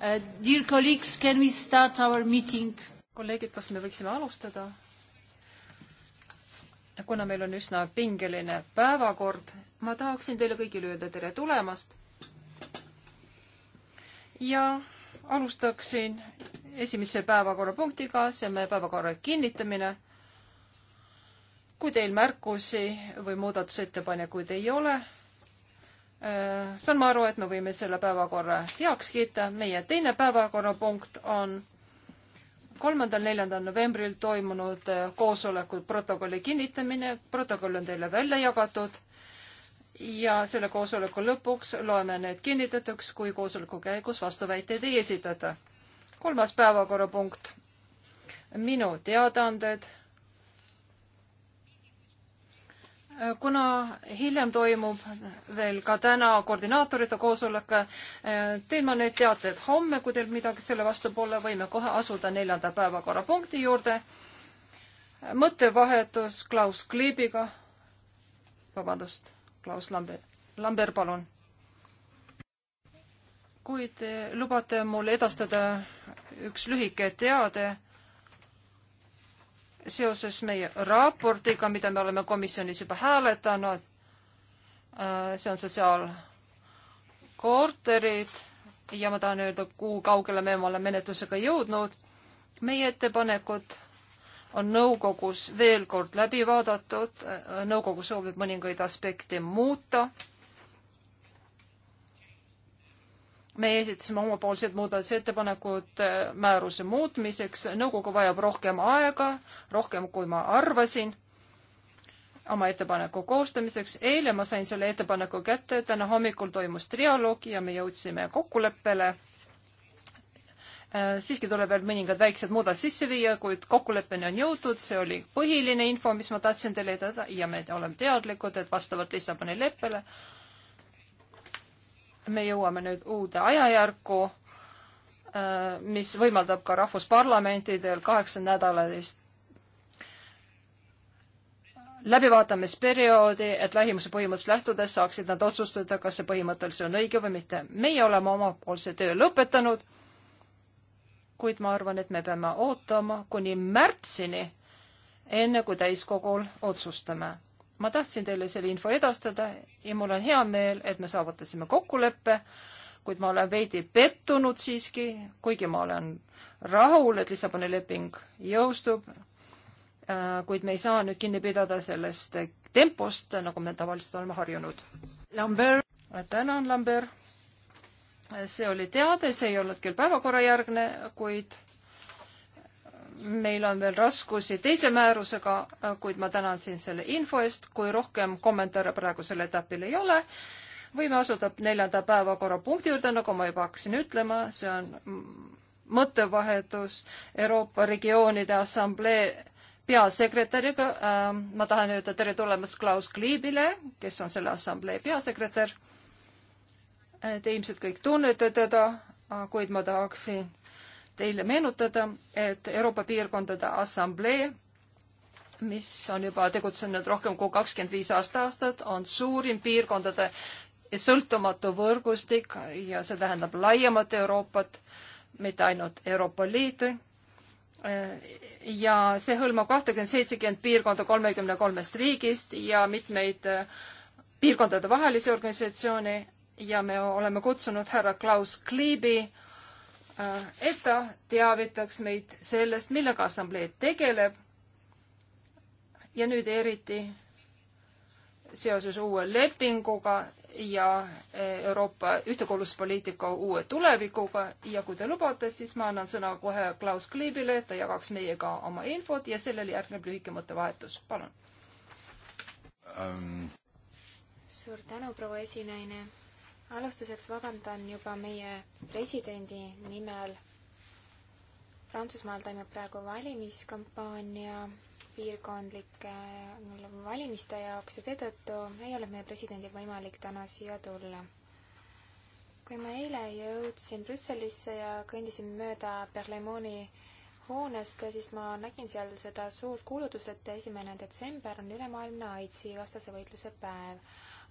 Uh, dear colleagues, can we start our meeting? kolleegid, kas me võiksime alustada? kuna meil on üsna pingeline päevakord, ma tahaksin teile kõigile öelda tere tulemast. ja alustaksin esimese päevakorrapunktiga, see on meie päevakorra kinnitamine. kui teil märkusi või muudatusettepanekuid ei ole, Äh, saan ma aru, et me võime selle päevakorra heaks kiita. meie teine päevakorrapunkt on kolmandal, neljandal novembril toimunud äh, koosoleku protokolli kinnitamine. protokoll on teile välja jagatud ja selle koosoleku lõpuks loeme need kinnitatuks, kui koosoleku käigus vastuväiteid ei esitata. kolmas päevakorrapunkt, minu teadaanded kuna hiljem toimub veel ka täna koordinaatorite koosolek, teen ma need teated homme, kui teil midagi selle vastu pole, võime kohe asuda neljanda päevakorrapunkti juurde. mõttevahetus Klaus Kleebiga. vabandust, Klaus Lamber, Lamber, palun. kui te lubate mul edastada üks lühike teade seoses meie raportiga, mida me oleme komisjonis juba hääletanud, äh, see on sotsiaalkorterid ja ma tahan öelda, kuhu kaugele me oleme menetlusega jõudnud. meie ettepanekud on nõukogus veel kord läbi vaadatud, äh, nõukogu soovib mõningaid aspekte muuta me esitasime omapoolsed muudatusettepanekud äh, määruse muutmiseks, nõukogu vajab rohkem aega, rohkem kui ma arvasin oma ettepaneku koostamiseks. eile ma sain selle ettepaneku kätte, täna hommikul toimus trialoog ja me jõudsime kokkuleppele. Äh, siiski tuleb veel mõningad väiksed muudad sisse viia, kuid kokkuleppeni on jõutud, see oli põhiline info, mis ma tahtsin teile edada ja me oleme teadlikud, et vastavalt Lissaboni leppele me jõuame nüüd uude ajajärku, äh, mis võimaldab ka rahvusparlamentidel kaheksanädalalist läbivaatamisperioodi, et lähimuse põhimõttest lähtudes saaksid nad otsustada, kas see põhimõtteliselt on õige või mitte. meie oleme omapoolse töö lõpetanud, kuid ma arvan, et me peame ootama kuni märtsini, enne kui täiskogul otsustame ma tahtsin teile selle info edastada ja mul on hea meel, et me saavutasime kokkuleppe, kuid ma olen veidi pettunud siiski, kuigi ma olen rahul, et Lissaboni leping jõustub, äh, kuid me ei saa nüüd kinni pidada sellest tempost, nagu me tavaliselt oleme harjunud. tänan, Lambert! see oli teade, see ei olnud küll päevakorrajärgne, kuid meil on veel raskusi teise määrusega, kuid ma tänan sind selle info eest, kui rohkem kommentaare praegusel etapil ei ole, võime asuda neljanda päevakorrapunkti juurde, nagu ma juba hakkasin ütlema, see on mõttevahetus Euroopa Regioonide Assamblee peasekretäriga. Ähm, ma tahan öelda tere tulemast Klaus Kliibile, kes on selle assamblee peasekretär. Te ilmselt kõik tunnete teda, kuid ma tahaksin teile meenutada, et Euroopa Piirkondade Assamblee, mis on juba tegutsenud rohkem kui kakskümmend viis aasta-aastat, on suurim piirkondade sõltumatu võrgustik ja see tähendab laiemat Euroopat, mitte ainult Euroopa Liitu. ja see hõlmab kahtekümmend, seitsekümmend piirkonda kolmekümne kolmest riigist ja mitmeid piirkondade vahelisi organisatsioone ja me oleme kutsunud härra Klaus Kliibi äh, Äh, et ta teavitaks meid sellest, millega assamblee tegeleb. ja nüüd eriti seoses uue lepinguga ja äh, Euroopa ühtekuuluvuspoliitika uue tulevikuga ja kui te lubate, siis ma annan sõna kohe Klaus Kleebile, et ta jagaks meiega oma infot ja sellele järgneb lühike mõttevahetus, palun um.... suur tänu, proua esinaine alustuseks vabandan juba meie presidendi nimel. Prantsusmaal toimub praegu valimiskampaania piirkondlike valimiste jaoks ja seetõttu ei ole meie presidendil võimalik täna siia tulla. kui ma eile jõudsin Brüsselisse ja kõndisin mööda Berlemoni hoonest, siis ma nägin seal seda suurt kuulutust, et esimene detsember on ülemaailmne AIDSi vastase võitluse päev.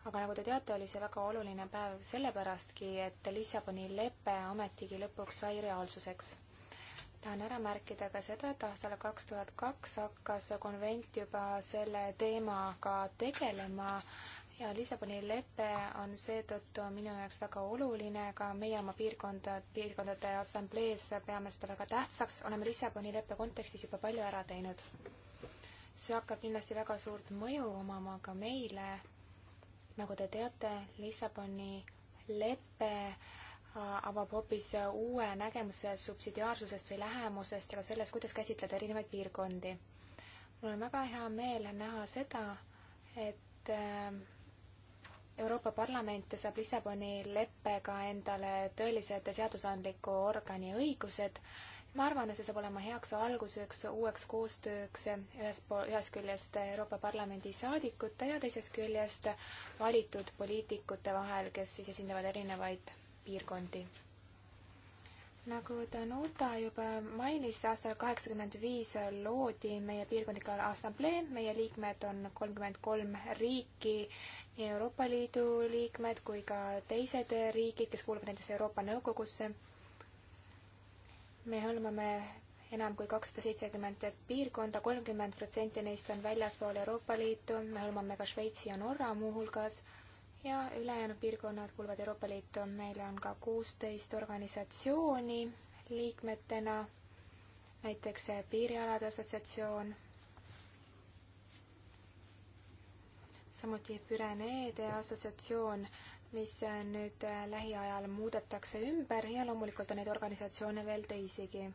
aga nagu te teate, oli see väga oluline päev sellepärastki, et Lissaboni lepe ometigi lõpuks sai reaalsuseks. tahan ära märkida ka seda, et aastal kaks tuhat kaks hakkas konvent juba selle teemaga tegelema ja Lissaboni lepe on seetõttu minu jaoks väga oluline, ka meie oma piirkonda, piirkondade assamblees peame seda väga tähtsaks, oleme Lissaboni leppe kontekstis juba palju ära teinud. see hakkab kindlasti väga suurt mõju omama ka meile. nagu te teate, Lissaboni lepe äh, avab hoopis uue nägemuse subsidiaarsusest või lähemusest ja ka sellest, kuidas käsitleda erinevaid piirkondi. mul on väga hea meel näha seda, et äh, Euroopa Parlament saab Lissaboni leppega endale tõelised seadusandliku organi õigused. ma arvan, et see saab olema heaks alguseks uueks koostööks ühes, ühest küljest Euroopa Parlamendi saadikute ja teisest küljest valitud poliitikute vahel, kes siis esindavad erinevaid piirkondi nagu Danuta juba mainis, aastal kaheksakümmend viis loodi meie piirkondlik assamblee, meie liikmed on kolmkümmend kolm riiki, nii Euroopa Liidu liikmed kui ka teised riigid, kes kuuluvad näiteks Euroopa Nõukogusse. me hõlmame enam kui kakssada seitsekümmend piirkonda, kolmkümmend protsenti neist on väljaspool Euroopa Liitu, me hõlmame ka Šveitsi ja Norra muuhulgas ja ülejäänud piirkonnad kuuluvad Euroopa Liitu. meil on ka kuusteist organisatsiooni liikmetena, näiteks Piirialade Assotsiatsioon, samuti Püreneede Assotsiatsioon, mis nüüd lähiajal muudetakse ümber ja loomulikult on neid organisatsioone veel teisigi.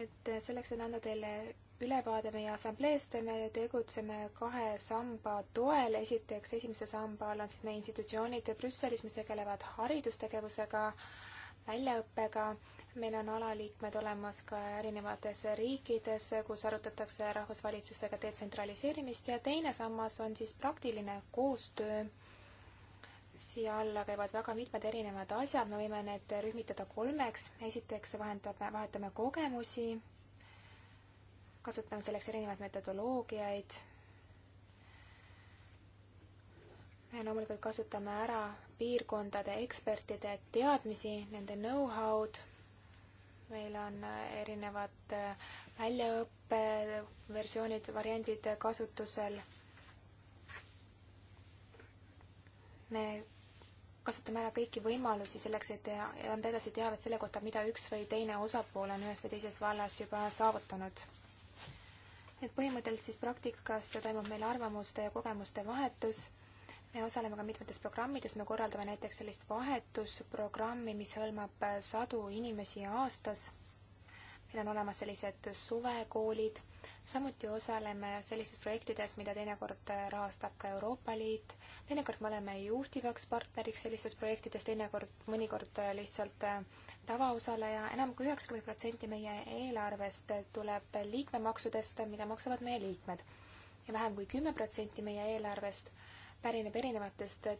et selleks, et anda teile ülevaade meie assambleest, me tegutseme kahe samba toel, esiteks esimese samba all on siis meie institutsioonid Brüsselis, mis tegelevad haridustegevusega, väljaõppega, meil on alaliikmed olemas ka erinevates riikides, kus arutatakse rahvusvalitsustega detsentraliseerimist ja teine sammas on siis praktiline koostöö. siia alla käivad väga mitmed erinevad asjad, me võime need rühmitada kolmeks, esiteks vahendame, vahetame kogemusi kasutame selleks erinevaid metodoloogiaid. me loomulikult kasutame ära piirkondade ekspertide teadmisi, nende know-how'd. meil on erinevad äh, väljaõppeversioonid, variandid kasutusel. me kasutame ära kõiki võimalusi selleks, et anda edasi teavet selle kohta, mida üks või teine osapool on ühes või teises vallas juba saavutanud et põhimõtteliselt siis praktikas toimub meil arvamuste ja kogemuste vahetus. me osaleme ka mitmetes programmides, me korraldame näiteks sellist vahetusprogrammi, mis hõlmab sadu inimesi aastas. meil on olemas sellised suvekoolid samuti osaleme sellistes projektides, mida teinekord rahastab ka Euroopa Liit, teinekord me oleme juhtivaks partneriks sellistes projektides, teinekord, mõnikord lihtsalt äh, tavaosaleja enam, enam kui üheksakümmend protsenti meie eelarvest tuleb liikmemaksudest, mida maksavad meie liikmed. ja vähem kui kümme protsenti meie eelarvest pärineb erinevatest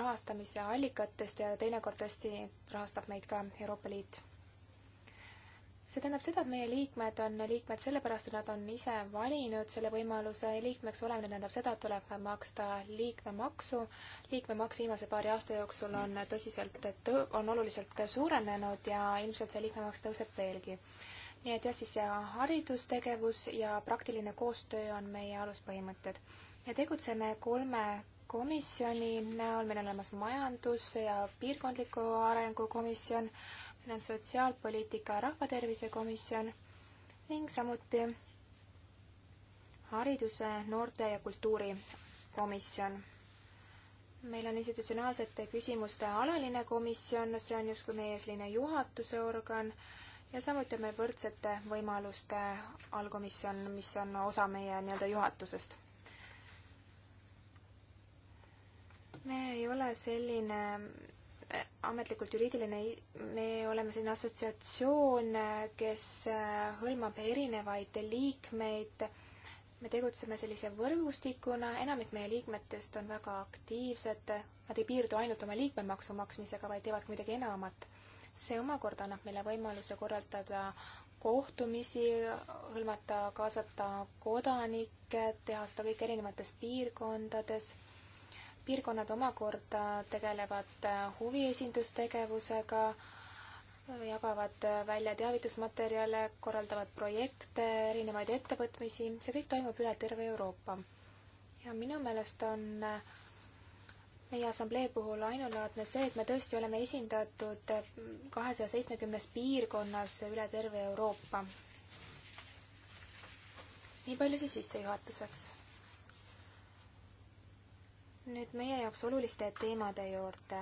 rahastamise allikatest ja teinekord tõesti rahastab meid ka Euroopa Liit see tähendab seda, et meie liikmed on liikmed sellepärast, et nad on ise valinud selle võimaluse liikmeks olemine, tähendab seda, et tuleb maksta liikmemaksu. liikmemaks viimase paari aasta jooksul on tõsiselt, on oluliselt suurenenud ja ilmselt see liikmemaks tõuseb veelgi. nii et jah, siis see haridustegevus ja praktiline koostöö on meie aluspõhimõtted. me tegutseme kolme komisjoni näol, meil on olemas majandus- ja piirkondliku arengu komisjon Sotsiaalpoliitika ja Rahvatervise Komisjon ning samuti Hariduse, Noorte ja Kultuuri Komisjon. meil on institutsionaalsete küsimuste alaline komisjon, see on justkui meie selline juhatuse organ ja samuti on meil võrdsete võimaluste allkomisjon, mis on osa meie nii-öelda juhatusest me ei ole selline ametlikult juriidiline, me oleme selline assotsiatsioon, kes äh, hõlmab erinevaid liikmeid. me tegutseme sellise võrgustikuna, enamik meie liikmetest on väga aktiivsed, nad ei piirdu ainult oma liikmemaksu maksmisega, vaid teevad ka midagi enamat. see omakorda annab meile võimaluse korraldada kohtumisi, hõlmata, kaasata kodanikke, teha seda kõike erinevates piirkondades piirkonnad omakorda tegelevad äh, huviesindustegevusega, äh, jagavad äh, välja teavitusmaterjale, korraldavad projekte, erinevaid ettevõtmisi, see kõik toimub üle terve Euroopa. ja minu meelest on meie assamblee puhul ainulaadne see, et me tõesti oleme esindatud kahesaja seitsmekümnes piirkonnas üle terve Euroopa. nii palju siis sissejuhatuseks nüüd meie jaoks oluliste teemade juurde.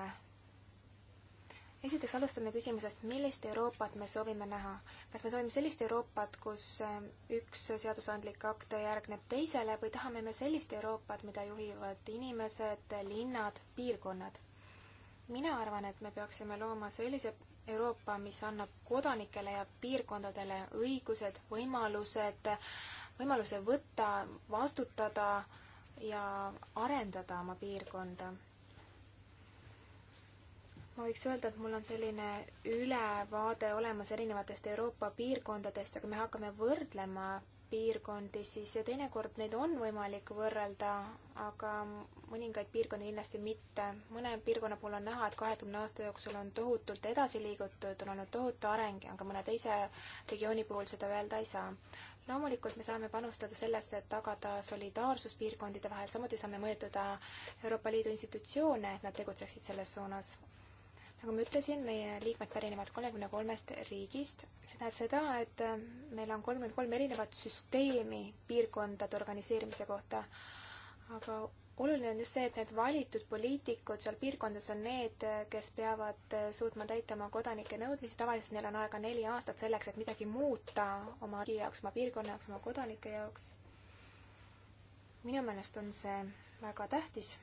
esiteks alustame küsimusest, millist Euroopat me soovime näha. kas me soovime sellist Euroopat, kus eh, üks seadusandlik akt järgneb teisele või tahame me sellist Euroopat, mida juhivad inimesed, linnad, piirkonnad? mina arvan, et me peaksime looma sellise Euroopa, mis annab kodanikele ja piirkondadele õigused, võimalused, võimaluse võtta, vastutada ja arendada oma piirkonda. ma võiks öelda, et mul on selline ülevaade olemas erinevatest Euroopa piirkondadest ja kui me hakkame võrdlema piirkondi, siis teinekord neid on võimalik võrrelda, aga mõningaid piirkondi kindlasti mitte. mõne piirkonna puhul on näha, et kahekümne aasta jooksul on tohutult edasi liigutud, on olnud tohutu areng, aga mõne teise regiooni puhul seda öelda ei saa loomulikult me saame panustada sellesse, et tagada solidaarsus piirkondade vahel, samuti saame mõjutada Euroopa Liidu institutsioone, et nad tegutseksid selles suunas. nagu ma ütlesin, meie liikmed pärinevad kolmekümne kolmest riigist, see tähendab seda, et meil on kolmkümmend kolm erinevat süsteemi piirkondade organiseerimise kohta, aga oluline on just see, et need valitud poliitikud seal piirkondades on need, kes peavad eh, suutma täita oma kodanike nõudmisi, tavaliselt neil on aega neli aastat selleks, et midagi muuta oma riigi jaoks, oma piirkonna jaoks, oma kodanike jaoks. minu meelest on see väga tähtis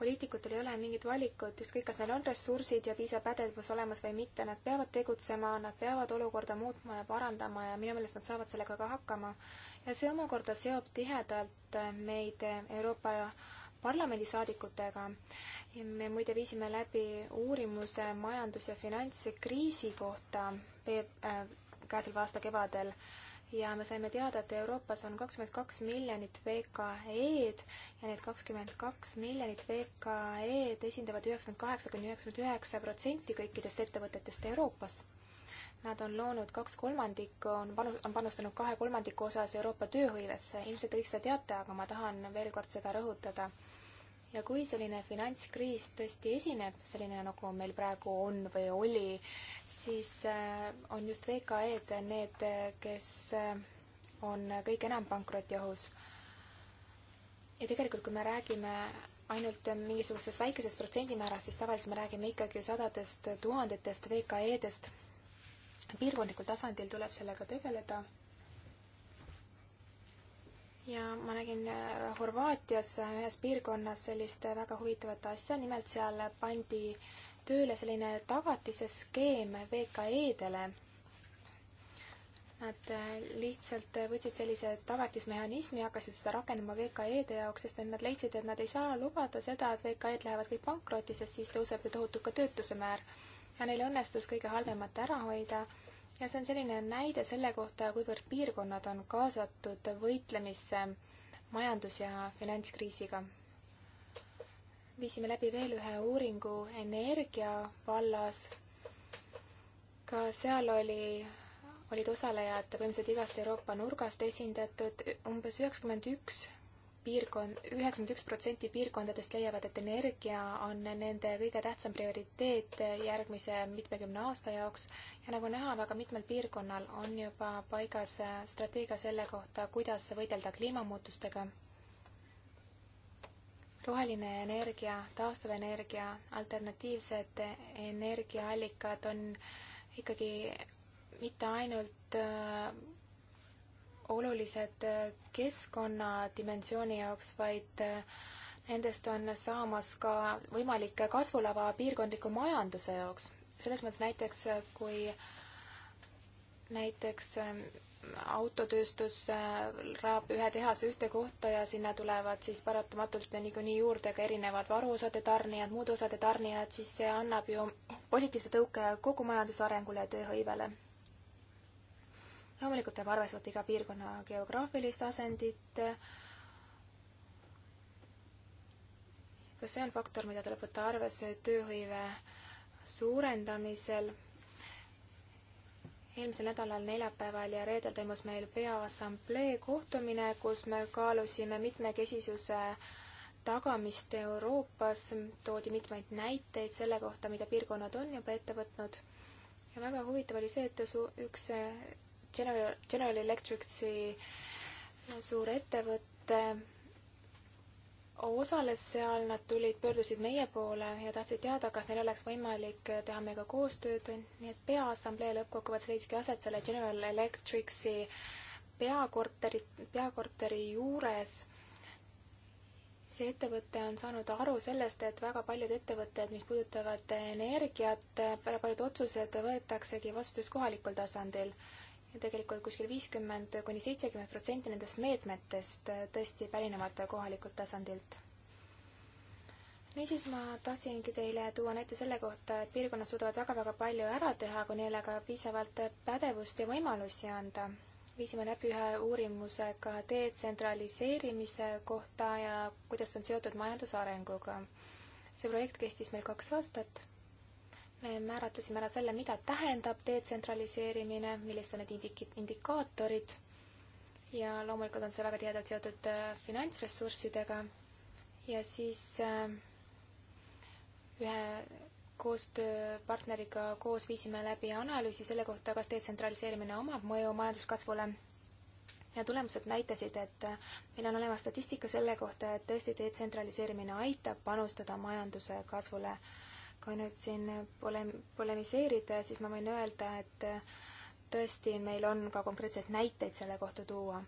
poliitikutel ei ole mingit valikut, ükskõik, kas neil on ressursid ja piisav pädevus olemas või mitte, nad peavad tegutsema, nad peavad olukorda muutma ja parandama ja minu meelest nad saavad sellega ka hakkama. ja see omakorda seob tihedalt meid Euroopa Parlamendi saadikutega. me muide viisime läbi uurimuse majandus- ja finantskriisi kohta äh, käesoleva aasta kevadel ja me saime teada, et Euroopas on kakskümmend kaks miljonit VKE-d ja need kakskümmend kaks miljonit VKE-d esindavad üheksakümmend kaheksa kuni üheksakümmend üheksa protsenti kõikidest ettevõtetest Euroopas. Nad on loonud kaks kolmandikku, on panu-, on panustanud kahe kolmandiku osas Euroopa tööhõivesse, ilmselt kõik seda teate, aga ma tahan veel kord seda rõhutada ja kui selline finantskriis tõesti esineb, selline nagu meil praegu on või oli, siis äh, on just VKE-d need, kes äh, on kõige enam pankrotiohus. ja tegelikult, kui me räägime ainult mingisugusest väikesest protsendimäärast, siis tavaliselt me räägime ikkagi sadadest tuhandetest VKE-dest. piirkondlikul tasandil tuleb sellega tegeleda ja ma nägin äh, Horvaatias äh, ühes piirkonnas sellist äh, väga huvitavat asja, nimelt seal pandi tööle selline tagatise skeem VKE-dele. Nad lihtsalt võtsid sellise tagatismehhanismi ja hakkasid seda rakendama VKE-de jaoks, sest nad leidsid, et nad ei saa lubada seda, et VKE-d lähevad kõik pankrotti, sest siis tõuseb ju tohutult ka töötuse määr. ja neil õnnestus kõige halvemat ära hoida ja see on selline näide selle kohta, kuivõrd piirkonnad on kaasatud võitlemisse majandus- ja finantskriisiga. viisime läbi veel ühe uuringu energia vallas. ka seal oli, olid osalejad põhimõtteliselt igast Euroopa nurgast esindatud, umbes üheksakümmend üks piirkond, üheksakümmend üks protsenti piirkondadest leiavad, et energia on nende kõige tähtsam prioriteet järgmise mitmekümne aasta jaoks ja nagu näha, väga mitmel piirkonnal on juba paigas strateegia selle kohta, kuidas võidelda kliimamuutustega. roheline energia, taastuvenergia, alternatiivsed energiaallikad on ikkagi mitte ainult äh, olulised äh, keskkonnadimensiooni jaoks, vaid äh, nendest on saamas ka võimalik kasvulava piirkondliku majanduse jaoks. selles mõttes näiteks, äh, kui näiteks autotööstus rajab ühe tehase ühte kohta ja sinna tulevad siis paratamatult niikuinii juurde ka erinevad varuosade tarnijad, muud osade tarnijad, siis see annab ju positiivse tõuke kogu majanduse arengule ja tööhõivele loomulikult tuleb arvestada iga piirkonna geograafilist asendit. ka see on faktor, mida tuleb võtta arvesse tööhõive suurendamisel. eelmisel nädalal neljapäeval ja reedel toimus meil peaassamblee kohtumine, kus me kaalusime mitmekesisuse tagamist Euroopas, toodi mitmeid näiteid selle kohta, mida piirkonnad on juba ette võtnud. ja väga huvitav oli see, et üks General, General Electricsi suur ettevõte osales seal, nad tulid, pöördusid meie poole ja tahtsid teada, kas neil oleks võimalik teha meiega koostööd, nii et peaassamblee lõppkokkuvõttes leidiski aset selle General Electricsi peakorteri, peakorteri juures see ettevõte on saanud aru sellest, et väga paljud ettevõtted, mis puudutavad energiat, väga paljud otsused võetaksegi vastu just kohalikul tasandil ja tegelikult kuskil viiskümmend kuni seitsekümmend protsenti nendest meetmetest äh, tõesti pärinevad kohalikult tasandilt. niisiis ma tahtsingi teile tuua näite selle kohta, et piirkonnad suudavad väga-väga palju ära teha, kui neile ka piisavalt pädevust ja võimalusi anda. viisime läbi ühe uurimuse ka detsentraliseerimise kohta ja kuidas on seotud majandusarenguga. see projekt kestis meil kaks aastat me määratlesime ära selle, mida tähendab detsentraliseerimine, millised on need indik-, indikaatorid ja loomulikult on see väga tihedalt seotud äh, finantsressurssidega ja siis äh, ühe koostööpartneriga koos viisime läbi analüüsi selle kohta, kas detsentraliseerimine omab mõju majanduskasvule ja tulemused näitasid, et äh, meil on olemas statistika selle kohta, et tõesti detsentraliseerimine aitab panustada majanduse kasvule kui nüüd siin pole-, polemiseerida, siis ma võin öelda, et tõesti, meil on ka konkreetseid näiteid selle kohta tuua.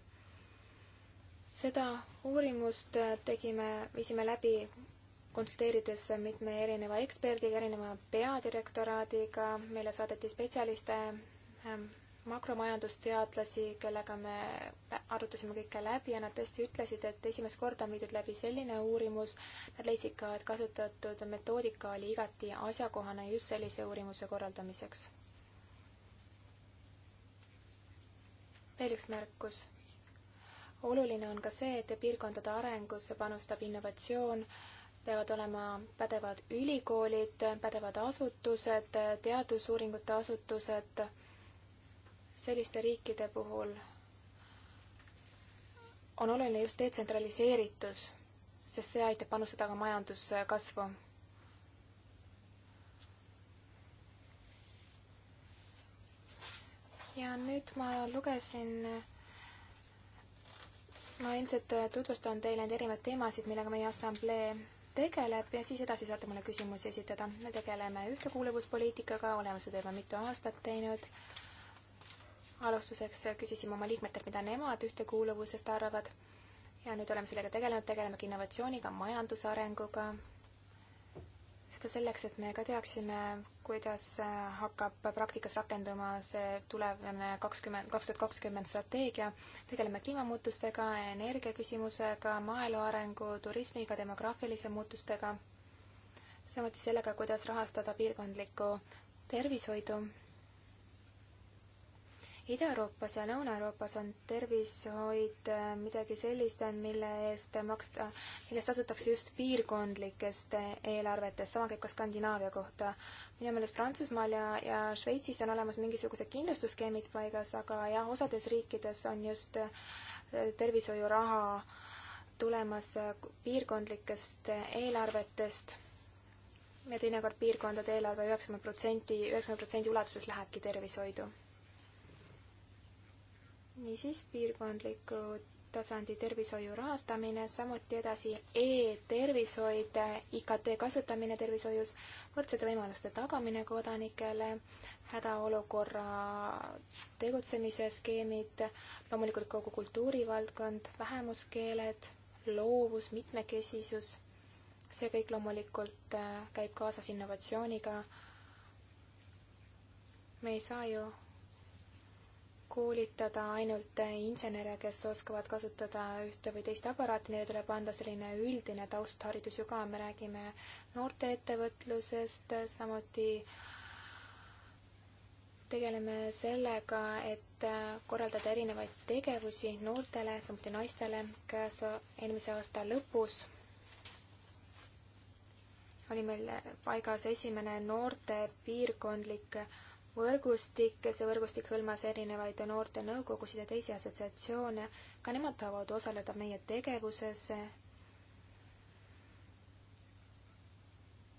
seda uurimust tegime, viisime läbi konsulteerides mitme erineva eksperdiga, erineva peadirektoraadiga, meile saadeti spetsialiste makromajandusteadlasi, kellega me arutasime kõike läbi ja nad tõesti ütlesid, et esimest korda on viidud läbi selline uurimus, nad leidsid ka, et kasutatud metoodika oli igati asjakohane just sellise uurimuse korraldamiseks. veel üks märkus. oluline on ka see, et piirkondade arengusse panustab innovatsioon, peavad olema pädevad ülikoolid, pädevad asutused, teadusuuringute asutused selliste riikide puhul on oluline just detsentraliseeritus, sest see aitab panustada ka majanduskasvu. ja nüüd ma lugesin, ma ilmselt tutvustan teile neid erinevaid teemasid, millega meie assamblee tegeleb ja siis edasi saate mulle küsimusi esitada. me tegeleme ühtekuuluvuspoliitikaga, oleme seda juba mitu aastat teinud alustuseks küsisime oma liikmetelt, mida nemad ühtekuuluvusest arvavad ja nüüd oleme sellega tegelenud, tegelemegi innovatsiooniga, majandusarenguga. seda selleks, et me ka teaksime, kuidas hakkab praktikas rakenduma see tulevane kakskümmend, kaks tuhat kakskümmend strateegia. tegeleme kliimamuutustega, energiaküsimusega, maaelu arengu, turismiga, demograafilise muutustega. samuti sellega, kuidas rahastada piirkondlikku tervishoidu Ida-Euroopas ja Lõuna-Euroopas on tervishoid äh, midagi sellist, mille eest maksta, millest tasutakse just piirkondlikest äh, eelarvetest, sama käib ka Skandinaavia kohta. minu meelest Prantsusmaal ja, ja Šveitsis on olemas mingisugused kindlustusskeemid paigas, aga jah, osades riikides on just äh, tervishoiuraha tulemas piirkondlikest eelarvetest ja teinekord piirkondade eelarve üheksakümmend protsenti, üheksakümmend protsendi ulatuses lähebki tervishoidu niisiis piirkondliku tasandi tervishoiu rahastamine, samuti edasi e-tervishoid, IKT kasutamine tervishoius, võrdsete võimaluste tagamine kodanikele, hädaolukorra tegutsemise skeemid, loomulikult kogu kultuurivaldkond, vähemuskeeled, loovus, mitmekesisus, see kõik loomulikult äh, käib kaasas innovatsiooniga. me ei saa ju koolitada ainult insenere, kes oskavad kasutada ühte või teist aparaati, neile tuleb anda selline üldine taustharidus ju ka, me räägime noorte ettevõtlusest, samuti tegeleme sellega, et korraldada erinevaid tegevusi noortele, samuti naistele. käes eelmise aasta lõpus oli meil paigas esimene noorte piirkondlik võrgustik, see võrgustik hõlmas erinevaid noorte nõukogusid ja teisi assotsiatsioone, ka nemad tahavad osaleda meie tegevuses.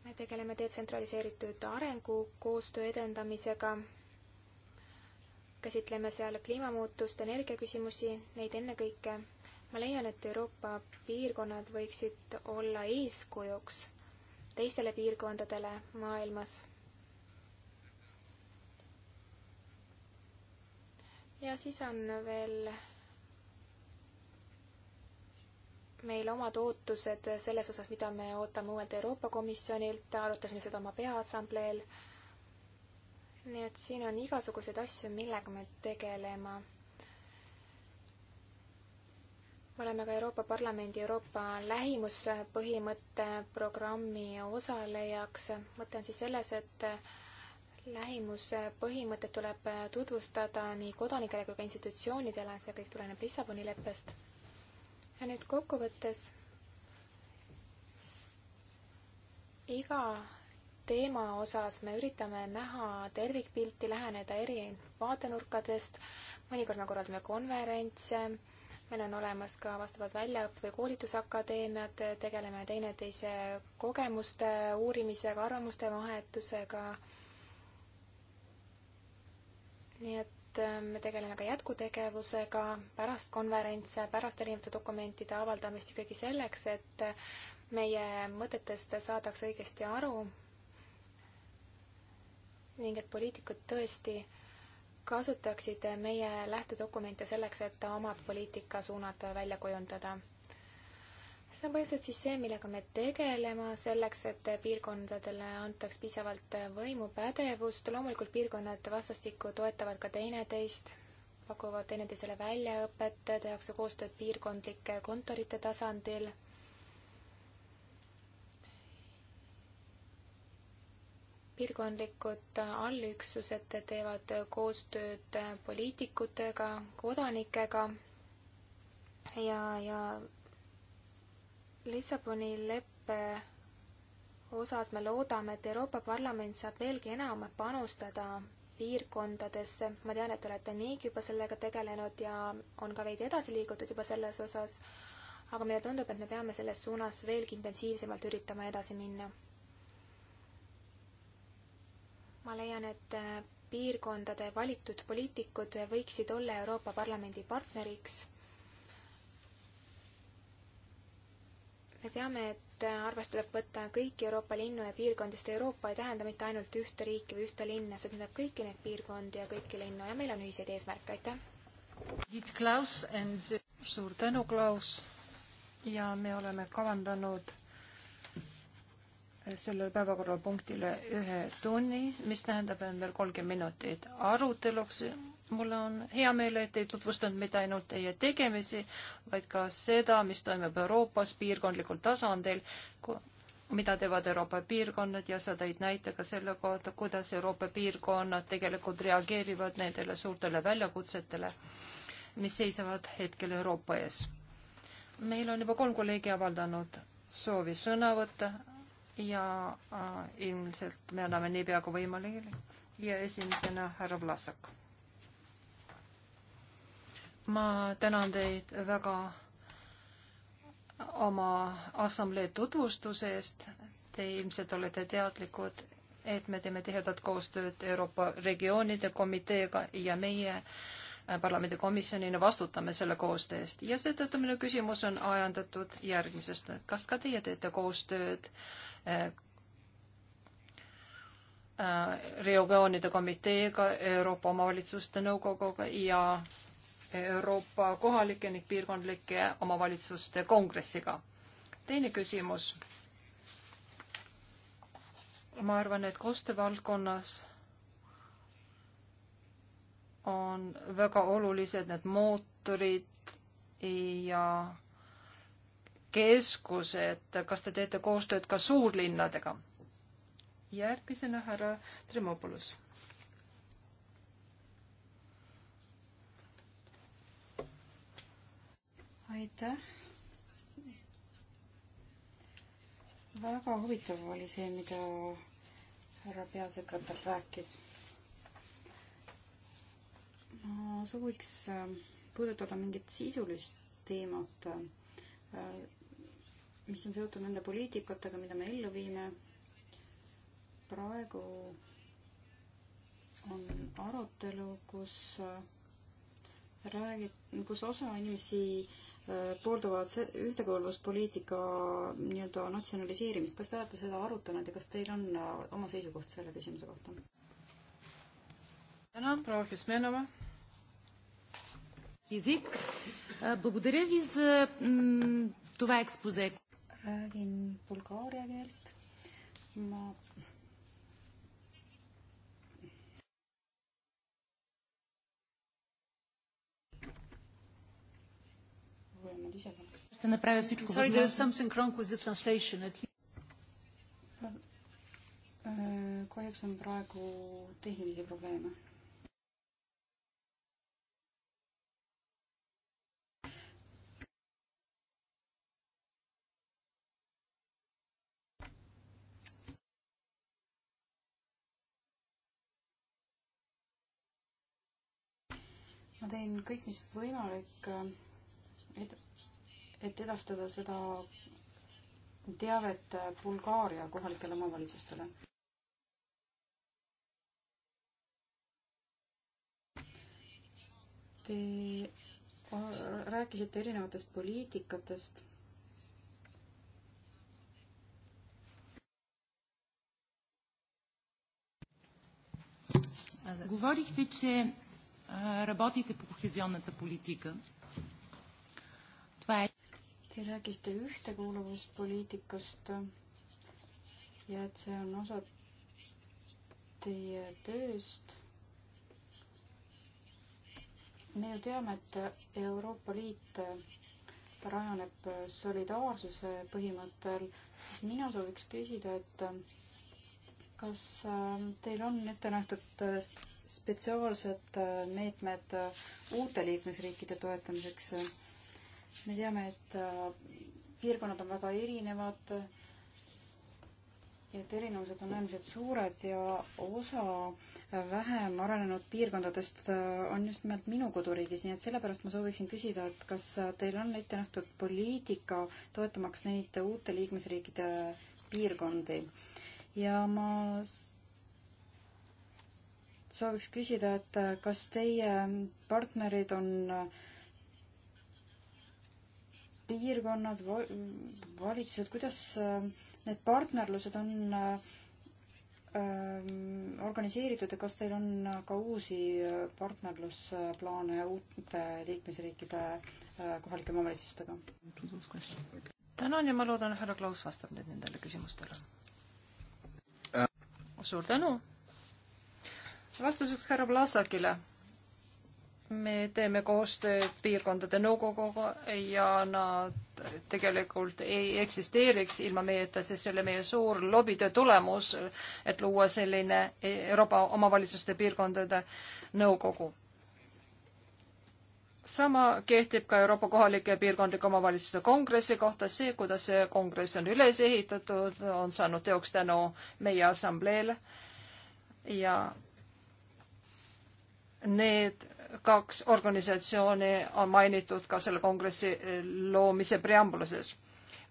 me tegeleme detsentraliseeritud arengukoostöö edendamisega, käsitleme seal kliimamuutust, energiaküsimusi, neid ennekõike. ma leian, et Euroopa piirkonnad võiksid olla eeskujuks teistele piirkondadele maailmas ja siis on veel meil omad ootused selles osas, mida me ootame uuelt Euroopa Komisjonilt, arutasime seda oma peaassambleel. nii et siin on igasuguseid asju, millega me tegelema. oleme ka Euroopa Parlamendi Euroopa lähimuspõhimõtte programmi osalejaks. mõte on siis selles, et lähimuspõhimõtet tuleb äh, tutvustada nii kodanikele kui ka institutsioonidele, see kõik tuleneb Lissaboni leppest. ja nüüd kokkuvõttes iga teema osas me üritame näha tervikpilti, läheneda eri vaatenurkadest, mõnikord me korraldame konverentse, meil on olemas ka vastavad väljaõppe- või koolitusakadeemiad, tegeleme teineteise kogemuste uurimisega, arvamuste vahetusega nii et äh, me tegeleme ka jätkutegevusega pärast konverentse, pärast erinevate dokumentide avaldamist ikkagi selleks, et äh, meie mõtetest saadaks õigesti aru ning et poliitikud tõesti kasutaksid meie lähtedokumente selleks, et oma poliitikasuunad välja kujundada see on põhiliselt siis see, millega me tegeleme selleks, et piirkondadele antaks piisavalt võimu, pädevust, loomulikult piirkonnad vastastikku toetavad ka teineteist, pakuvad teineteisele väljaõpet, tehakse koostööd piirkondlike kontorite tasandil. piirkondlikud allüksused teevad koostööd poliitikutega, kodanikega ja, ja Lissaboni leppe osas me loodame, et Euroopa Parlament saab veelgi enam panustada piirkondadesse, ma tean, et te olete niigi juba sellega tegelenud ja on ka veidi edasi liigutud juba selles osas, aga meile tundub, et me peame selles suunas veelgi intensiivsemalt üritama edasi minna. ma leian, et piirkondade valitud poliitikud võiksid olla Euroopa Parlamendi partneriks me teame, et arvesse tuleb võtta kõiki Euroopa linnu ja piirkondi, sest Euroopa ei tähenda mitte ainult ühte riiki või ühte linna, see tähendab kõiki neid piirkondi ja kõiki linnu ja meil on ühiseid eesmärke, aitäh! Klaus and... suur tänu, Klaus! ja me oleme kavandanud sellele päevakorrapunktile ühe tunni, mis tähendab, et on veel kolmkümmend minutit aruteluks mul on hea meel, et ei tutvustanud mitte ainult teie tegemisi, vaid ka seda, mis toimub Euroopas piirkondlikul tasandil, mida teevad Euroopa piirkonnad ja sa tõid näite ka selle kohta, kuidas Euroopa piirkonnad tegelikult reageerivad nendele suurtele väljakutsetele, mis seisavad hetkel Euroopa ees. meil on juba kolm kolleegi avaldanud soovi sõna võtta ja äh, ilmselt me anname niipea kui võimalik ja esimesena härra Vlasak ma tänan teid väga oma assamblee tutvustuse eest. Te ilmselt olete teadlikud, et me teeme tihedat koostööd Euroopa regioonide komiteega ja meie äh, parlamendikomisjonina vastutame selle koostöö eest ja seetõttu minu küsimus on ajendatud järgmisest, et kas ka teie teete koostööd äh, äh, regioonide komiteega, Euroopa Omavalitsuste Nõukoguga ja Euroopa kohalike ning piirkondlike omavalitsuste kongressiga. teine küsimus. ma arvan, et koostöövaldkonnas on väga olulised need mootorid ja keskused, kas te teete koostööd ka suurlinnadega? järgmisena härra Tremopolus aitäh. väga huvitav oli see, mida härra peasekretär rääkis. ma sooviks äh, puudutada mingit sisulist teemat, äh, mis on seotud nende poliitikatega, mida me ellu viime. praegu on arutelu, kus äh, räägid, kus osa inimesi pooldavad ühtekuuluvuspoliitika nii-öelda natsionaliseerimist. kas te olete seda arutanud ja kas teil on äh, oma seisukoht selle küsimuse kohta? tänan, proua Fismenova. Язык. Э, благодаря ви за това експозе. Räägin bulgaaria keelt. Ma ще направя всичко Sorry, възможно. Kahjuks on praegu tehnilisi probleeme. ma teen kõik, mis võimalik, et et edastada seda teavet Bulgaaria kohalikele omavalitsustele. Te rääkisite erinevatest poliitikatest. Говорихте, че работите по кохезионната политика. Това е Te rääkisite ühtekuuluvuspoliitikast ja et see on osa teie tööst. me ju teame, et Euroopa Liit rajaneb solidaarsuse põhimõttel, siis mina sooviks küsida, et kas ähm, teil on ette nähtud äh, spetsiaalsed äh, meetmed äh, uute liikmesriikide toetamiseks? me teame, et äh, piirkonnad on väga erinevad ja et erinevused on äärmiselt suured ja osa äh, vähem arenenud piirkondadest äh, on just nimelt minu koduriigis, nii et sellepärast ma sooviksin küsida, et kas teil on ette nähtud poliitika toetamaks neid uute liikmesriikide piirkondi ja ma sooviks küsida, et kas teie partnerid on äh, piirkonnad, valitsused, kuidas äh, need partnerlused on äh, ähm, organiseeritud ja kas teil on äh, ka uusi partnerlusplaane uute liikmesriikide kohalike omavalitsustega? tänan ja ma loodan, härra Klaus vastab nüüd nendele küsimustele. suur tänu! vastuseks härra Vlasakile me teeme koostööd piirkondade nõukoguga ja nad tegelikult ei eksisteeriks ilma meieta, sest see oli meie suur lobitöö tulemus, et luua selline Euroopa omavalitsuste piirkondade nõukogu. sama kehtib ka Euroopa kohalike piirkondlike omavalitsuste kongressi kohta, see, kuidas see kongress on üles ehitatud, on saanud teoks tänu meie assambleele ja need kaks organisatsiooni on mainitud ka selle kongressi eh, loomise preambuluses.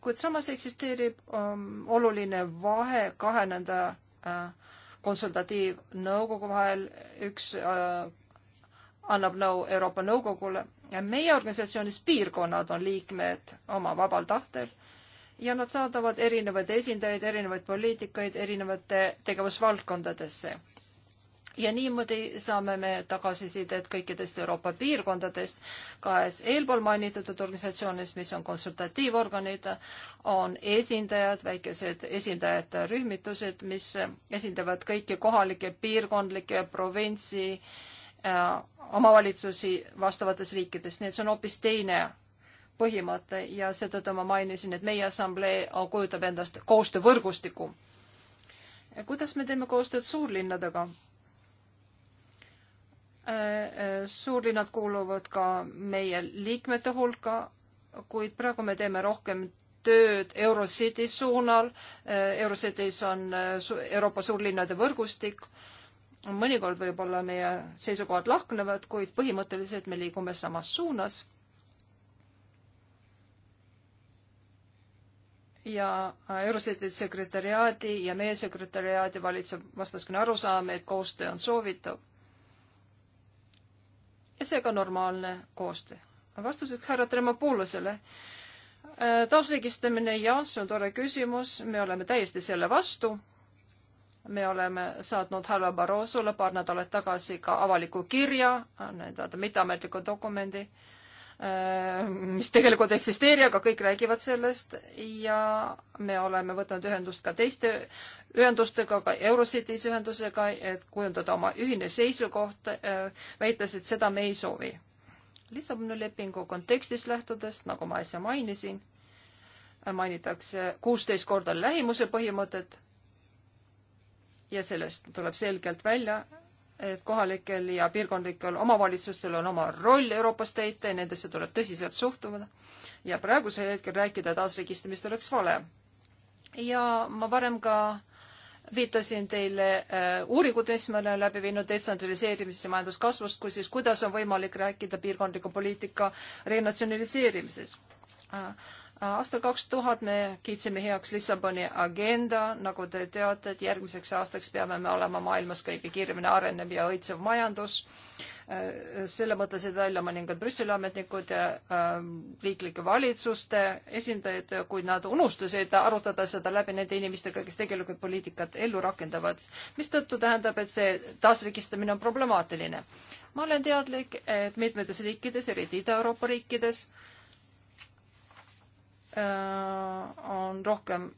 kuid samas eksisteerib um, oluline vahe kahe nende uh, äh, konsultatiivnõukogu vahel, üks uh, annab nõu Euroopa Nõukogule ja meie organisatsioonis piirkonnad on liikmed oma vabal tahtel ja nad saadavad erinevaid esindajaid, erinevaid poliitikaid erinevate tegevusvaldkondadesse ja niimoodi saame me tagasisidet kõikidest Euroopa piirkondadest, kahes eelpool mainitud organisatsioonist, mis on konsultatiivorganid, on esindajad, väikesed esindajate rühmitused, mis esindavad kõiki kohalikke, piirkondlikke, provintsi äh,, omavalitsusi vastavates riikides, nii et see on hoopis teine põhimõte ja seetõttu ma mainisin, et meie assamblee kujutab endast koostöövõrgustikku. kuidas me teeme koostööd suurlinnadega? Äh, äh, suurlinnad kuuluvad ka meie liikmete hulka, kuid praegu me teeme rohkem tööd Eurocity suunal. Äh, Eurocities on Euroopa suurlinnade võrgustik. mõnikord võib-olla meie seisukohad lahknevad, kuid põhimõtteliselt me liigume samas suunas. ja Eurocity sekretäriaadi ja meie sekretäriaadi valitseb vastaskõne arusaam, et koostöö on soovitav ja seega normaalne koostöö. vastuseks härra Tremopoulusele. Äh, taasriigistamine, jah, see on tore küsimus, me oleme täiesti selle vastu. me oleme saatnud härra Barrosole paar nädalat tagasi ka avaliku kirja, äh, nii-öelda mitteametliku dokumendi äh, Äh, mis tegelikult ei eksisteeri, aga kõik räägivad sellest ja me oleme võtnud ühendust ka teiste ühendustega, ka Eurocities ühendusega, et kujundada oma ühine seisukoht, äh, väites, et seda me ei soovi. Lissaboni lepingu kontekstist lähtudes, nagu ma äsja mainisin, mainitakse kuusteist korda lähimuse põhimõtet ja sellest tuleb selgelt välja, et kohalikel ja piirkondlikel omavalitsustel on oma roll Euroopas täita ja nendesse tuleb tõsiselt suhtuda. ja praegusel hetkel rääkida taasregistamist oleks vale. ja ma varem ka viitasin teile äh, uuringut, mis me oleme läbi viinud detsentraliseerimisest ja majanduskasvust, kus siis kuidas on võimalik rääkida piirkondliku poliitika renatsionaliseerimisest äh, aastal kaks tuhat me kiitsime heaks Lissaboni agenda, nagu te teate, et järgmiseks aastaks peame me olema maailmas kõige kiiremini arenev ja õitsev majandus. Äh, selle mõtlesid välja mõningad Brüsseli ametnikud ja ähm, riiklike valitsuste esindajad, kuid nad unustasid arutada seda läbi nende inimestega, kes tegelikult poliitikat ellu rakendavad, mistõttu tähendab, et see taasriigistamine on problemaatiline. ma olen teadlik, et mitmetes riikides, eriti Ida-Euroopa riikides, Äh, on rohkem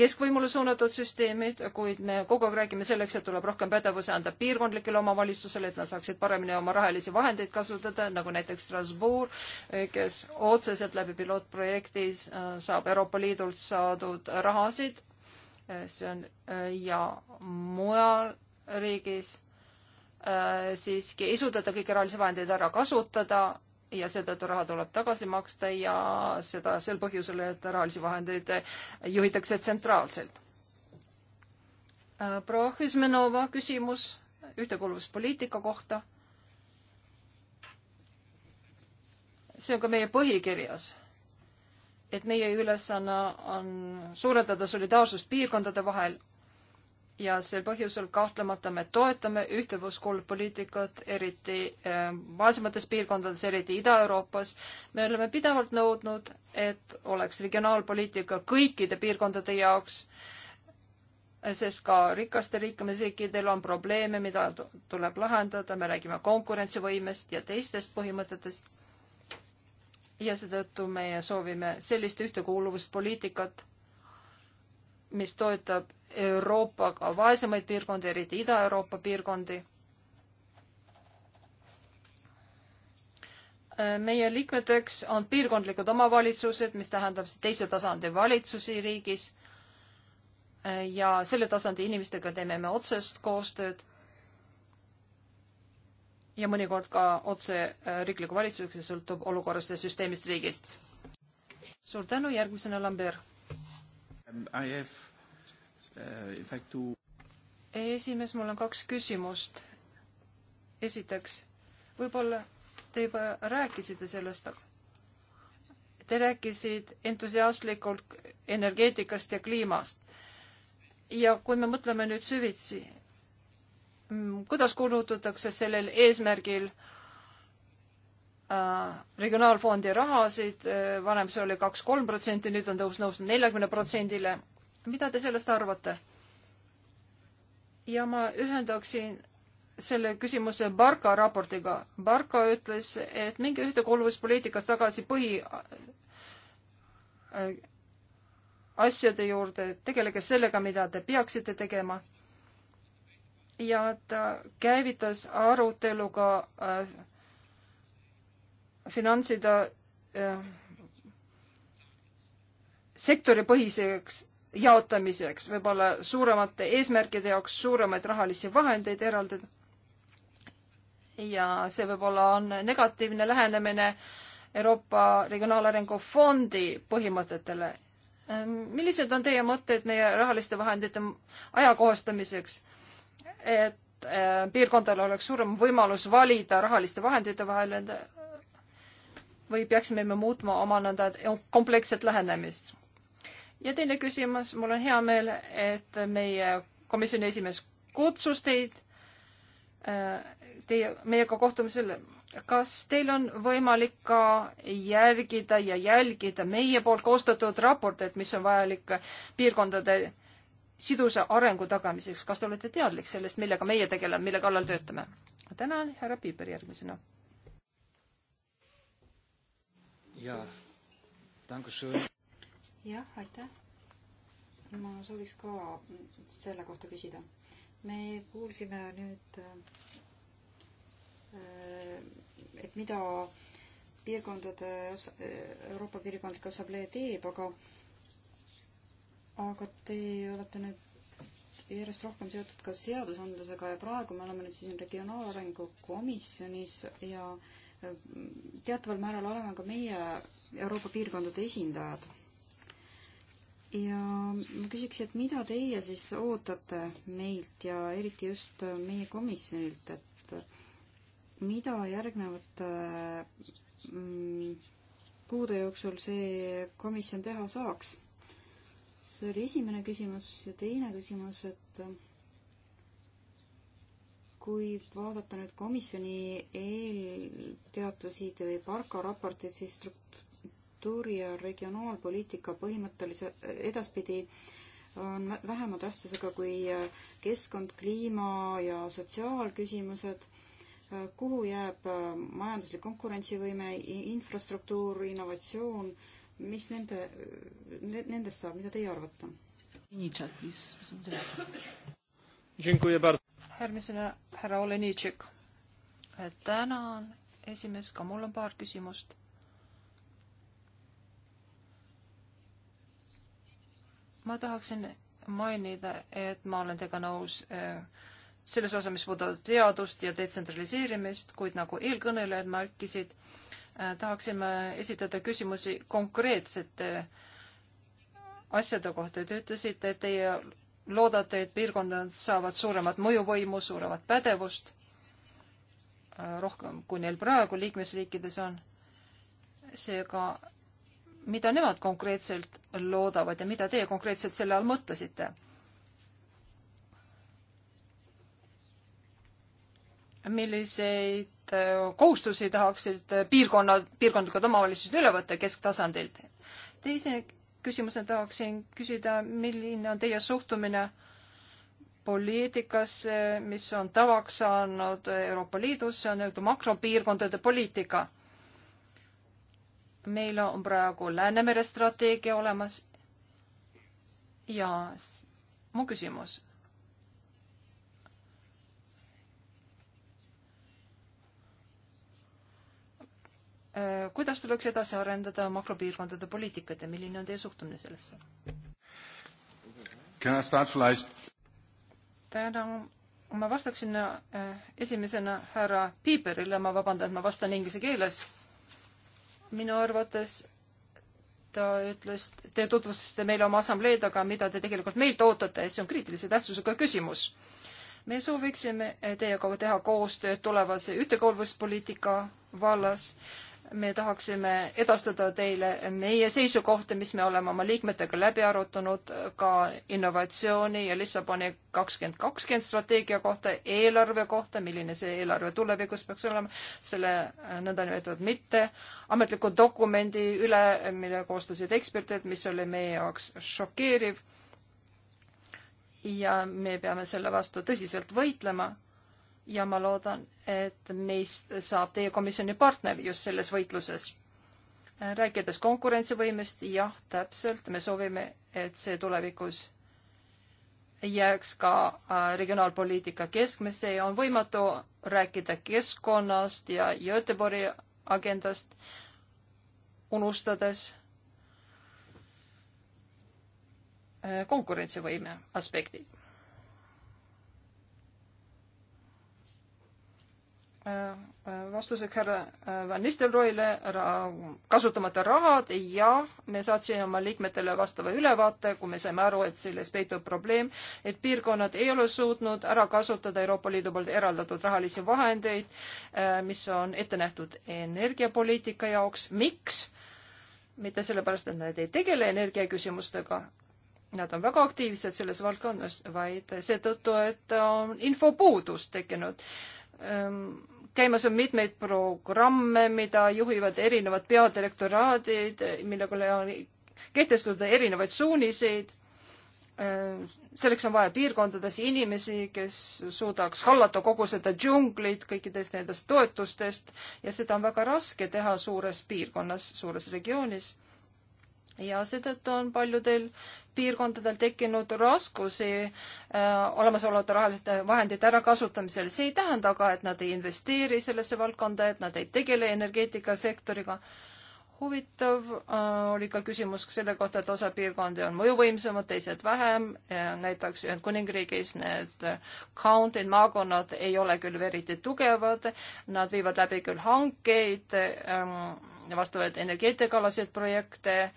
keskvõimule suunatud süsteemid, kuid me kogu aeg räägime selleks, et tuleb rohkem pädevusi anda piirkondlikele omavalitsusele, et nad saaksid paremini oma rahalisi vahendeid kasutada, nagu näiteks Strasbourg, kes otseselt läbi pilootprojekti äh, saab Euroopa Liidult saadud rahasid, äh, see on ja mujal riigis Äh, siiski ei suudeta kõiki rahalisi vahendeid ära kasutada ja seetõttu raha tuleb tagasi maksta ja seda sel põhjusel, et rahalisi vahendeid juhitakse tsentraalselt. Äh, proua Hüsmenova küsimus ühtekuuluvuspoliitika kohta. see on ka meie põhikirjas, et meie ülesanne on suurendada solidaarsust piirkondade vahel ja sel põhjusel kahtlemata me toetame ühtekuuluvuspoliitikat, eriti eh, vaesemates piirkondades, eriti Ida-Euroopas. me oleme pidevalt nõudnud, et oleks regionaalpoliitika kõikide piirkondade jaoks, sest ka rikaste liikumisriikidel on probleeme, mida tuleb lahendada, me räägime konkurentsivõimest ja teistest põhimõtetest. ja seetõttu meie soovime sellist ühtekuuluvuspoliitikat mis toetab Euroopaga vaesemaid piirkondi, eriti Ida-Euroopa piirkondi. meie liikmeteks on piirkondlikud omavalitsused, mis tähendab siis teise tasandi valitsusi riigis ja selle tasandi inimestega teeme me otsest koostööd ja mõnikord ka otse äh, riikliku valitsusega, see sõltub olukorrast ja süsteemist riigist. suur tänu, järgmisena Lambert. Um, Eh, esimees, mul on kaks küsimust. esiteks, võib-olla te juba rääkisite sellest, aga te rääkisite entusiastlikult energeetikast ja kliimast. ja kui me mõtleme nüüd süvitsi, mm, kuidas kulutatakse sellel eesmärgil äh, regionaalfondi rahasid äh,, varem see oli kaks-kolm protsenti, nüüd on tõusnud neljakümne protsendile mida te sellest arvate? ja ma ühendaksin selle küsimuse Barka raportiga. Barka ütles, et minge ühtekuuluvuspoliitikat tagasi põhi äh, asjade juurde, tegelege sellega, mida te peaksite tegema. ja ta käivitas arutelu ka äh, finantside äh, sektoripõhiseks jaotamiseks, võib-olla suuremate eesmärkide jaoks suuremaid rahalisi vahendeid eraldada. ja see võib-olla on negatiivne lähenemine Euroopa Regionaalarengu Fondi põhimõtetele. Ehm, millised on teie mõtted meie rahaliste vahendite ajakohastamiseks, et ehm, piirkondadel oleks suurem võimalus valida rahaliste vahendite vahel või peaksime me muutma oma nõnda kompleksset lähenemist? ja teine küsimus, mul on hea meel, et meie komisjoni esimees kutsus teid äh, teie, meiega kohtumisel. kas teil on võimalik ka järgida ja jälgida meie poolt koostatud raporteid, mis on vajalik piirkondade sidusa arengu tagamiseks, kas te olete teadlik sellest, millega meie tegeleme, mille kallal töötame? tänan, härra Piiper järgmisena. jaa, tänku sulle jah, aitäh. ma sooviks ka selle kohta küsida. me kuulsime nüüd, äh, et mida piirkondade, äh, Euroopa Piirkondlik Assamblee teeb, aga, aga te olete nüüd järjest rohkem seotud ka seadusandlusega ja praegu me oleme nüüd siin Regionaalarengu Komisjonis ja äh, teataval määral oleme ka meie Euroopa piirkondade esindajad ja ma küsiks, et mida teie siis ootate meilt ja eriti just meie komisjonilt, et mida järgnevate mm, kuude jooksul see komisjon teha saaks? see oli esimene küsimus ja teine küsimus, et kui vaadata nüüd komisjoni eelteatusid või parka raporteid, siis kultuuri- ja regionaalpoliitika põhimõttelise, edaspidi on vähema tähtsusega kui äh, keskkond, kliima ja sotsiaalküsimused, äh, kuhu jääb äh, majanduslik konkurentsivõime, infrastruktuur, innovatsioon, mis nende, nendest saab, mida teie arvate? järgmisena härra Olenitšik. tänan, esimees, ka mul on paar küsimust ma tahaksin mainida, et ma olen teiega nõus eh, selles osa, mis puudutab teadust ja detsentraliseerimist, kuid nagu eelkõnelejad märkisid, eh, tahaksime esitada küsimusi konkreetsete eh, asjade kohta. Te ütlesite, et teie loodate, et piirkondad saavad suuremat mõjuvõimu, suuremat pädevust, rohkem kui neil praegu liikmesriikides on. seega mida nemad konkreetselt loodavad ja mida teie konkreetselt selle all mõtlesite? milliseid äh, kohustusi tahaksid piirkonnad, piirkondlikud omavalitsused üle võtta kesktasandilt? teise küsimusena tahaksin küsida, milline on teie suhtumine poliitikasse, mis on tavaks saanud Euroopa Liidus, see on nii-öelda makropiirkondade poliitika meil on praegu Läänemere strateegia olemas ja mu küsimus. Äh, kuidas tuleks edasi arendada makropiirkondade poliitikat ja milline on teie suhtumine sellesse? tänan, ma vastaksin äh, esimesena härra Piiberile, ma vabandan, ma vastan inglise keeles minu arvates ta ütles, te tutvustasite meile oma assambleed, aga mida te tegelikult meilt ootate, see on kriitilise tähtsusega küsimus. me sooviksime teiega teha koostööd tulevase ühtekuuluvuspoliitika vallas me tahaksime edastada teile meie seisukohta, mis me oleme oma liikmetega läbi arutanud ka innovatsiooni ja Lissaboni kakskümmend kakskümmend strateegia kohta, eelarve kohta, milline see eelarve tulevikus peaks olema, selle äh, nõndanimetatud mitte ametliku dokumendi üle, mille koostasid eksperdid, mis oli meie jaoks šokeeriv. ja me peame selle vastu tõsiselt võitlema ja ma loodan, et meist saab teie komisjoni partner just selles võitluses. rääkides konkurentsivõimest, jah, täpselt, me soovime, et see tulevikus jääks ka äh, regionaalpoliitika keskmesse ja on võimatu rääkida keskkonnast ja Göteborgi agendast, unustades äh, konkurentsivõime aspektid. Äh, äh, vastuseks härra äh, Van Nistelrooile ra kasutamata rahad ja me saatsime oma liikmetele vastava ülevaate, kui me saime aru, et selles peitub probleem, et piirkonnad ei ole suutnud ära kasutada Euroopa Liidu poolt eraldatud rahalisi vahendeid, mis on ette nähtud energiapoliitika jaoks. miks? mitte sellepärast, et nad ei tegele energiaküsimustega, nad on väga aktiivsed selles valdkonnas, vaid seetõttu, et on infopuudus tekkinud ehm, käimas on mitmeid programme, mida juhivad erinevad peadirektoraadid, millega on kehtestatud erinevaid suuniseid. selleks on vaja piirkondades inimesi, kes suudaks hallata kogu seda džunglit kõikidest nendest toetustest ja seda on väga raske teha suures piirkonnas, suures regioonis ja seetõttu on paljudel piirkondadel tekkinud raskusi äh, olemasolevate rahaliste vahendite ärakasutamisel. see ei tähenda aga, et nad ei investeeri sellesse valdkonda, et nad ei tegele energeetikasektoriga. huvitav äh, oli ka küsimus selle kohta, et osa piirkondi on mõjuvõimsamad, teised vähem. Äh, näiteks Ühendkuningriigis need äh, county'd, maakonnad ei ole küll eriti tugevad, nad viivad läbi küll hankeid ähm,, vastavaid energeetikalaseid projekte äh,,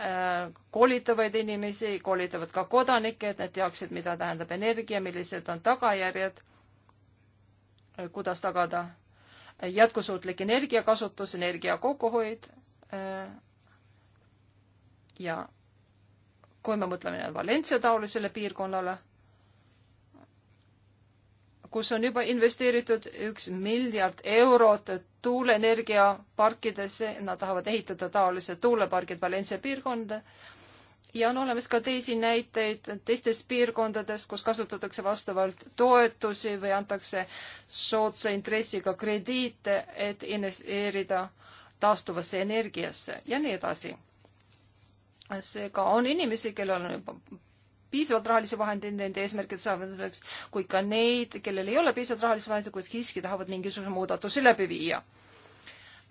Äh, koolitavaid inimesi, koolitavad ka kodanikke, et nad teaksid, mida tähendab energia, millised on tagajärjed, äh, kuidas tagada jätkusuutlik energiakasutus, energia kokkuhoid äh, ja kui me mõtleme Valencia taolisele piirkonnale kus on juba investeeritud üks miljard eurot tuuleenergiaparkidesse, nad tahavad ehitada taolised tuulepargid Valencia piirkonda. ja on olemas ka teisi näiteid teistest piirkondadest, kus kasutatakse vastavalt toetusi või antakse soodsa intressiga krediite, et investeerida taastuvasse energiasse ja nii edasi. seega on inimesi, kellel on juba piisavalt rahalisi vahendeid nende eesmärkide saavutamiseks, kui ka neid, kellel ei ole piisavalt rahalisi vahendeid, kuid siiski tahavad mingisuguse muudatuse läbi viia.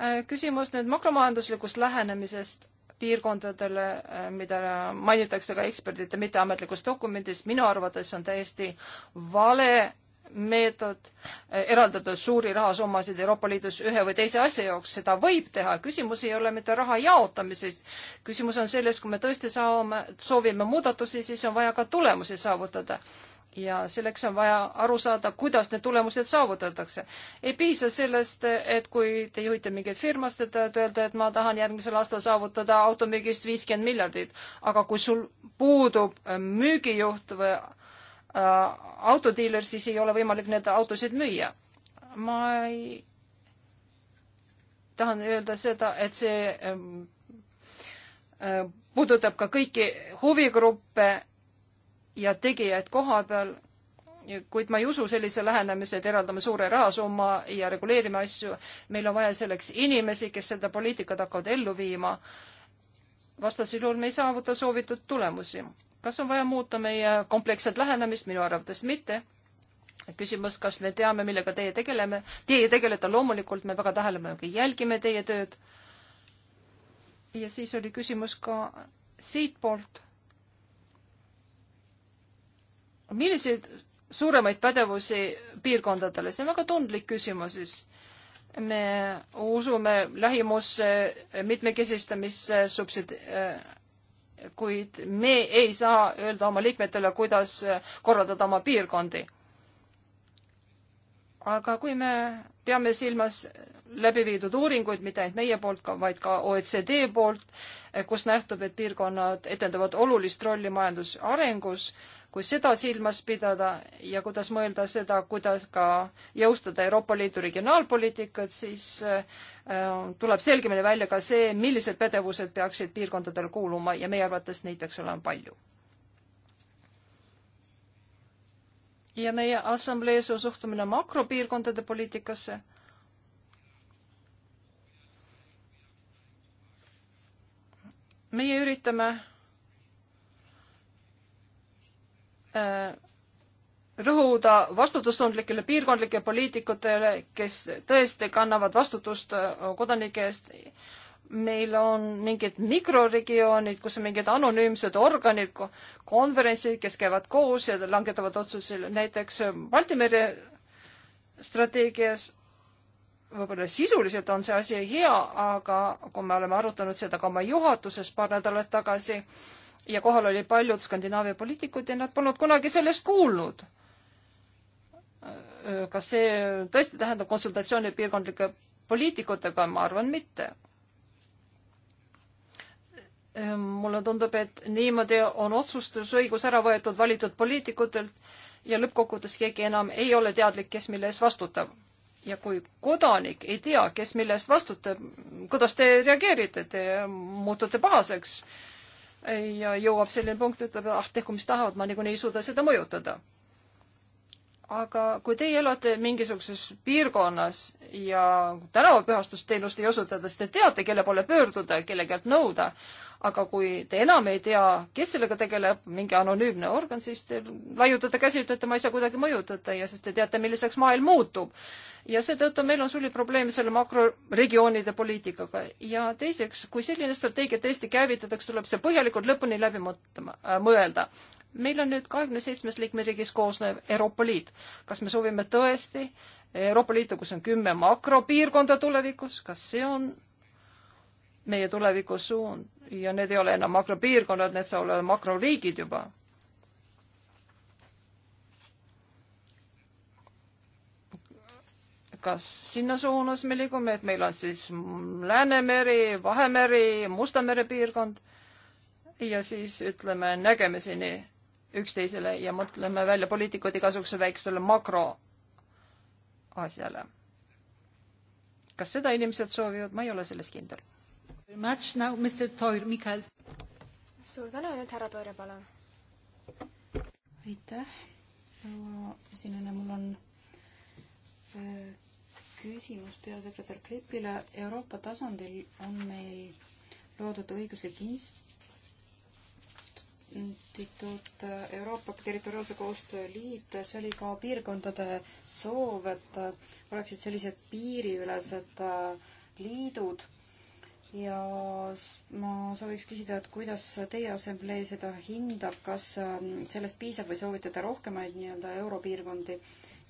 Äh, küsimus nüüd makromajanduslikust lähenemisest piirkondadele, äh, mida mainitakse ka ekspertide mitteametlikus dokumendis, minu arvates on täiesti vale meetod eh, eraldada suuri rahasummasid Euroopa Liidus ühe või teise asja jaoks, seda võib teha, küsimus ei ole mitte raha jaotamises. küsimus on selles, kui me tõesti saame, soovime muudatusi, siis on vaja ka tulemusi saavutada. ja selleks on vaja aru saada, kuidas need tulemused saavutatakse. ei piisa sellest, et kui te juhite mingit firmast, et öelda, et ma tahan järgmisel aastal saavutada automüügist viiskümmend miljardit, aga kui sul puudub eh, müügijuht või Äh, autodiiler, siis ei ole võimalik neid autosid müüa. ma ei, tahan öelda seda, et see ähm, äh, puudutab ka kõiki huvigruppe ja tegijaid koha peal, kuid ma ei usu sellise lähenemise, et eraldame suure rahasumma ja reguleerime asju. meil on vaja selleks inimesi, kes seda poliitikat hakkavad ellu viima. vastasel juhul me ei saavuta soovitud tulemusi kas on vaja muuta meie kompleksset lähenemist, minu arvates mitte. küsimus, kas me teame, millega teie tegeleme, teie tegelete loomulikult, me väga tähelepanelikult jälgime teie tööd. ja siis oli küsimus ka siitpoolt. milliseid suuremaid pädevusi piirkondadele, see on väga tundlik küsimus siis me usume lähimusse mitmekesistamisse subsid-, kuid me ei saa öelda oma liikmetele, kuidas korraldada oma piirkondi. aga kui me peame silmas läbi viidud uuringuid, mitte ainult meie poolt, vaid ka OECD poolt, kus nähtub, et piirkonnad etendavad olulist rolli majandusarengus, arengus, kui seda silmas pidada ja kuidas mõelda seda, kuidas ka jõustada Euroopa Liidu regionaalpoliitikat, siis äh, tuleb selgemini välja ka see, millised pädevused peaksid piirkondadele kuuluma ja meie arvates neid peaks olema palju. ja meie assamblees on suhtumine makropiirkondade poliitikasse meie üritame Äh, rõhuda vastutustundlikele piirkondlike poliitikutele, kes tõesti kannavad vastutust äh, kodanike eest. meil on mingid mikroregioonid, kus on mingid anonüümsed organid, konverentsid, kes käivad koos ja langetavad otsuseid, näiteks äh, Balti mere strateegias võib-olla sisuliselt on see asi hea, aga kui me oleme arutanud seda ka oma juhatuses paar nädalat tagasi, ja kohal oli paljud Skandinaavia poliitikud ja nad polnud kunagi sellest kuulnud. kas see tõesti tähendab konsultatsiooni piirkondlike poliitikutega, ma arvan mitte. mulle tundub, et niimoodi on otsustusõigus ära võetud valitud poliitikutelt ja lõppkokkuvõttes keegi enam ei ole teadlik, kes mille eest vastutab. ja kui kodanik ei tea, kes mille eest vastutab, kuidas te reageerite, te muutute pahaseks äh, ja jõuab selline punkt, ütleb, ah, tehku mis tahavad, ma niikuinii ei suuda seda mõjutada. aga kui teie elate mingisuguses piirkonnas ja tänavapühastusteenust ei osutata, siis te teate, kelle poole pöörduda, kelle käest nõuda, aga kui te enam ei tea, kes sellega tegeleb, mingi anonüümne organ, siis te laiutate käsi, ütlete, ma ei saa kuidagi mõjutada ja siis te teate, milliseks maailm muutub. ja seetõttu meil on suuri probleeme selle makroregioonide poliitikaga. ja teiseks, kui selline strateegia tõesti käivitatakse, tuleb see põhjalikult lõpuni läbi mõtlema äh,, mõelda meil on nüüd kahekümne seitsmest liikmeriigist koosnev Euroopa Liit. kas me soovime tõesti Euroopa Liitu, kus on kümme makropiirkonda tulevikus, kas see on meie tuleviku suund? ja need ei ole enam makropiirkonnad, need saavad olema makroriigid juba. kas sinna suunas me liigume, et meil on siis Läänemeri, Vahemeri, Musta mere piirkond ja siis ütleme nägemiseni üksteisele ja mõtleme välja poliitikud igasuguse väiksele makroasjale. kas seda inimesed soovivad, ma ei ole selles kindel suur tänu, nüüd härra Toire, palun. aitäh, proua esineja, mul on öö, äh, küsimus peasekretär Klipile. Euroopa tasandil on meil loodud õiguslik instituut, äh, Euroopa Territoriaalse Koostöö Liit, see oli ka piirkondade soov, et äh, oleksid sellised piiriülesed liidud ja ma sooviks küsida, et kuidas teie assamblee seda hindab, kas ähm, sellest piisab või soovitate rohkemaid nii-öelda europiirkondi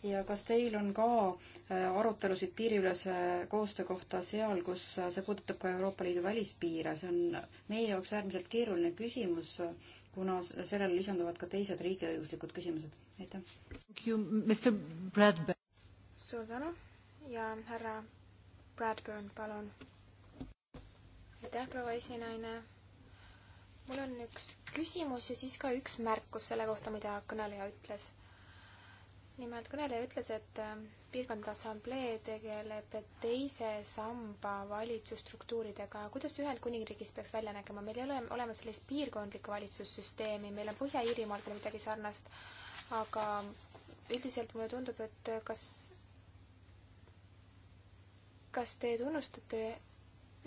ja kas teil on ka äh, arutelusid piiriülese koostöö kohta seal, kus äh, see puudutab ka Euroopa Liidu välispiire, see on meie jaoks äärmiselt keeruline küsimus, kuna sellele lisanduvad ka teised riigiõiguslikud küsimused, aitäh. suur tänu ja härra Bradburn, palun aitäh, proua esinaine. mul on üks küsimus ja siis ka üks märkus selle kohta, mida kõneleja ütles. nimelt kõneleja ütles, et ähm, piirkondade assamblee tegeleb teise samba valitsusstruktuuridega. kuidas Ühendkuningriigis peaks välja nägema? meil ei ole olemas sellist piirkondlikku valitsussüsteemi, meil on Põhja-Iirimaal ka midagi sarnast, aga üldiselt mulle tundub, et kas kas te tunnustate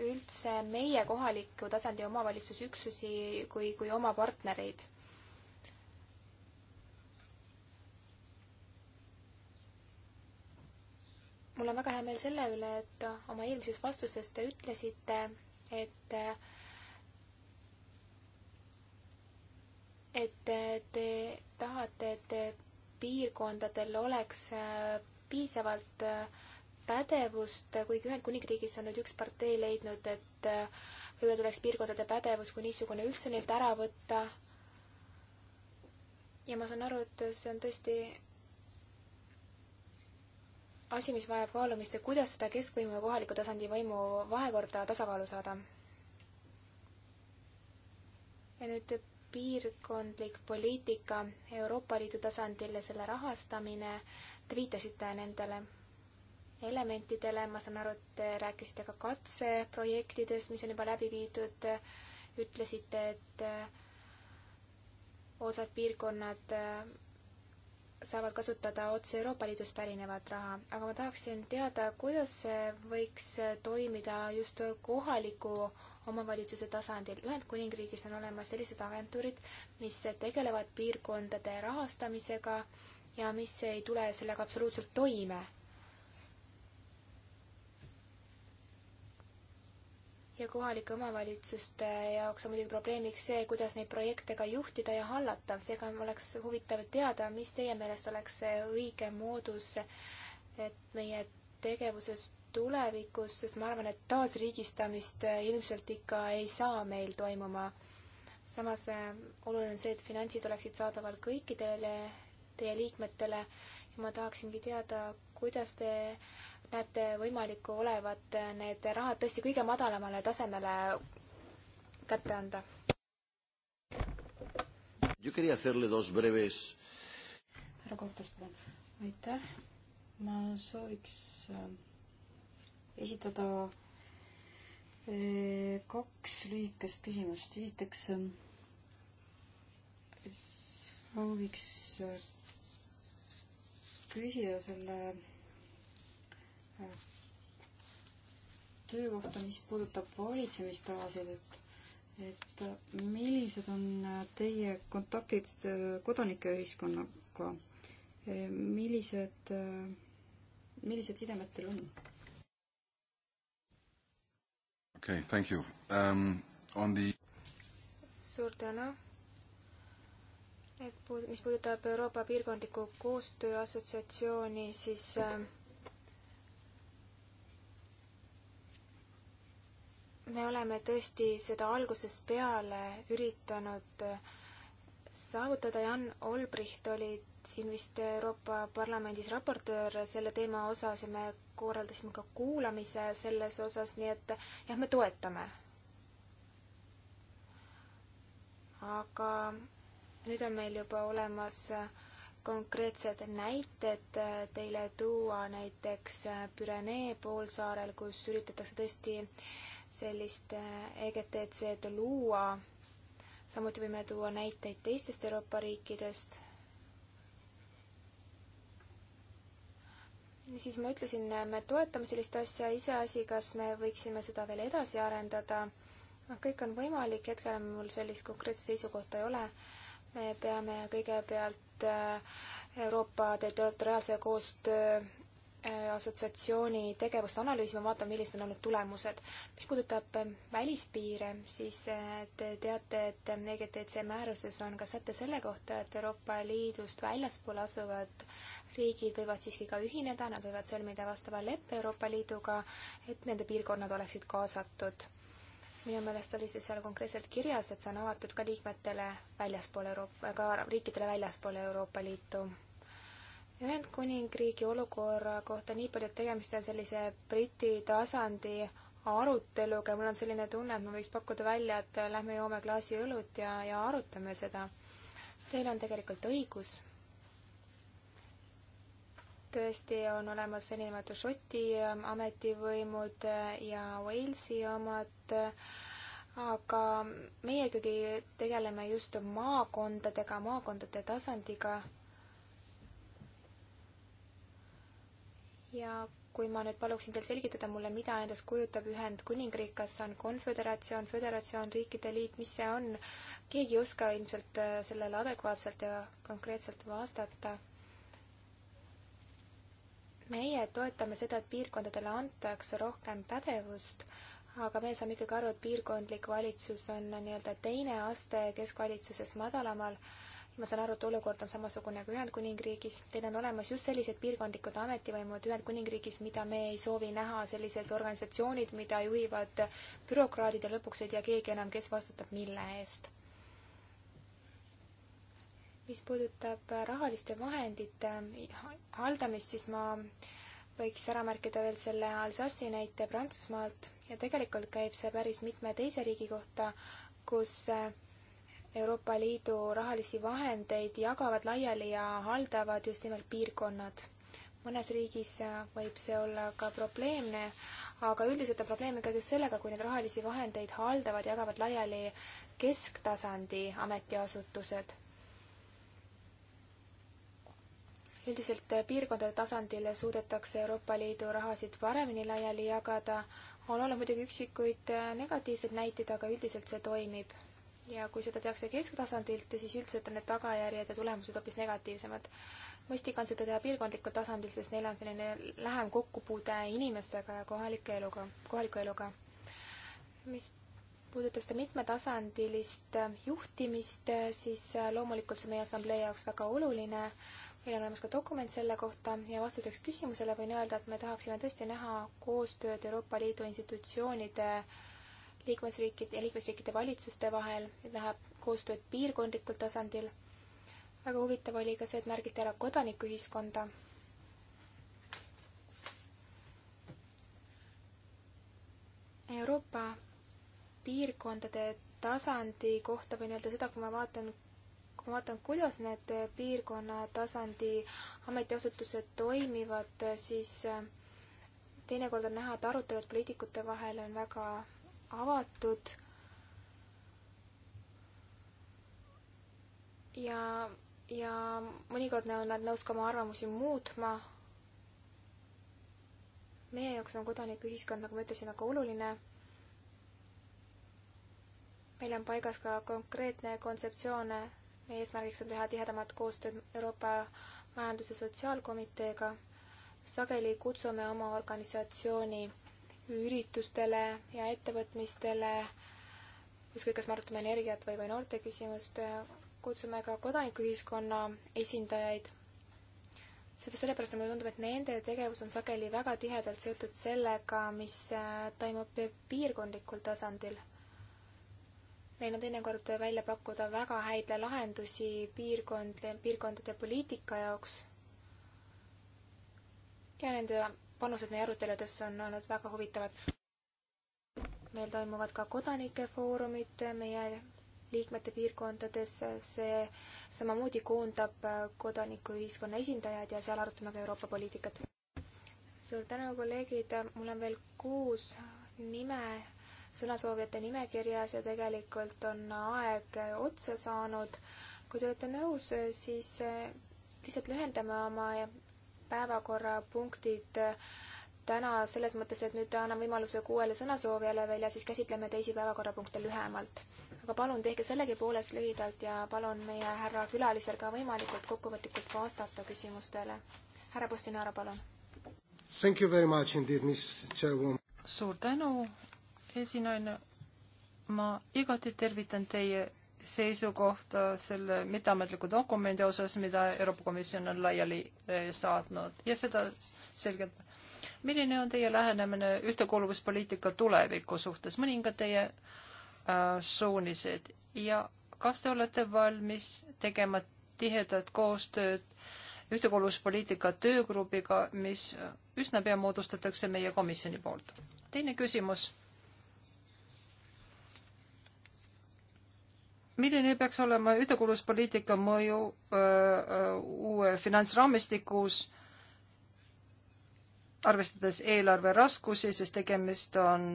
üldse meie kohaliku tasandi omavalitsusüksusi kui, kui oma partnereid mul on väga hea meel selle üle, et oma eelmises vastuses te ütlesite, et et te tahate, et piirkondadel oleks piisavalt äh, pädevust, kuigi Ühendkuningriigis on nüüd üks partei leidnud, et äh, võib-olla tuleks piirkondade pädevus kui niisugune üldse neilt ära võtta. ja ma saan aru, et see on tõesti asi, mis vajab kaalumist ja kuidas seda keskvõimu ja kohaliku tasandi võimu vahekorda tasakaalu saada. ja nüüd piirkondlik poliitika Euroopa Liidu tasandil ja selle rahastamine. Te viitasite nendele elementidele, ma saan aru, et rääkisite ka katseprojektidest, mis on juba läbi viidud, ütlesite, et eh, osad piirkonnad eh, saavad kasutada otse Euroopa Liidust pärinevat raha, aga ma tahaksin teada, kuidas see võiks toimida just kohaliku omavalitsuse tasandil. Ühendkuningriigis on olemas sellised agentuurid, mis tegelevad piirkondade rahastamisega ja mis ei tule sellega absoluutselt toime ja kohalike omavalitsuste jaoks on muidugi probleemiks see, kuidas neid projekte ka juhtida ja hallata, seega oleks huvitav teada, mis teie meelest oleks see õige moodus, et meie tegevuses tulevikus, sest ma arvan, et taasriigistamist ilmselt ikka ei saa meil toimuma. samas äh, oluline on see, et finantsid oleksid saadaval kõikidele teie liikmetele ja ma tahaksingi teada, kuidas te nad võimalikku olevat need rahad tõesti kõige madalamale tasemele kätte anda. härra Kohtas, palun. aitäh. ma sooviks äh, esitada äh, kaks lühikest küsimust. esiteks äh, sooviks küsida selle töökohta, mis puudutab valitsemistavasid, et et millised on teie kontaktid äh, kodanikeühiskonnaga? Äh, millised, äh, millised sidemed teil on? okei okay,, thank you um,. On the suur tänu. et puud-, mis puudutab Euroopa Piirkondliku Koostöö Assotsiatsiooni, siis äh, me oleme tõesti seda algusest peale üritanud äh, saavutada, Jan Olbricht oli siin vist Euroopa Parlamendis raportöör selle teema osas ja me korraldasime ka kuulamise selles osas, nii et äh, jah, me toetame. aga nüüd on meil juba olemas äh, konkreetsed näited teile tuua, näiteks Pürenee poolsaarel, kus üritatakse tõesti äh, sellist äh, EGTC-d luua. samuti võime tuua näiteid teistest Euroopa riikidest. siis ma ütlesin, äh, me toetame sellist asja, iseasi, kas me võiksime seda veel edasi arendada. noh, kõik on võimalik, hetkel mul sellist konkreetset seisukohta ei ole. me peame kõigepealt äh, Euroopa territoriaalse koostöö Äh, assotsiatsiooni tegevust analüüsima, vaatame, millised on olnud tulemused. mis puudutab äh, välispiire, siis äh, te teate, et EGTC määruses on ka säte selle kohta, et Euroopa Liidust väljaspool asuvad riigid võivad siiski ka ühineda, nad võivad sõlmida vastava leppe Euroopa Liiduga, et nende piirkonnad oleksid kaasatud. minu meelest oli see seal konkreetselt kirjas, et see on avatud ka liikmetele väljaspool Euroopa, ka riikidele väljaspool Euroopa Liitu Ühendkuningriigi olukorra kohta nii palju, et tegemist on sellise Briti tasandi aruteluga ja mul on selline tunne, et ma võiks pakkuda välja, et lähme joome klaasi õlut ja, ja arutame seda. Teil on tegelikult õigus. tõesti on olemas niinimetatud Šoti ähm, ametivõimud äh, ja Walesi omad äh, aga meie ikkagi tegeleme just maakondadega, maakondade tasandiga ja kui ma nüüd paluksin teil selgitada mulle, mida endast kujutab Ühendkuningriik, kas on konföderatsioon, föderatsioon, riikide liit, mis see on, keegi ei oska ilmselt äh, sellele adekvaatselt ja konkreetselt vastata. meie toetame seda, et piirkondadele antakse rohkem pädevust, aga me saame ikkagi aru, et piirkondlik valitsus on nii-öelda teine aste keskvalitsusest madalamal ma saan aru, et olukord on samasugune kui Ühendkuningriigis. Teil on olemas just sellised piirkondlikud ametivõimud Ühendkuningriigis, mida me ei soovi näha, sellised organisatsioonid, mida juhivad bürokraadid ja lõpuks ei tea keegi enam, kes vastutab mille eest. mis puudutab rahaliste vahendite haldamist, siis ma võiks ära märkida veel selle Alsace'i näite Prantsusmaalt ja tegelikult käib see päris mitme teise riigi kohta, kus Euroopa Liidu rahalisi vahendeid jagavad laiali ja haldavad just nimelt piirkonnad. mõnes riigis võib see olla ka probleemne, aga üldiselt on probleem ikkagi sellega, kui neid rahalisi vahendeid haldavad, jagavad laiali kesktasandi ametiasutused üldiselt piirkondade tasandil suudetakse Euroopa Liidu rahasid paremini laiali jagada, on olnud muidugi üksikuid negatiivseid näiteid, aga üldiselt see toimib ja kui seda tehakse kesktasandilt, siis üldiselt on need tagajärjed ja tulemused hoopis negatiivsemad. mõistlik on seda teha piirkondlikul tasandil, sest neil on selline lähem kokkupuude inimestega ja kohalike eluga, kohaliku eluga. mis puudutab seda mitmetasandilist juhtimist, siis loomulikult see meie assamblee jaoks väga oluline. meil on olemas ka dokument selle kohta ja vastuseks küsimusele võin öelda, et me tahaksime tõesti näha koostööd Euroopa Liidu institutsioonide äh, liikmesriikide ja liikmesriikide valitsuste vahel, et näha koostööd piirkondlikul tasandil. väga huvitav oli ka see, et märgiti ära kodanikuühiskonda. Euroopa piirkondade tasandi kohta võin öelda seda, kui ma vaatan, kui ma vaatan, kuidas need piirkonna tasandi ametiasutused toimivad, siis teinekord on näha, et arutelud poliitikute vahel on väga avatud. ja, ja mõnikord on nad nõus ka oma arvamusi muutma. meie jaoks on kodanikuühiskond, nagu ma ütlesin, väga oluline. meil on paigas ka konkreetne kontseptsioon, meie eesmärgiks on teha tihedamat koostööd Euroopa Majandus- ja Sotsiaalkomiteega sageli kutsume oma organisatsiooni üritustele ja ettevõtmistele, ükskõik, kas me arutame energiat või, või noorte küsimust, kutsume ka kodanikuühiskonna esindajaid. seda sellepärast, et mulle tundub, et nende tegevus on sageli väga tihedalt seotud sellega, mis äh, toimub piirkondlikul tasandil. Neil on teinekord välja pakkuda väga häid lahendusi piirkond, piirkondade poliitika jaoks. ja nende panused meie aruteludesse on olnud väga huvitavad. meil toimuvad ka kodanike foorumid meie liikmete piirkondades, see samamoodi koondab kodanikuühiskonna esindajad ja seal arutame ka Euroopa poliitikat. suur tänu, kolleegid, mul on veel kuus nime sõnasoovijate nimekirjas ja tegelikult on aeg otsa saanud. kui te olete nõus, siis lihtsalt lühendame oma päevakorrapunktid äh, täna selles mõttes, et nüüd annan võimaluse kuuele sõnasoovijale veel ja siis käsitleme teisi päevakorrapunkte lühemalt. aga palun tehke sellegipoolest lühidalt ja palun meie härra külalisel ka võimalikult kokkuvõtlikult vastata küsimustele. härra Postinaaro, palun. Thank you very much indeed, Miss Chairwoman. suur tänu, esinaine. ma igati tervitan teie seisukohta selle mitteametliku dokumendi osas, mida Euroopa Komisjon on laiali eh, saatnud ja seda selgelt. milline on teie lähenemine ühtekuuluvuspoliitika tuleviku suhtes, mõningad teie äh, suunised ja kas te olete valmis tegema tihedat koostööd ühtekuuluvuspoliitika töögrupiga, mis üsna pea moodustatakse meie komisjoni poolt? teine küsimus milline peaks olema ühtekuuluvuspoliitika mõju öö, uue finantsraamistikus, arvestades eelarve raskusi, sest tegemist on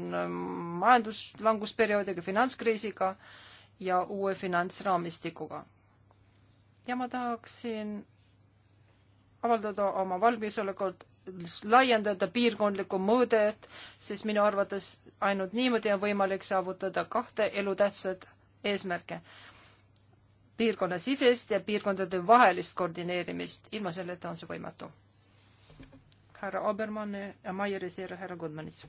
majanduslangusperioodiga, finantskriisiga ja uue finantsraamistikuga. ja ma tahaksin avaldada oma valmisolekut laiendada piirkondlikku mõõdet, sest minu arvates ainult niimoodi on võimalik saavutada kahte elutähtsat eesmärke, piirkonnasisest ja piirkondade vahelist koordineerimist, ilma selleta on see võimatu. härra Obermann ja Maieris ja härra Goodmanis.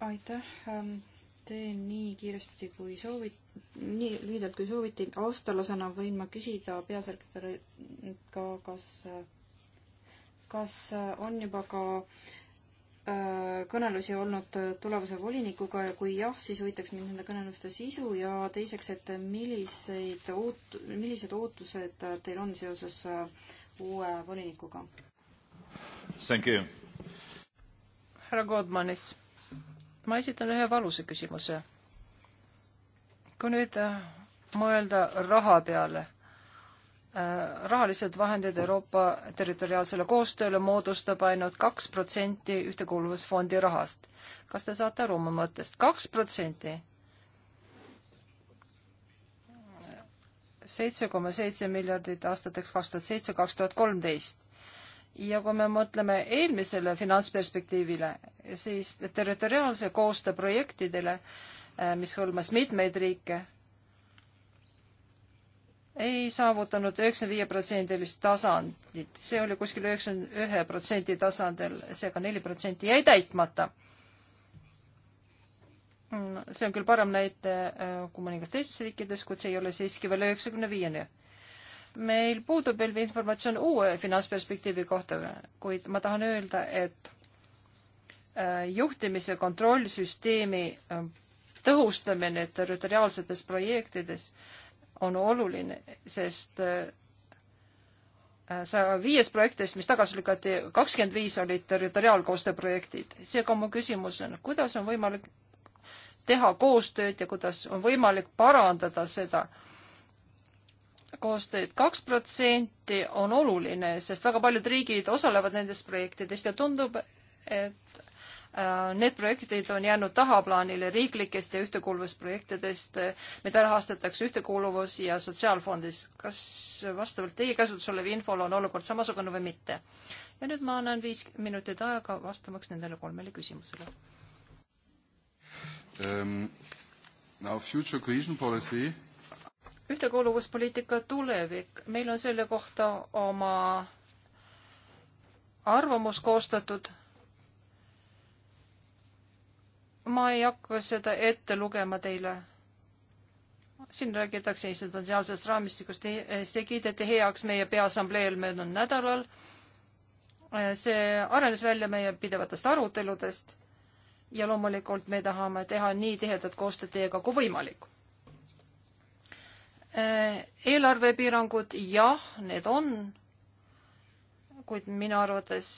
aitäh ähm teen nii kiiresti kui soovit-, nii lühidalt kui sooviti. austalasena võin ma küsida peasekretärilt ka, kas, kas äh, on juba ka Äh, kõnelusi olnud äh, tulevase volinikuga ja kui jah, siis huvitaks mind nende kõneluste sisu ja teiseks, et milliseid oot-, millised ootused äh, teil on seoses uue volinikuga? härra Goldmanis, ma esitan ühe valusa küsimuse. kui nüüd mõelda raha peale Äh, rahalised vahendid Euroopa territoriaalsele koostööle moodustab ainult kaks protsenti ühtekuuluvusfondi rahast. kas te saate aru mu mõttest? kaks protsenti. seitse koma seitse miljardit aastateks kaks tuhat seitse, kaks tuhat kolmteist. ja kui me mõtleme eelmisele finantsperspektiivile, siis territoriaalse koostöö projektidele, äh, mis hõlmas mitmeid riike ei saavutanud üheksakümne viie protsendilist tasandit, see oli kuskil üheksakümne ühe protsendi tasandil, seega neli protsenti jäi täitmata. see on küll parem näide äh, kui mõningates teistes riikides, kuid see ei ole siiski veel üheksakümne viieni. meil puudub veel informatsioon uue finantsperspektiivi kohta, kuid ma tahan öelda, et äh, juhtimise kontrollsüsteemi äh, tõhustamine territoriaalsetes projektides äh, on oluline, sest äh, saja viies projektist, mis tagasi lükati, kakskümmend viis olid territoriaalkoostöö projektid. seega mu küsimus on, kuidas on võimalik teha koostööd ja kuidas on võimalik parandada seda koostööd. kaks protsenti on oluline, sest väga paljud riigid osalevad nendest projektidest ja tundub, et Äh, need projektid on jäänud tahaplaanile riiklikest ja ühtekuuluvusprojektidest, mida rahastatakse Ühtekuuluvus- ja Sotsiaalfondist. kas vastavalt teie käsutuses olev infol on olukord samasugune või mitte? ja nüüd ma annan viis minutit aega vastamaks nendele kolmele küsimusele um,. Now future cohesion policy ühtekuuluvuspoliitika tulevik. meil on selle kohta oma arvamus koostatud ma ei hakka seda ette lugema teile. siin räägitakse institutsionaalsest raamistikust, see kiideti heaks meie peaassambleel möödunud nädalal. see arenes välja meie pidevatest aruteludest ja loomulikult me tahame teha nii tihedat koostööd teiega kui võimalik. eelarvepiirangud, jah, need on, kuid minu arvates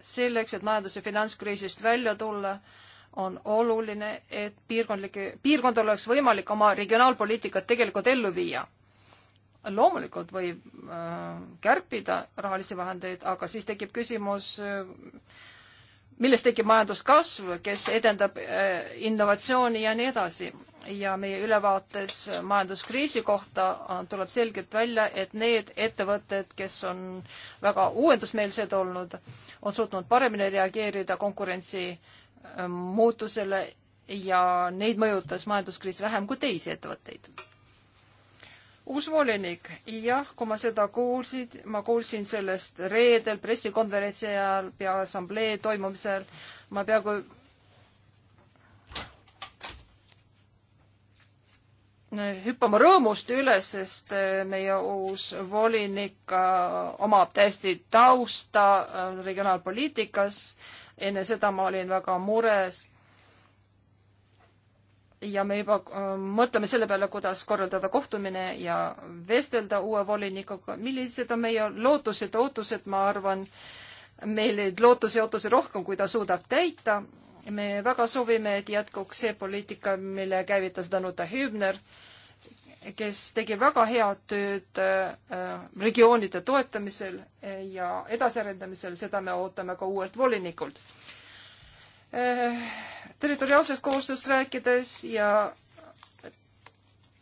selleks, et majandus- ja finantskriisist välja tulla, on oluline, et piirkondlike, piirkond oleks võimalik oma regionaalpoliitikat tegelikult ellu viia. loomulikult võib äh, kärpida rahalisi vahendeid, aga siis tekib küsimus äh, millest tekib majanduskasv, kes edendab äh, innovatsiooni ja nii edasi. ja meie ülevaates majanduskriisi kohta tuleb selgelt välja, et need ettevõtted, kes on väga uuendusmeelsed olnud, on suutnud paremini reageerida konkurentsi äh, muutusele ja neid mõjutas majanduskriis vähem kui teisi ettevõtteid uus volinik, jah, kui ma seda kuulsin, ma kuulsin sellest reedel pressikonverentsi ajal peaassamblee toimumisel, ma peaaegu hüppama rõõmust üles, sest äh, meie uus volinik äh, omab täiesti tausta äh, regionaalpoliitikas. enne seda ma olin väga mures ja me juba äh, mõtleme selle peale, kuidas korraldada kohtumine ja vestelda uue volinikuga. millised on meie lootused, ootused, ma arvan, meil neid lootusi ja ootusi rohkem, kui ta suudab täita. me väga soovime, et jätkuks see poliitika, mille käivitas Danuta Hübner, kes tegi väga head tööd äh, regioonide toetamisel ja edasiarendamisel, seda me ootame ka uuelt volinikult Eh, territoriaalsest koostööst rääkides ja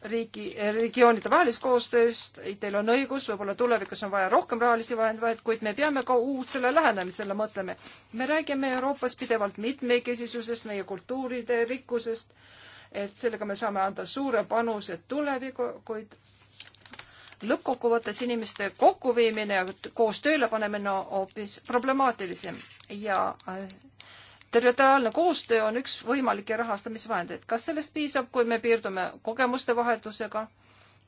riigi, eh, regioonide vahelist koostööst, teil on õigus, võib-olla tulevikus on vaja rohkem rahalisi vahendeid, kuid me peame ka uudsele lähenemisele mõtlema. me räägime Euroopas pidevalt mitmekesisusest, meie kultuuride rikkusest, et sellega me saame anda suure panuse tulevikku, kuid lõppkokkuvõttes inimeste kokkuviimine ja koos tööle panemine on hoopis problemaatilisem ja äh, territoriaalne koostöö on üks võimalikke rahastamisvahendeid. kas sellest piisab, kui me piirdume kogemuste vahetusega?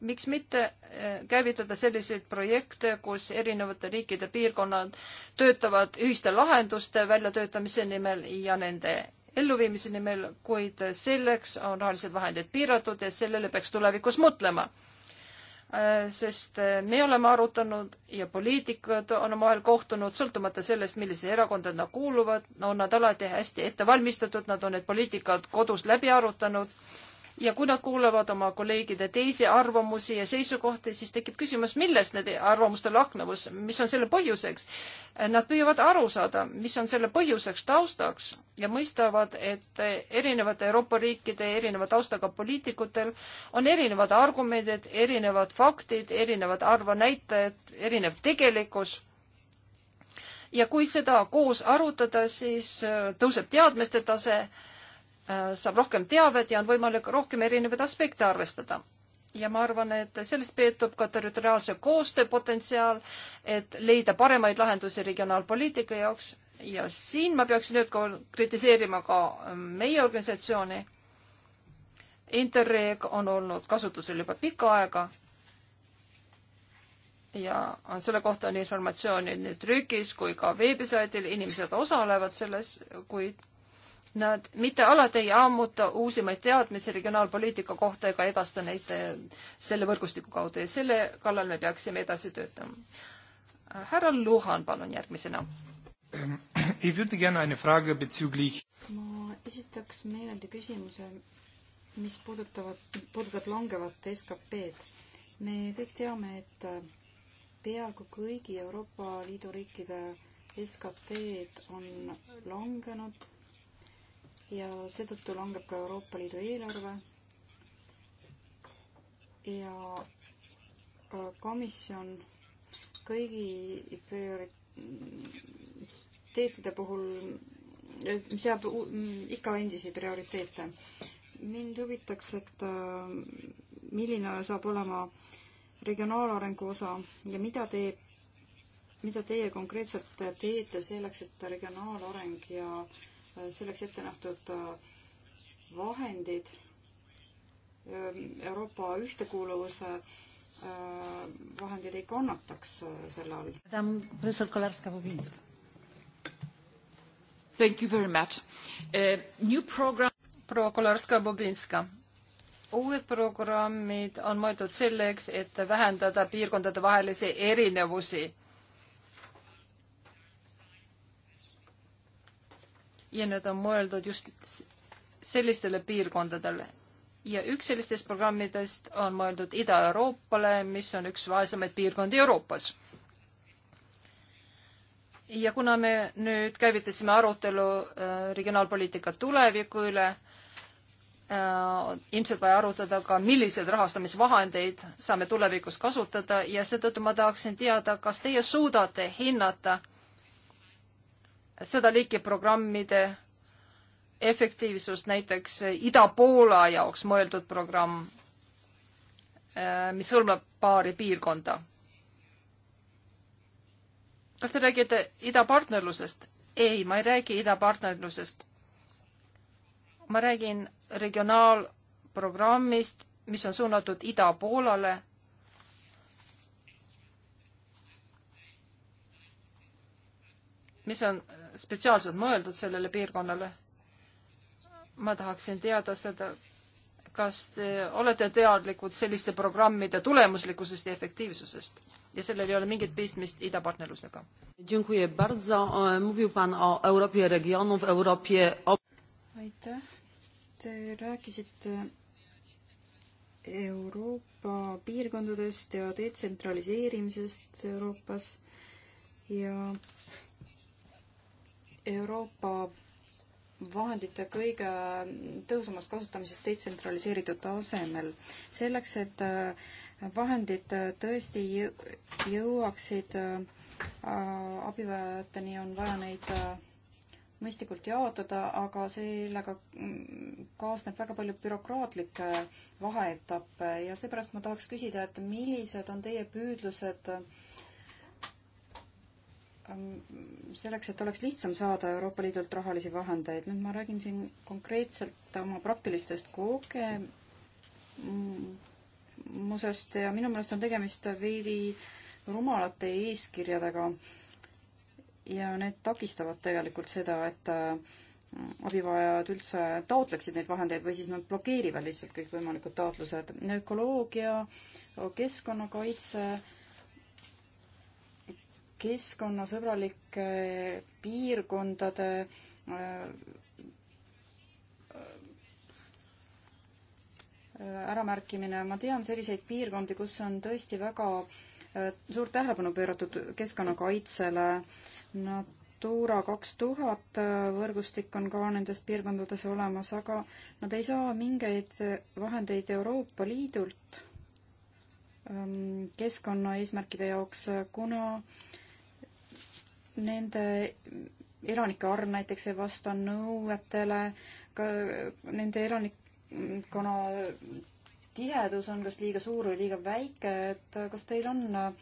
miks mitte eh, käivitada selliseid projekte, kus erinevate riikide piirkonnad töötavad ühiste lahenduste väljatöötamise nimel ja nende elluviimise nimel, kuid selleks on rahalised vahendid piiratud ja sellele peaks tulevikus mõtlema Äh, sest äh, me oleme arutanud ja poliitikud on omavahel kohtunud, sõltumata sellest, millise erakonda nad kuuluvad, on nad alati hästi ette valmistatud, nad on need poliitikad kodus läbi arutanud ja kui nad kuulavad oma kolleegide teisi arvamusi ja seisukohti, siis tekib küsimus, milles need arvamuste lahknevus, mis on selle põhjuseks. Nad püüavad aru saada, mis on selle põhjuseks, taustaks ja mõistavad, et erinevate Euroopa riikide erineva taustaga poliitikutel on erinevad argumendid, erinevad faktid, erinevad arvanäitajad, erinev tegelikkus ja kui seda koos arutada, siis tõuseb teadmiste tase Äh, saab rohkem teavet ja on võimalik rohkem erinevaid aspekte arvestada. ja ma arvan, et sellest peetub ka territoriaalse koostöö potentsiaal, et leida paremaid lahendusi regionaalpoliitika jaoks ja siin ma peaksin nüüd ka kritiseerima ka meie organisatsiooni. Interreg on olnud kasutusel juba pikka aega ja selle kohta on informatsiooni nii trükis kui ka veebisaidil, inimesed osalevad selles, kuid Nad mitte alati ei ammuta uusimaid teadmisi regionaalpoliitika kohta ega edasta neid eh, selle võrgustiku kaudu ja selle kallal me peaksime edasi töötama. härra Luhan, palun järgmisena. Ehm, ma esitaks meeleldi küsimuse, mis puudutavad, puudutab langevat SKP-d. me kõik teame, et peaaegu kõigi Euroopa Liidu riikide SKT-d on langenud ja seetõttu langeb ka Euroopa Liidu eelarve ja äh, komisjon kõigi prioriteetide puhul äh, seab mm, ikka endisi prioriteete. mind huvitaks, et äh, milline saab olema regionaalarengu osa ja mida teeb, mida teie konkreetselt teete selleks, et regionaalareng ja äh, selleks ette nähtud äh, vahendid ähm, Euroopa ühtekuuluvuse äh, vahendid ei kannataks äh, selle all. professor Kolarska-Bobinska. Thank you very much uh,. New program. proua Kolarska-Bobinska uued programmid on mõeldud selleks, et vähendada piirkondade vahelisi erinevusi ja need on mõeldud just sellistele piirkondadele. ja üks sellistest programmidest on mõeldud Ida-Euroopale, mis on üks vaesemaid piirkondi Euroopas. ja kuna me nüüd käivitasime arutelu äh, regionaalpoliitika tuleviku üle, äh, ilmselt vaja arutada ka, milliseid rahastamisvahendeid saame tulevikus kasutada ja seetõttu ma tahaksin teada, kas teie suudate hinnata äh, seda liiki programmide efektiivsust, näiteks Ida-Poola jaoks mõeldud programm, mis hõlmab paari piirkonda. kas te räägite idapartnerlusest? ei, ma ei räägi idapartnerlusest. ma räägin regionaalprogrammist, mis on suunatud Ida-Poolale mis on spetsiaalselt mõeldud sellele piirkonnale. ma tahaksin teada seda, kas te olete teadlikud selliste programmide tulemuslikkusest ja efektiivsusest ja sellel ei ole mingit pistmist idapartnerlusega. aitäh, te rääkisite Euroopa piirkondadest ja detsentraliseerimisest Euroopas ja Euroopa vahendite kõige tõhusamast kasutamisest detsentraliseeritud tasemel. selleks, et äh, vahendid äh, tõesti jõuaksid äh, abivajajateni, on vaja neid mõistlikult jaotada, aga sellega mm, kaasneb väga palju bürokraatlikke vaheetappe ja seepärast ma tahaks küsida, et millised on teie püüdlused äh, selleks, et oleks lihtsam saada Euroopa Liidult rahalisi vahendeid. nüüd ma räägin siin konkreetselt oma praktilistest kogemusest ja minu meelest on tegemist veidi rumalate eeskirjadega. ja need takistavad tegelikult seda, et äh, abivajajad üldse taotleksid neid vahendeid või siis nad blokeerivad lihtsalt kõikvõimalikud taotlused. ökoloogia, keskkonnakaitse keskkonnasõbralike piirkondade äh, äramärkimine, ma tean selliseid piirkondi, kus on tõesti väga äh, suurt tähelepanu pööratud keskkonnakaitsele. Natura kaks tuhat äh, võrgustik on ka nendes piirkondades olemas, aga nad ei saa mingeid vahendeid Euroopa Liidult ähm, keskkonnaeesmärkide jaoks, kuna äh, nende elanike arv näiteks ei vasta nõuetele, ka nende elanikkonna tihedus on kas liiga suur või liiga väike, et kas teil on äh,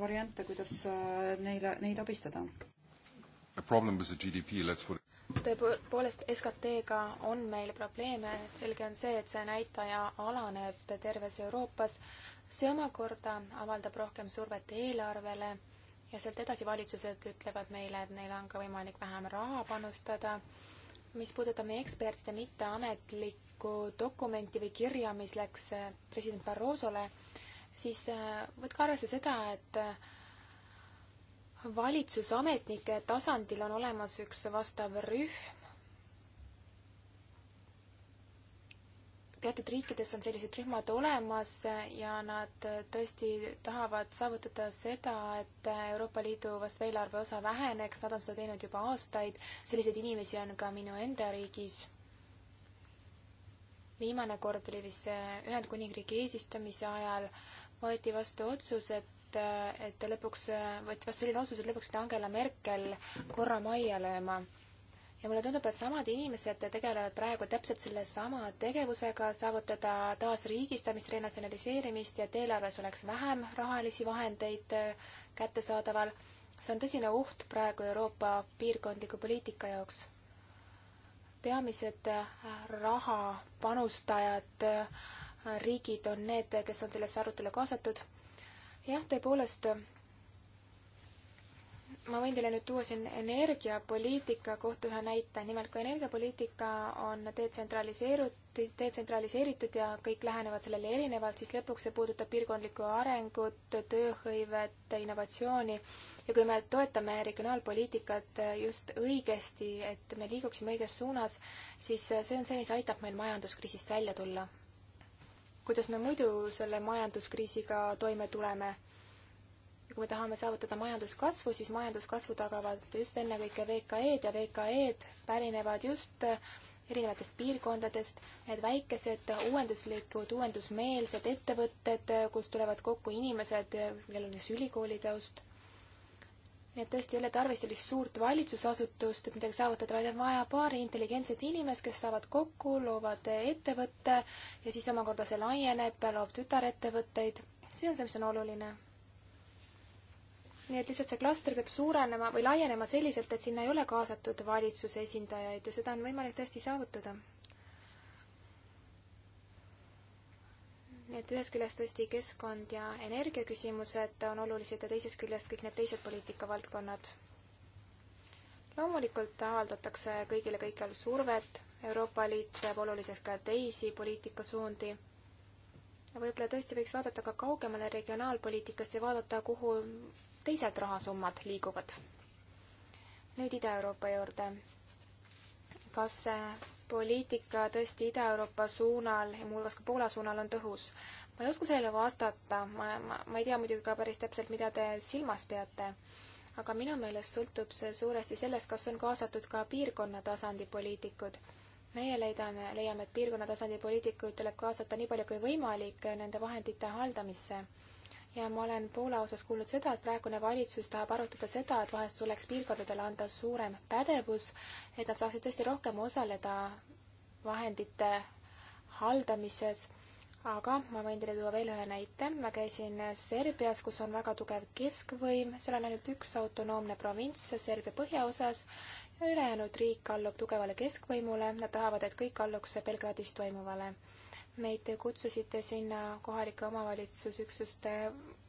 variante, kuidas äh, neile, neid abistada? tõepoolest, SKT-ga on meil probleeme, selge on see, et see näitaja alaneb terves Euroopas. see omakorda avaldab rohkem survet eelarvele ja sealt edasi valitsused ütlevad meile, et neil on ka võimalik vähem raha panustada. mis puudutab meie ekspertide mitteametlikku dokumenti või kirja, mis läks äh, president Barrosole, siis äh, võtke arvesse seda, et äh, valitsusametnike tasandil on olemas üks vastav rühm, teatud riikides on sellised rühmad olemas ja nad tõesti tahavad saavutada seda, et Euroopa Liidu vastu eelarve osa väheneks, nad on seda teinud juba aastaid, selliseid inimesi on ka minu enda riigis. viimane kord oli vist Ühendkuningriigi eesistumise ajal, võeti vastu otsus, et, et lõpuks, võeti vastu selline otsus, et lõpuks pidi Angela Merkel korra majja lööma ja mulle tundub, et samad inimesed tegelevad praegu täpselt sellesama tegevusega, saavutada taas riigistamist, renatsionaliseerimist ja et eelarves oleks vähem rahalisi vahendeid äh, kättesaadaval. see on tõsine oht praegu Euroopa piirkondliku poliitika jaoks peamised äh, raha panustajad, äh, riigid on need, kes on sellesse arutelu kaasatud. jah, tõepoolest, ma võin teile nüüd tuua siin energiapoliitika kohta ühe näite, nimelt kui energiapoliitika on detsentraliseerutud, detsentraliseeritud ja kõik lähenevad sellele erinevalt, siis lõpuks see puudutab piirkondlikku arengut, tööhõivet, innovatsiooni ja kui me toetame regionaalpoliitikat just õigesti, et me liiguksime õiges suunas, siis see on see, mis aitab meil majanduskriisist välja tulla. kuidas me muidu selle majanduskriisiga toime tuleme? ja kui me tahame saavutada majanduskasvu, siis majanduskasvu tagavad just ennekõike VKE-d ja VKE-d pärinevad just äh, erinevatest piirkondadest, need väikesed uuenduslikud, uuendusmeelsed ettevõtted, äh, kus tulevad kokku inimesed, äh, kellel on näiteks ülikoolitaust. nii et tõesti ei ole tarvis sellist suurt valitsusasutust, et midagi saavutada, vaid on vaja paari intelligentset inimest, kes saavad kokku, loovad ettevõtte ja siis omakorda see laieneb, loob tütarettevõtteid. see on see, mis on oluline nii et lihtsalt see klaster peab suurenema või laienema selliselt, et sinna ei ole kaasatud valitsuse esindajaid ja seda on võimalik tõesti saavutada. nii et ühest küljest tõesti keskkond ja energiaküsimused on olulised ja teisest küljest kõik need teised poliitikavaldkonnad. loomulikult avaldatakse kõigile kõikjal survet, Euroopa Liit peab oluliseks ka teisi poliitikasuundi võib-olla tõesti võiks vaadata ka kaugemale regionaalpoliitikast ja vaadata, kuhu teised rahasummad liiguvad. nüüd Ida-Euroopa juurde. kas poliitika tõesti Ida-Euroopa suunal ja muuhulgas ka Poola suunal on tõhus? ma ei oska sellele vastata, ma, ma, ma ei tea muidugi ka päris täpselt, mida te silmas peate aga minu meelest sõltub see suuresti sellest, kas on kaasatud ka piirkonna tasandi poliitikud meie leidame, leiame, et piirkonna tasandi poliitikuid tuleb kaasata nii palju kui võimalik nende vahendite haldamisse ja ma olen Poola osas kuulnud seda, et praegune valitsus tahab arutada seda, et vahest tuleks piirkondadele anda suurem pädevus, et nad saaksid tõesti rohkem osaleda vahendite haldamises. aga ma võin teile tuua veel ühe näite. ma käisin Serbias, kus on väga tugev keskvõim, seal on ainult üks autonoomne provints Serbia põhjaosas ülejäänud riik allub tugevale keskvõimule, nad tahavad, et kõik alluks Belgradis toimuvale. Meid kutsusid sinna kohalike omavalitsusüksuste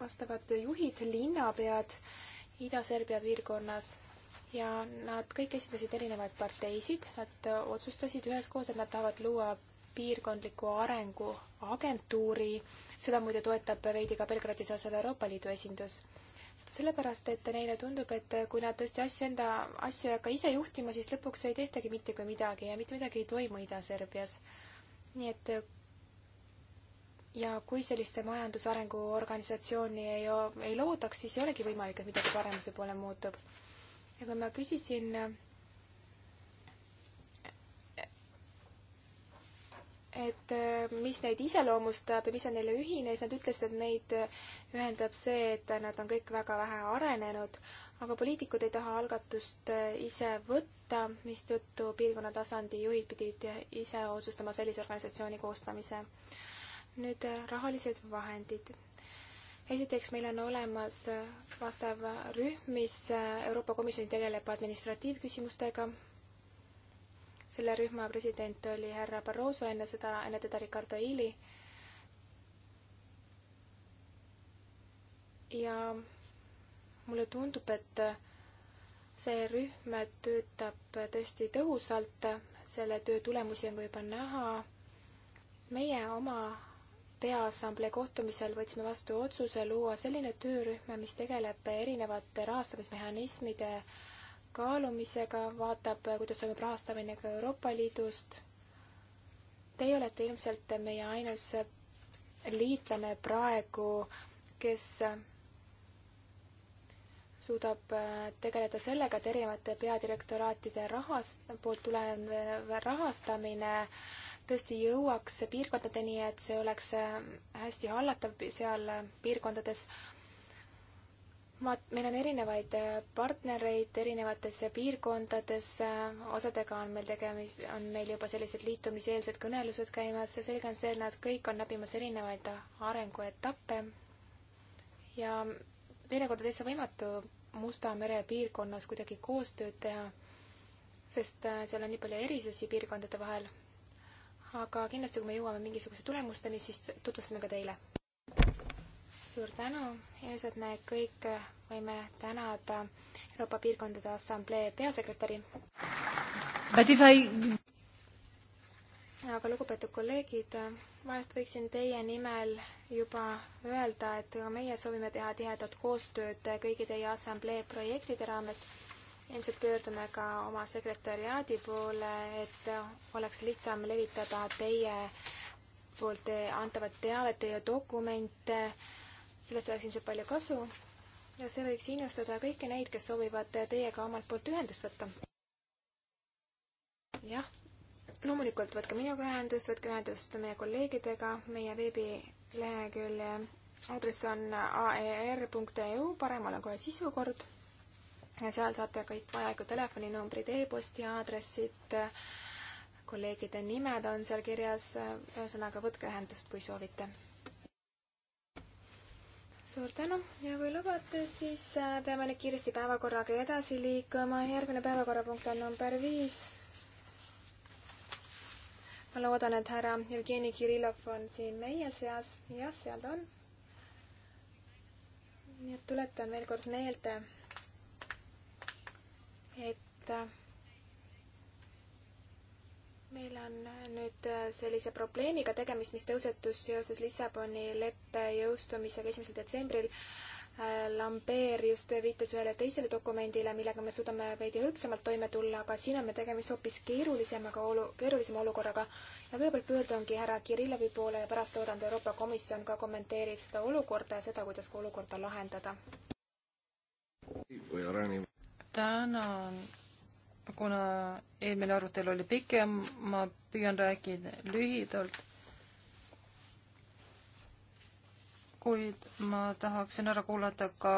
vastavad juhid, linnapead Ida-Serbia piirkonnas ja nad kõik esindasid erinevaid parteisid, nad otsustasid üheskoos, et nad tahavad luua piirkondliku arengu agentuuri, seda muide toetab veidi ka Belgradis asuv Euroopa Liidu esindus sellepärast, et neile tundub, et kui nad tõesti asju enda, asju ei hakka ise juhtima, siis lõpuks ei tehtagi mitte kui midagi ja mitte midagi ei toimu Ida-Serbias. nii et ja kui selliste majandusarengu organisatsiooni ei, ei loodaks, siis ei olegi võimalik, et midagi paremuse poole muutub. ja kui ma küsisin et äh, mis neid iseloomustab ja mis on neile ühine, siis nad ütlesid, et meid äh, ühendab see, et nad on kõik väga vähe arenenud, aga poliitikud ei taha algatust äh, ise võtta, mistõttu piirkonna tasandi juhid pidid ise otsustama sellise organisatsiooni koostamise. nüüd rahalised vahendid. esiteks, meil on olemas vastav rühm, mis Euroopa Komisjoni tegeleb administratiivküsimustega, selle rühma president oli härra Barroso, enne seda, enne teda Ricardo Ili. ja mulle tundub, et see rühm töötab tõesti tõhusalt, selle töö tulemusi on ka juba näha. meie oma peaassamblee kohtumisel võtsime vastu otsuse luua selline töörühm, mis tegeleb erinevate rahastamismehhanismide kaalumisega, vaatab, kuidas toimub rahastamine ka Euroopa Liidust. Teie olete ilmselt meie ainus liitlane praegu, kes suudab äh, tegeleda sellega, et erinevate peadirektoraatide rahast-, poolt tulev äh, rahastamine tõesti jõuaks piirkondadeni, et see oleks äh, hästi hallatav seal piirkondades ma, meil on erinevaid äh, partnereid erinevates piirkondades, osadega on meil tegemist, on meil juba sellised liitumiseelsed kõnelused käimas ja selge on see, et nad kõik on läbimas erinevaid arenguetappe ja teinekord on täitsa võimatu Musta mere piirkonnas kuidagi koostööd teha, sest äh, seal on nii palju erisusi piirkondade vahel. aga kindlasti, kui me jõuame mingisuguse tulemusteni, siis tutvustame ka teile suur tänu, ilmselt me kõik võime tänada Euroopa Piirkondade Assamblee peasekretäri. I... aga lugupeetud kolleegid, vahest võiksin teie nimel juba öelda, et ka meie soovime teha tihedat koostööd kõigi teie assamblee projektide raames ilmselt pöördume ka oma sekretäriaadi poole, et oleks lihtsam levitada teie poolt antavat teavet, teie dokumente sellest oleks ilmselt palju kasu ja see võiks innustada kõiki neid, kes soovivad teiega omalt poolt ühendust võtta. jah, loomulikult võtke minuga ühendust, võtke ühendust meie kolleegidega, meie veebilehekülje aadress on aer.eu, paremal on kohe sisukord ja seal saate kõik vajalikud telefoninumbrid e, e-posti aadressid, kolleegide nimed on seal kirjas, ühesõnaga võtke ühendust, kui soovite suur tänu ja kui lubate, siis äh, peame nüüd kiiresti päevakorraga edasi liikuma. järgmine päevakorrapunkt on number viis. ma loodan, et härra Jevgeni Kirillov on siin meie seas. jah, seal ta on. nii et tuletan veel kord meelde, et äh, meil on äh, nüüd äh, sellise probleemiga tegemist, mis tõusetus seoses Lissaboni leppe jõustumisega esimesel detsembril. Äh, Lambert just viitas ühele teisele dokumendile, millega me suudame veidi hõlpsamalt toime tulla, aga siin on meil tegemist hoopis keerulisemaga olu, keerulisema olukorraga. ja kõigepealt pöördungi härra Kirillovi poole ja pärast loodan, et Euroopa Komisjon ka kommenteerib seda olukorda ja seda, kuidas ka olukorda lahendada. tänan kuna eelmine arutelu oli pikem, ma püüan rääkida lühidalt. kuid ma tahaksin ära kuulata ka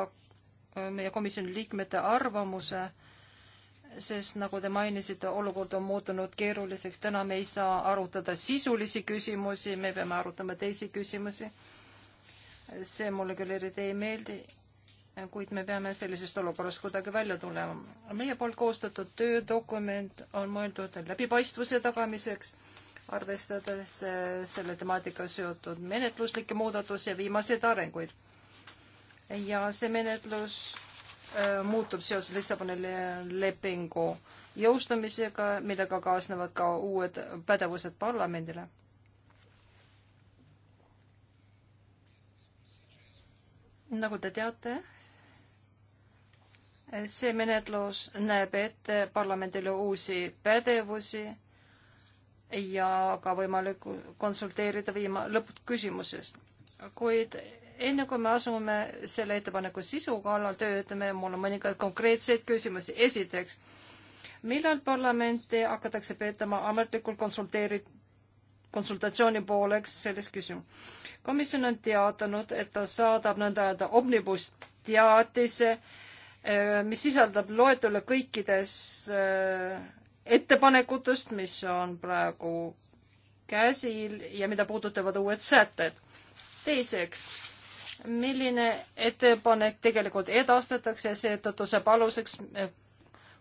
äh, meie komisjoni liikmete arvamuse, sest nagu te mainisite, olukord on muutunud keeruliseks, täna me ei saa arutada sisulisi küsimusi, me peame arutama teisi küsimusi. see mulle küll eriti ei meeldi kuid me peame sellisest olukorrast kuidagi välja tulema. meie poolt koostatud töödokument on mõeldud läbipaistvuse tagamiseks, arvestades äh, selle temaatikaga seotud menetluslikke muudatusi ja viimaseid arenguid. ja see menetlus äh, muutub seoses Lissaboni lepingu jõustumisega, millega kaasnevad ka uued pädevused parlamendile nagu te teate, see menetlus näeb ette parlamendile uusi pädevusi ja ka võimalikku konsulteerida viima lõppküsimuses. kuid enne kui me asume selle ettepaneku sisu kallal töötame, mul on mõningaid konkreetseid küsimusi. esiteks, millal parlamenti hakatakse peetama ametlikult konsulteeri-, konsultatsiooni pooleks selles küsimuses? komisjon on teatanud, et ta saadab nõnda öelda omnibus teatise äh, Äh, mis sisaldab loetelu kõikides äh, ettepanekutest, mis on praegu käsil ja mida puudutavad uued sätted. teiseks, milline ettepanek tegelikult edastatakse, seetõttu saab aluseks äh,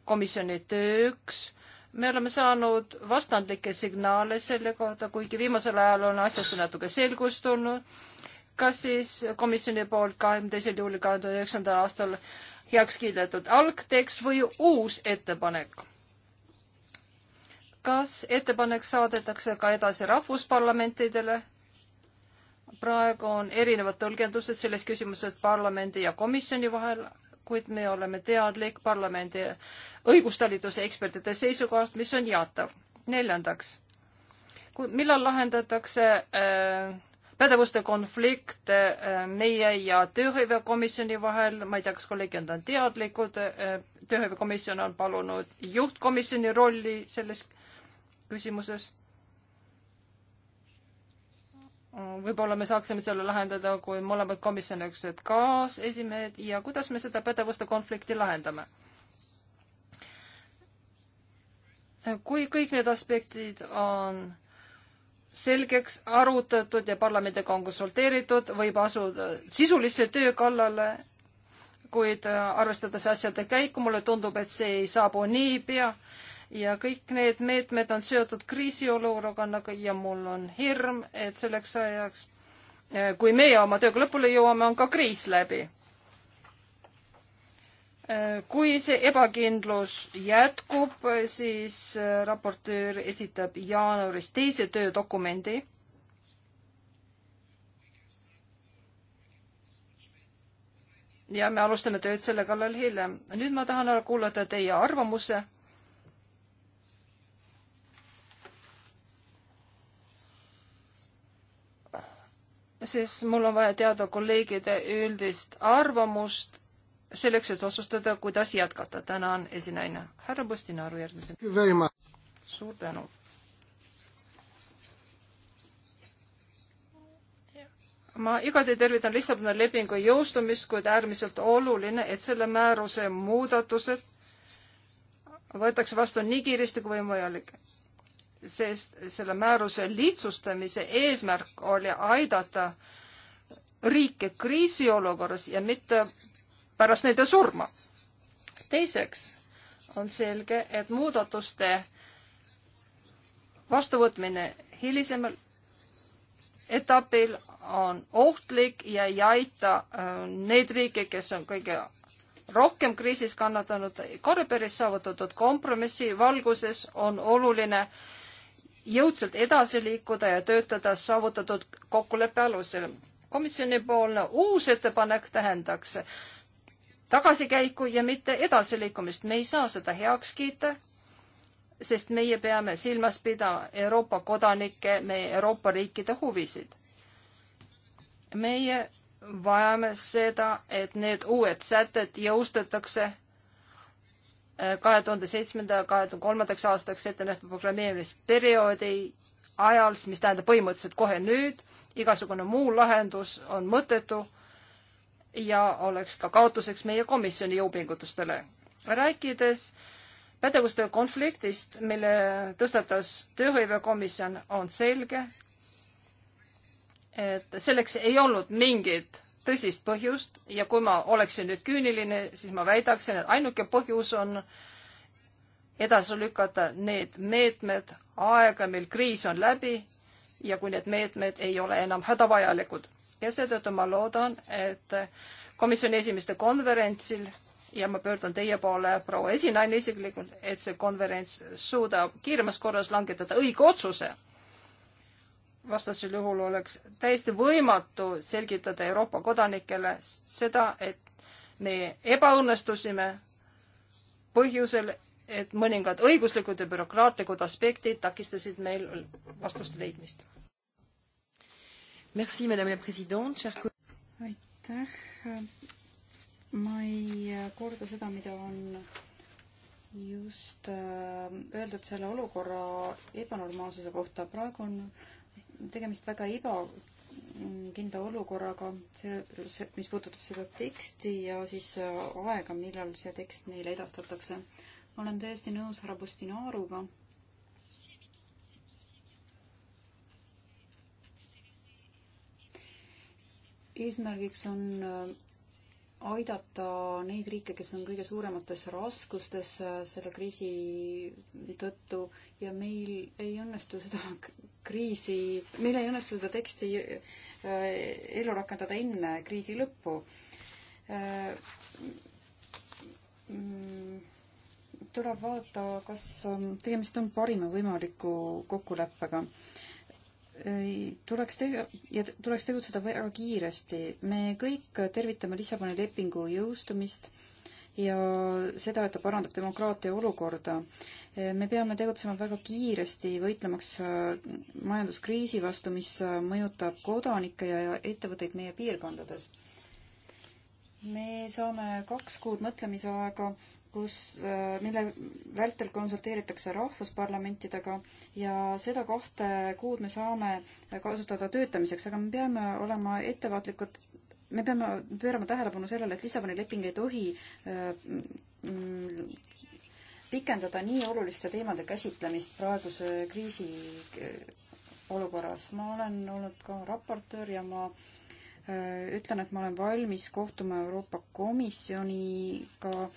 komisjoni tööks. me oleme saanud vastandlikke signaale selle kohta, kuigi viimasel ajal on asjasse natuke selgust tulnud. kas siis komisjoni poolt kahekümne teisel juulil kahe tuhande üheksandal aastal heaks kiidetud algtekst või uus ettepanek. kas ettepanek saadetakse ka edasi rahvusparlamentidele? praegu on erinevad tõlgendused selles küsimuses parlamendi ja komisjoni vahel, kuid me oleme teadlik parlamendi õigustalituse ekspertide seisukohast, mis on jaatav. neljandaks, millal lahendatakse äh, pädevuste konflikt äh, meie ja tööhõivekomisjoni vahel, ma ei tea, kas kolleegid on teadlikud, äh, tööhõivekomisjon on palunud juhtkomisjoni rolli selles küsimuses. võib-olla me saaksime selle lahendada, kui mõlemad komisjoni üksteised kaasesimehed ja kuidas me seda pädevuste konflikti lahendame kui kõik need aspektid on selgeks arutatud ja parlamendiga on konsulteeritud, võib asuda sisulisse töö kallale, kuid äh, arvestades asjade käiku, mulle tundub, et see ei saabu niipea ja kõik need meetmed on seotud kriisiolukorraga nagu- ja mul on hirm, et selleks ajaks, äh, kui meie oma tööga lõpule jõuame, on ka kriis läbi kui see ebakindlus jätkub, siis äh, raportöör esitab jaanuaris teise töödokumendi. ja me alustame tööd selle kallal hiljem. nüüd ma tahan ära kuulata teie arvamuse. sest mul on vaja teada kolleegide üldist arvamust selleks, et otsustada, kuidas jätkata. tänan, esinaine. härra Postinaru järgmisena. suur tänu. ma igati tervitan Lissaboni lepingu jõustumist, kuid äärmiselt oluline, et selle määruse muudatused võetakse vastu nii kiiresti kui võimalik sest selle määruse lihtsustamise eesmärk oli aidata riike kriisiolukorras ja mitte pärast nende surma. teiseks on selge, et muudatuste vastuvõtmine hilisemal etapil on ohtlik ja ei aita äh, neid riike, kes on kõige rohkem kriisis kannatanud. Koreperis saavutatud kompromissi valguses on oluline jõudsalt edasi liikuda ja töötada saavutatud kokkuleppe alusel. komisjonipoolne uus ettepanek tähendaks tagasikäiku ja mitte edasiliikumist. me ei saa seda heaks kiita, sest meie peame silmas pidama Euroopa kodanike, meie Euroopa riikide huvisid. meie vajame seda, et need uued sätted jõustatakse äh, kahe tuhande seitsmenda, kahe tuhande kolmandaks aastaks ette nähtud programmeerimisperioodi ajal, mis tähendab põhimõtteliselt kohe nüüd, igasugune muu lahendus on mõttetu ja oleks ka kaotuseks meie komisjoni jõupingutustele. rääkides pädevuste konfliktist, mille tõstatas tööhõivekomisjon, on selge, et selleks ei olnud mingit tõsist põhjust ja kui ma oleksin nüüd küüniline, siis ma väidaksin, et ainuke põhjus on edasi lükata need meetmed aega, mil kriis on läbi ja kui need meetmed ei ole enam hädavajalikud ja seetõttu ma loodan, et komisjoni esimeste konverentsil ja ma pöördun teie poole, proua esinaine isiklikult, et see konverents suudab kiiremas korras langetada õige otsuse. vastasel juhul oleks täiesti võimatu selgitada Euroopa kodanikele seda, et me ebaõnnestusime põhjusel, et mõningad õiguslikud ja bürokraatlikud aspektid takistasid meil vastuste leidmist Merci, madame la présidente, cher aitäh. ma ei korda seda, mida on just äh, öeldud selle olukorra ebanormaalsuse kohta. praegu on tegemist väga ebakindla olukorraga, see, see, mis puudutab seda teksti ja siis äh, aega, millal see tekst meile edastatakse. ma olen täiesti nõus härra Postinaaruga eesmärgiks on äh, aidata neid riike, kes on kõige suuremates raskustes selle kriisi tõttu ja meil ei õnnestu seda kriisi, meil ei õnnestu seda teksti äh, ellu rakendada enne kriisi lõppu. Äh, mm, tuleb vaadata, kas ähm, tegemist on parima võimaliku kokkuleppega tuleks tege-, ja tuleks tegutseda väga kiiresti. me kõik tervitame Lissaboni lepingu jõustumist ja seda, et ta parandab demokraatia olukorda. me peame tegutsema väga kiiresti, võitlemaks äh, majanduskriisi vastu, mis äh, mõjutab kodanikke ja ettevõtteid meie piirkondades me saame kaks kuud mõtlemisaega kus, äh, mille vältel konsulteeritakse rahvusparlamentidega ja seda kahte kuud me saame kasutada töötamiseks, aga me peame olema ettevaatlikud, me peame pöörama tähelepanu sellele, et Lissaboni leping ei tohi äh, mm, pikendada nii oluliste teemade käsitlemist praeguse kriisi äh, olukorras. ma olen olnud ka raportöör ja ma ütlen, et ma olen valmis kohtuma Euroopa Komisjoniga äh,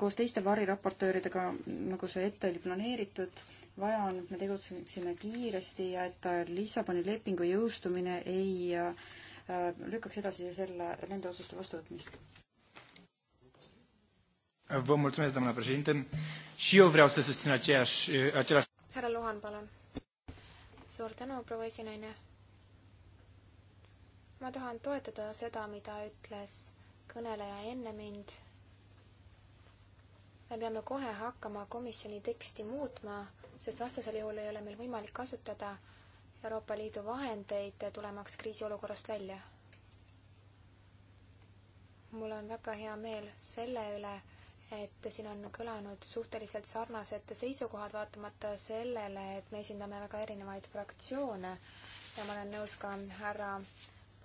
koos teiste variraportööridega, nagu see ette oli planeeritud, vaja on, et me tegutseksime kiiresti ja et Lissaboni lepingu jõustumine ei äh, lükkaks edasi selle, nende otsuste vastuvõtmist. Vă mulțumesc, doamna președinte. Și eu vreau să susțin aceeași, äh, același... Härra Luhan, palun. Suur tänu, proua esinaine. Ma tahan toetada seda, mida ütles kõneleja enne mind me peame kohe hakkama komisjoni teksti muutma, sest vastasel juhul ei ole meil võimalik kasutada Euroopa Liidu vahendeid, tulemaks kriisiolukorrast välja. mul on väga hea meel selle üle, et siin on kõlanud suhteliselt sarnased seisukohad, vaatamata sellele, et me esindame väga erinevaid fraktsioone ja ma olen nõus ka härra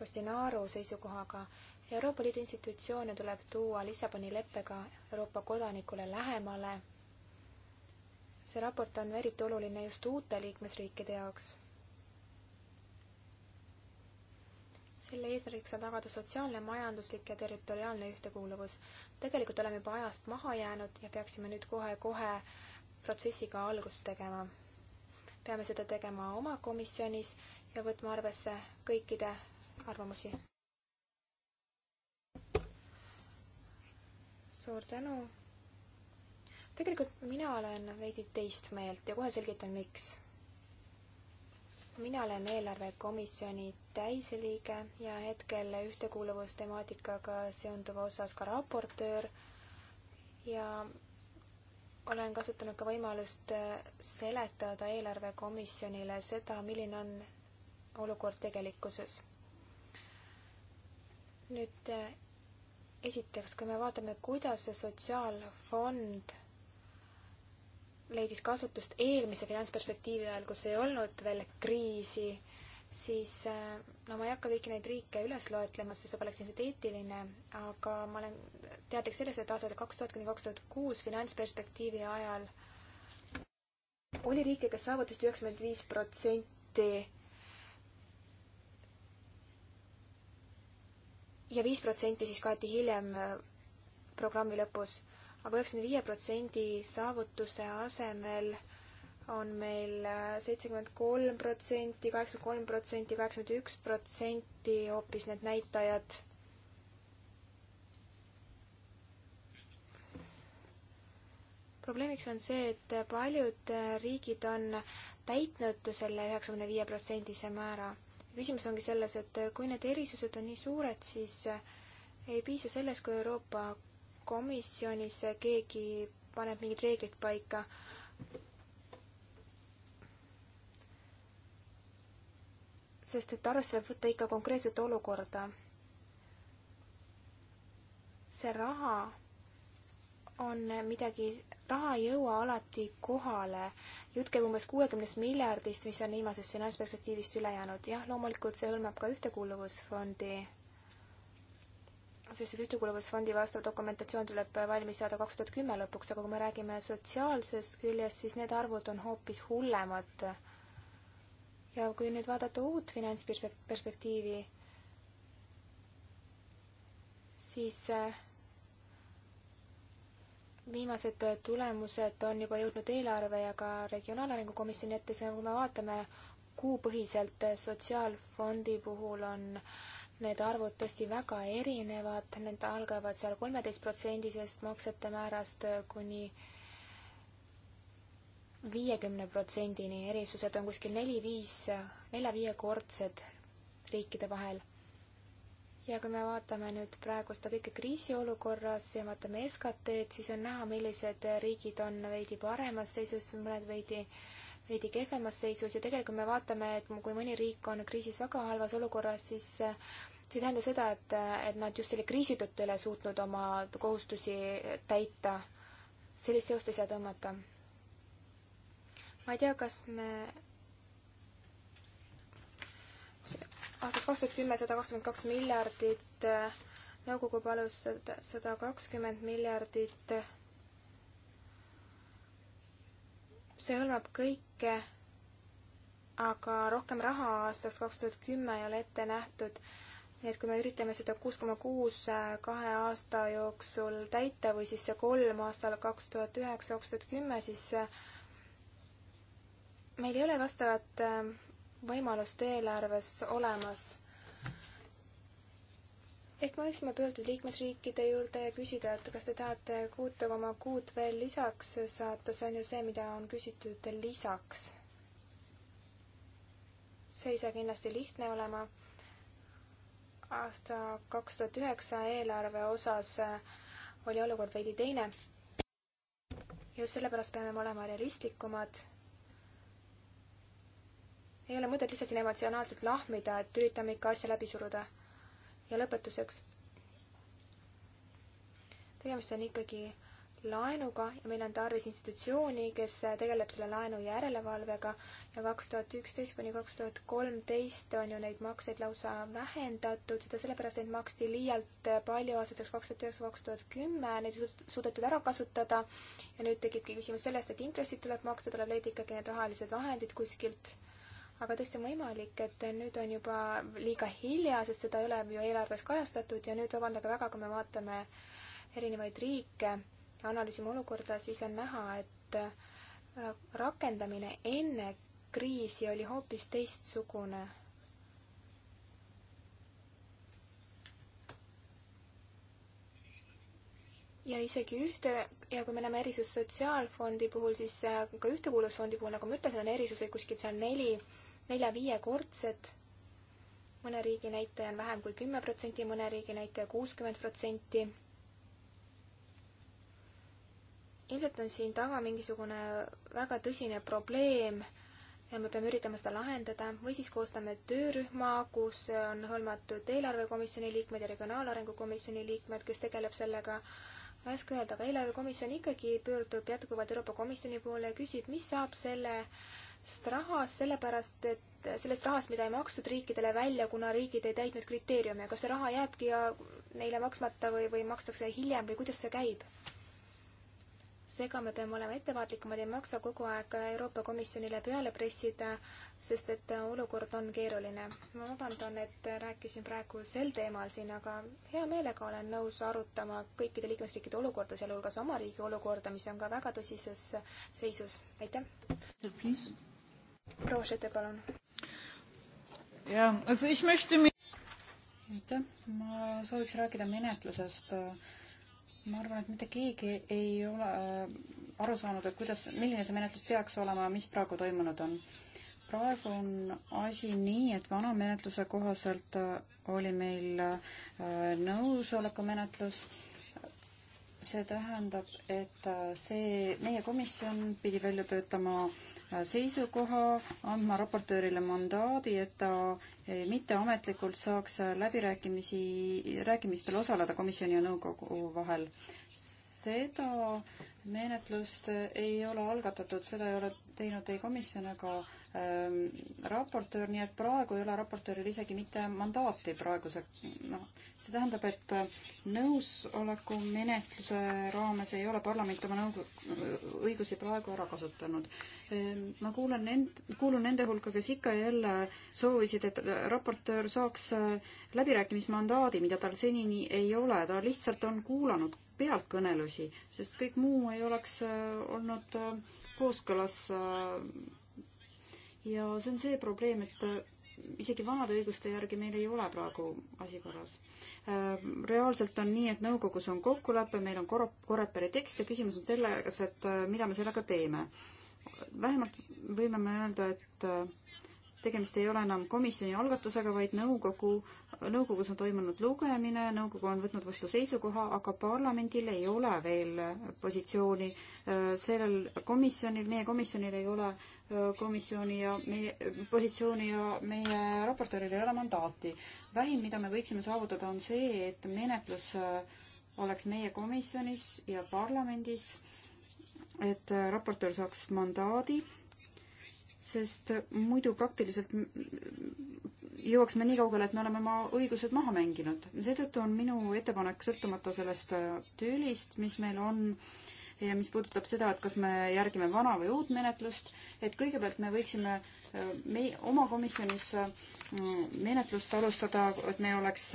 Postinaru seisukohaga, Euroopa Liidu institutsioone tuleb tuua Lissaboni leppega Euroopa kodanikule lähemale. see raport on eriti oluline just uute liikmesriikide jaoks. selle eesmärgiks on tagada sotsiaalne, majanduslik ja territoriaalne ühtekuuluvus. tegelikult oleme juba ajast maha jäänud ja peaksime nüüd kohe-kohe protsessiga algust tegema. peame seda tegema oma komisjonis ja võtma arvesse kõikide arvamusi. suur tänu. tegelikult mina olen veidi teist meelt ja kohe selgitan, miks. mina olen eelarvekomisjoni täisliige ja hetkel ühtekuuluvustemaatikaga seonduva osas ka raportöör ja olen kasutanud ka võimalust seletada eelarvekomisjonile seda, milline on olukord tegelikkuses. nüüd esiteks, kui me vaatame, kuidas see sotsiaalfond leidis kasutust eelmise finantsperspektiivi ajal, kus ei olnud veel kriisi, siis äh, no ma ei hakka kõiki neid riike üles loetlema, sest see poleks ilmselt eetiline, aga ma olen teadlik sellest, et aastatel kaks tuhat kuni kaks tuhat kuus finantsperspektiivi ajal oli riike, kes saavutasid üheksakümmend viis protsenti ja viis protsenti siis kaeti hiljem äh, programmi lõpus aga. aga üheksakümne viie protsendi saavutuse asemel on meil äh, seitsekümmend kolm protsenti, kaheksakümmend kolm protsenti, kaheksakümmend üks protsenti hoopis need näitajad. probleemiks on see, et paljud riigid on täitnud selle üheksakümne viie protsendise määra küsimus ongi selles, et kui need erisused on nii suured, siis ei piisa sellest, kui Euroopa Komisjonis keegi paneb mingid reeglid paika. sest et arvesse võib võtta ikka konkreetset olukorda. see raha, on midagi, raha ei jõua alati kohale. jutt käib umbes kuuekümnest miljardist, mis on viimasest finantsperspektiivist üle jäänud. jah, loomulikult see hõlmab ka ühtekuuluvusfondi, sest et ühtekuuluvusfondi vastav dokumentatsioon tuleb valmis saada kaks tuhat kümme lõpuks, aga kui me räägime sotsiaalsest küljest, siis need arvud on hoopis hullemad. ja kui nüüd vaadata uut finantsperspektiivi, siis äh, viimased tulemused on juba jõudnud eelarve ja ka Regionaalarengu komisjoni ette, seega kui me vaatame kuupõhiselt sotsiaalfondi puhul on need arvud tõesti väga erinevad, need algavad seal kolmeteistprotsendisest maksete määrast kuni viiekümne protsendini, erisused on kuskil neli-viis, nelja-viiekordsed riikide vahel ja kui me vaatame nüüd praegu seda kõike kriisiolukorras ja vaatame SKT-d, siis on näha, millised riigid on veidi paremas seisus, mõned veidi veidi kehvemas seisus ja tegelikult me vaatame, et kui mõni riik on kriisis väga halvas olukorras, siis see ei tähenda seda, et, et nad just selle kriisi tõttu ei ole suutnud oma kohustusi täita, sellist seost ei saa tõmmata. ma ei tea, kas me aastast kaks tuhat kümme sada kakskümmend kaks miljardit, nõukogu palus sada kakskümmend miljardit. see hõlmab kõike, aga rohkem raha aastast kaks tuhat kümme ei ole ette nähtud. nii et kui me üritame seda kuus koma kuus kahe aasta jooksul täita või siis see kolm aastal kaks tuhat üheksa, kaks tuhat kümme, siis meil ei ole vastavat äh, võimalust eelarves olemas. ehk me võiksime pöörduda liikmesriikide juurde ja küsida, et kas te tahate kuute koma kuud veel lisaks saata, see on ju see, mida on küsitud lisaks. see ei saa kindlasti lihtne olema. aasta kaks tuhat üheksa eelarve osas oli olukord veidi teine just sellepärast peame me olema realistlikumad ei ole mõtet lihtsalt siin emotsionaalselt lahmida, et üritame ikka asja läbi suruda. ja lõpetuseks. tegemist on ikkagi laenuga ja meil on tarvis institutsiooni, kes tegeleb selle laenu järelevalvega ja kaks tuhat üksteist kuni kaks tuhat kolmteist on ju neid makseid lausa vähendatud, seda sellepärast, et maksti liialt palju aastateks kaks tuhat üheksa, kaks tuhat kümme, neid ei suudetud ära kasutada ja nüüd tekibki küsimus sellest, et intressid tuleb maksta, tuleb leida ikkagi need rahalised vahendid kuskilt aga tõesti on võimalik, et nüüd on juba liiga hilja, sest seda ei ole ju eelarves kajastatud ja nüüd vabandage väga, kui me vaatame erinevaid riike ja analüüsime olukorda, siis on näha, et äh, rakendamine enne kriisi oli hoopis teistsugune ja isegi ühte ja kui me näeme erisust sotsiaalfondi puhul, siis äh, ka ühtekuuluvusfondi puhul, nagu ma ütlesin, on erisuseid kuskil seal neli nelja-viiekordsed. mõne riigi näitaja on vähem kui kümme protsenti, mõne riigi näitaja kuuskümmend protsenti. ilmselt on siin taga mingisugune väga tõsine probleem ja me peame üritama seda lahendada või siis koostame töörühma, kus on hõlmatud eelarvekomisjoni liikmed ja regionaalarengu komisjoni liikmed, kes tegeleb sellega. ma ei oska öelda, aga eelarvekomisjon ikkagi pöördub jätkuvalt Euroopa Komisjoni poole ja küsib, mis saab selle sellest rahast, sellepärast et sellest rahast, mida ei makstud riikidele välja, kuna riigid ei täitnud kriteeriume, kas see raha jääbki ja neile maksmata või, või makstakse hiljem või kuidas see käib? seega me peame olema ettevaatlikumad, ei maksa kogu aeg Euroopa Komisjonile peale pressida, sest et olukord on keeruline. ma vabandan, et rääkisin praegu sel teemal siin, aga hea meelega olen nõus arutama kõikide liikmesriikide olukorda, sealhulgas oma riigi olukorda, mis on ka väga tõsises seisus. aitäh! proua Sete, palun. jaa, aitäh, ma sooviks rääkida menetlusest. ma arvan, et mitte keegi ei ole äh, aru saanud, et kuidas, milline see menetlus peaks olema ja mis praegu toimunud on. praegu on asi nii, et vana menetluse kohaselt äh, oli meil äh, nõusolekumenetlus. see tähendab, et see, meie komisjon pidi välja töötama äh, seisukoha, andma raportöörile mandaadi, et ta eh, mitteametlikult saaks läbirääkimisi, rääkimistel osaleda komisjoni ja nõukogu vahel. seda menetlust äh, ei ole algatatud, seda ei ole teinud ei komisjon ega ähm, raportöör, nii et praegu ei ole raportööril isegi mitte mandaati praeguse, noh, see tähendab, et äh, nõusoleku menetluse raames ei ole parlament oma nõu-, õigusi praegu ära kasutanud ehm,. ma kuulen end-, kuulun nende hulka, kes ikka ja jälle soovisid, et äh, raportöör saaks läbirääkimismandaadi, mida tal senini ei ole, ta lihtsalt on kuulanud pealtkõnelusi, sest kõik muu ei oleks äh, olnud äh, kooskõlas. Äh, ja see on see probleem, et isegi vanade õiguste järgi meil ei ole praegu asi korras. reaalselt on nii, et nõukogus on kokkulepe, meil on kor-, korrapere tekst ja küsimus on selles, et mida me sellega teeme. vähemalt võime me öelda, et tegemist ei ole enam komisjoni algatusega, vaid nõukogu, nõukogus on toimunud lugemine, nõukogu on võtnud vastu seisukoha, aga parlamendil ei ole veel äh, positsiooni. Äh, sellel komisjonil, meie komisjonil ei ole äh, komisjoni ja meie positsiooni ja meie raportööril ei ole mandaati. vähim, mida me võiksime saavutada, on see, et menetlus oleks meie komisjonis ja parlamendis, et raportöör saaks mandaadi sest muidu praktiliselt jõuaks me nii kaugele, et me oleme oma õigused maha mänginud. seetõttu on minu ettepanek, sõltumata sellest äh, töölist, mis meil on, ja mis puudutab seda, et kas me järgime vana või uut menetlust, et kõigepealt me võiksime äh, me oma komisjonis äh, menetlust alustada, et meil oleks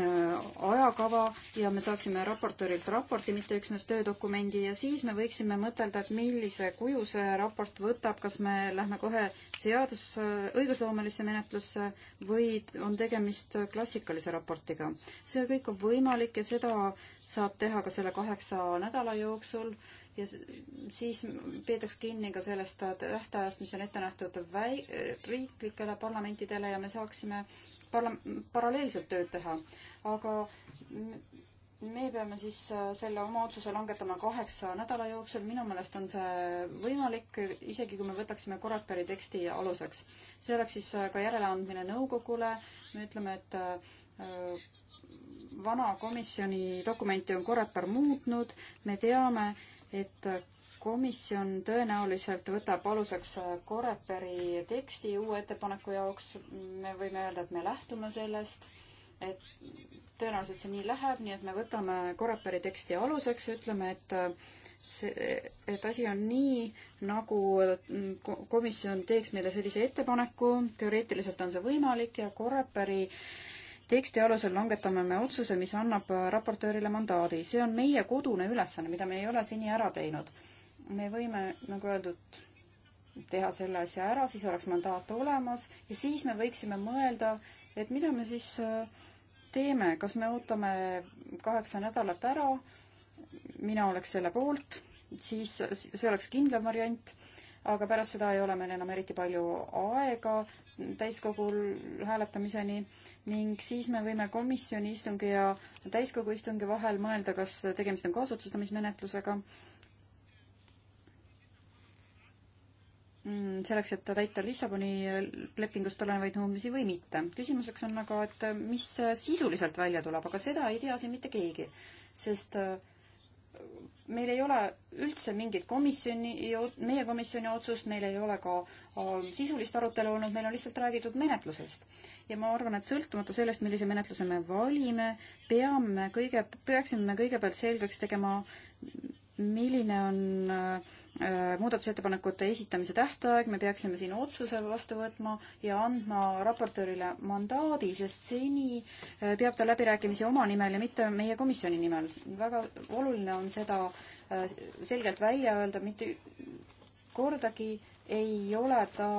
Äh, ajakava ja me saaksime raportöörilt raporti, mitte üksnes töödokumendi ja siis me võiksime mõtelda, et millise kuju see raport võtab, kas me lähme kohe seadus, äh, õigusloomelisse menetlusse või on tegemist klassikalise raportiga. see kõik on võimalik ja seda saab teha ka selle kaheksa nädala jooksul ja siis peetaks kinni ka sellest tähtajast, mis on ette nähtud väi-, riiklikele parlamentidele ja me saaksime parla-, paralleelselt tööd teha, aga me peame siis äh, selle oma otsuse langetama kaheksa nädala jooksul, minu meelest on see võimalik, isegi kui me võtaksime Coreperi teksti aluseks. see oleks siis äh, ka järeleandmine nõukogule, me ütleme, et äh, vana komisjoni dokumenti on Coreper muutnud, me teame, et komisjon tõenäoliselt võtab aluseks Coreperi teksti uue ettepaneku jaoks. me võime öelda, et me lähtume sellest, et tõenäoliselt see nii läheb, nii et me võtame Coreperi teksti aluseks ja ütleme, et see, et asi on nii, nagu komisjon teeks meile sellise ettepaneku, teoreetiliselt on see võimalik ja Coreperi teksti alusel langetame me otsuse, mis annab raportöörile mandaadi. see on meie kodune ülesanne, mida me ei ole seni ära teinud me võime, nagu öeldud, teha selle asja ära, siis oleks mandaat olemas ja siis me võiksime mõelda, et mida me siis äh, teeme, kas me ootame kaheksa nädalat ära, mina oleks selle poolt, siis see oleks kindlam variant, aga pärast seda ei ole meil enam eriti palju aega täiskogul hääletamiseni ning siis me võime komisjoni istungi ja täiskogu istungi vahel mõelda, kas tegemist on kaasutustamismenetlusega ka Mm, selleks, et täita Lissaboni lepingust tulenevaid nõudmisi või mitte. küsimuseks on aga, et äh, mis äh, sisuliselt välja tuleb, aga seda ei tea siin mitte keegi, sest äh, meil ei ole üldse mingit komisjoni, meie komisjoni otsust, meil ei ole ka sisulist arutelu olnud, meil on lihtsalt räägitud menetlusest. ja ma arvan, et sõltumata sellest, millise menetluse me valime, peame kõige, peaksime kõigepealt selgeks tegema, milline on äh, muudatusettepanekute esitamise tähtaeg, me peaksime siin otsuse vastu võtma ja andma raportöörile mandaadi, sest seni äh, peab ta läbirääkimisi oma nimel ja mitte meie komisjoni nimel. väga oluline on seda äh, selgelt välja öelda, mitte kordagi ei ole ta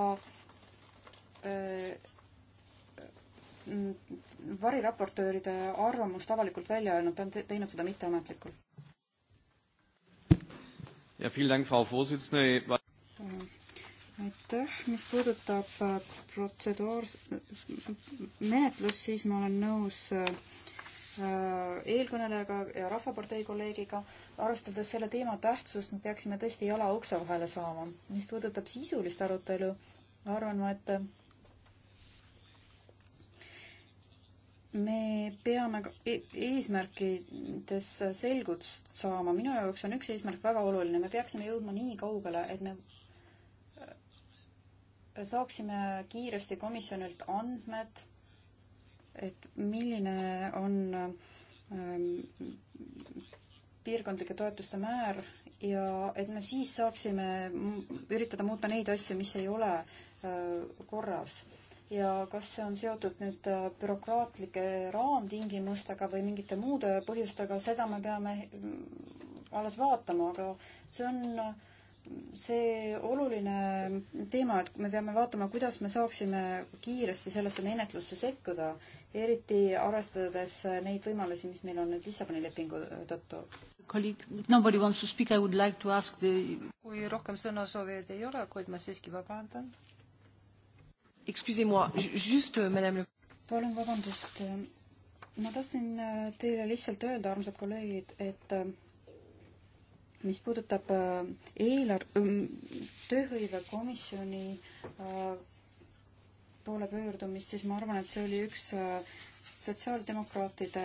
variraportööride arvamust avalikult välja öelnud, ta on teinud seda mitteametlikult ja vielen Dank, Frau Vorsitzende. aitäh, mis puudutab äh, protseduur, menetlust, siis ma olen nõus äh, eelkõnelejaga ja Rahvapartei kolleegiga, arvestades selle teema tähtsust, me peaksime tõesti jala ukse vahele saama. mis puudutab sisulist arutelu, arvan ma, et me peame e-, eesmärkides selgust saama, minu jaoks on üks eesmärk väga oluline, me peaksime jõudma nii kaugele, et me äh, saaksime kiiresti komisjonilt andmed, et milline on ähm, piirkondlike toetuste määr ja et me siis saaksime üritada muuta neid asju, mis ei ole äh, korras ja kas see on seotud nüüd äh, bürokraatlike raamtingimustega või mingite muude põhjustega, seda me peame mm, alles vaatama, aga see on see oluline teema, et me peame vaatama, kuidas me saaksime kiiresti sellesse menetlusse sekkuda, eriti arvestades äh, neid võimalusi, mis meil on nüüd Lissaboni lepingu äh, tõttu colleague, nobody wants to speak, I would like to ask the kui rohkem sõnasoovijaid ei ole, kuid ma siiski vabandan Excusez-moi, just, euh, madame. palun vabandust, äh, ma tahtsin äh, teile lihtsalt öelda, armsad kolleegid, et äh, mis puudutab eelarv-, mm, tööhõivekomisjoni poole pöördumist, siis ma arvan, et see oli üks sotsiaaldemokraatide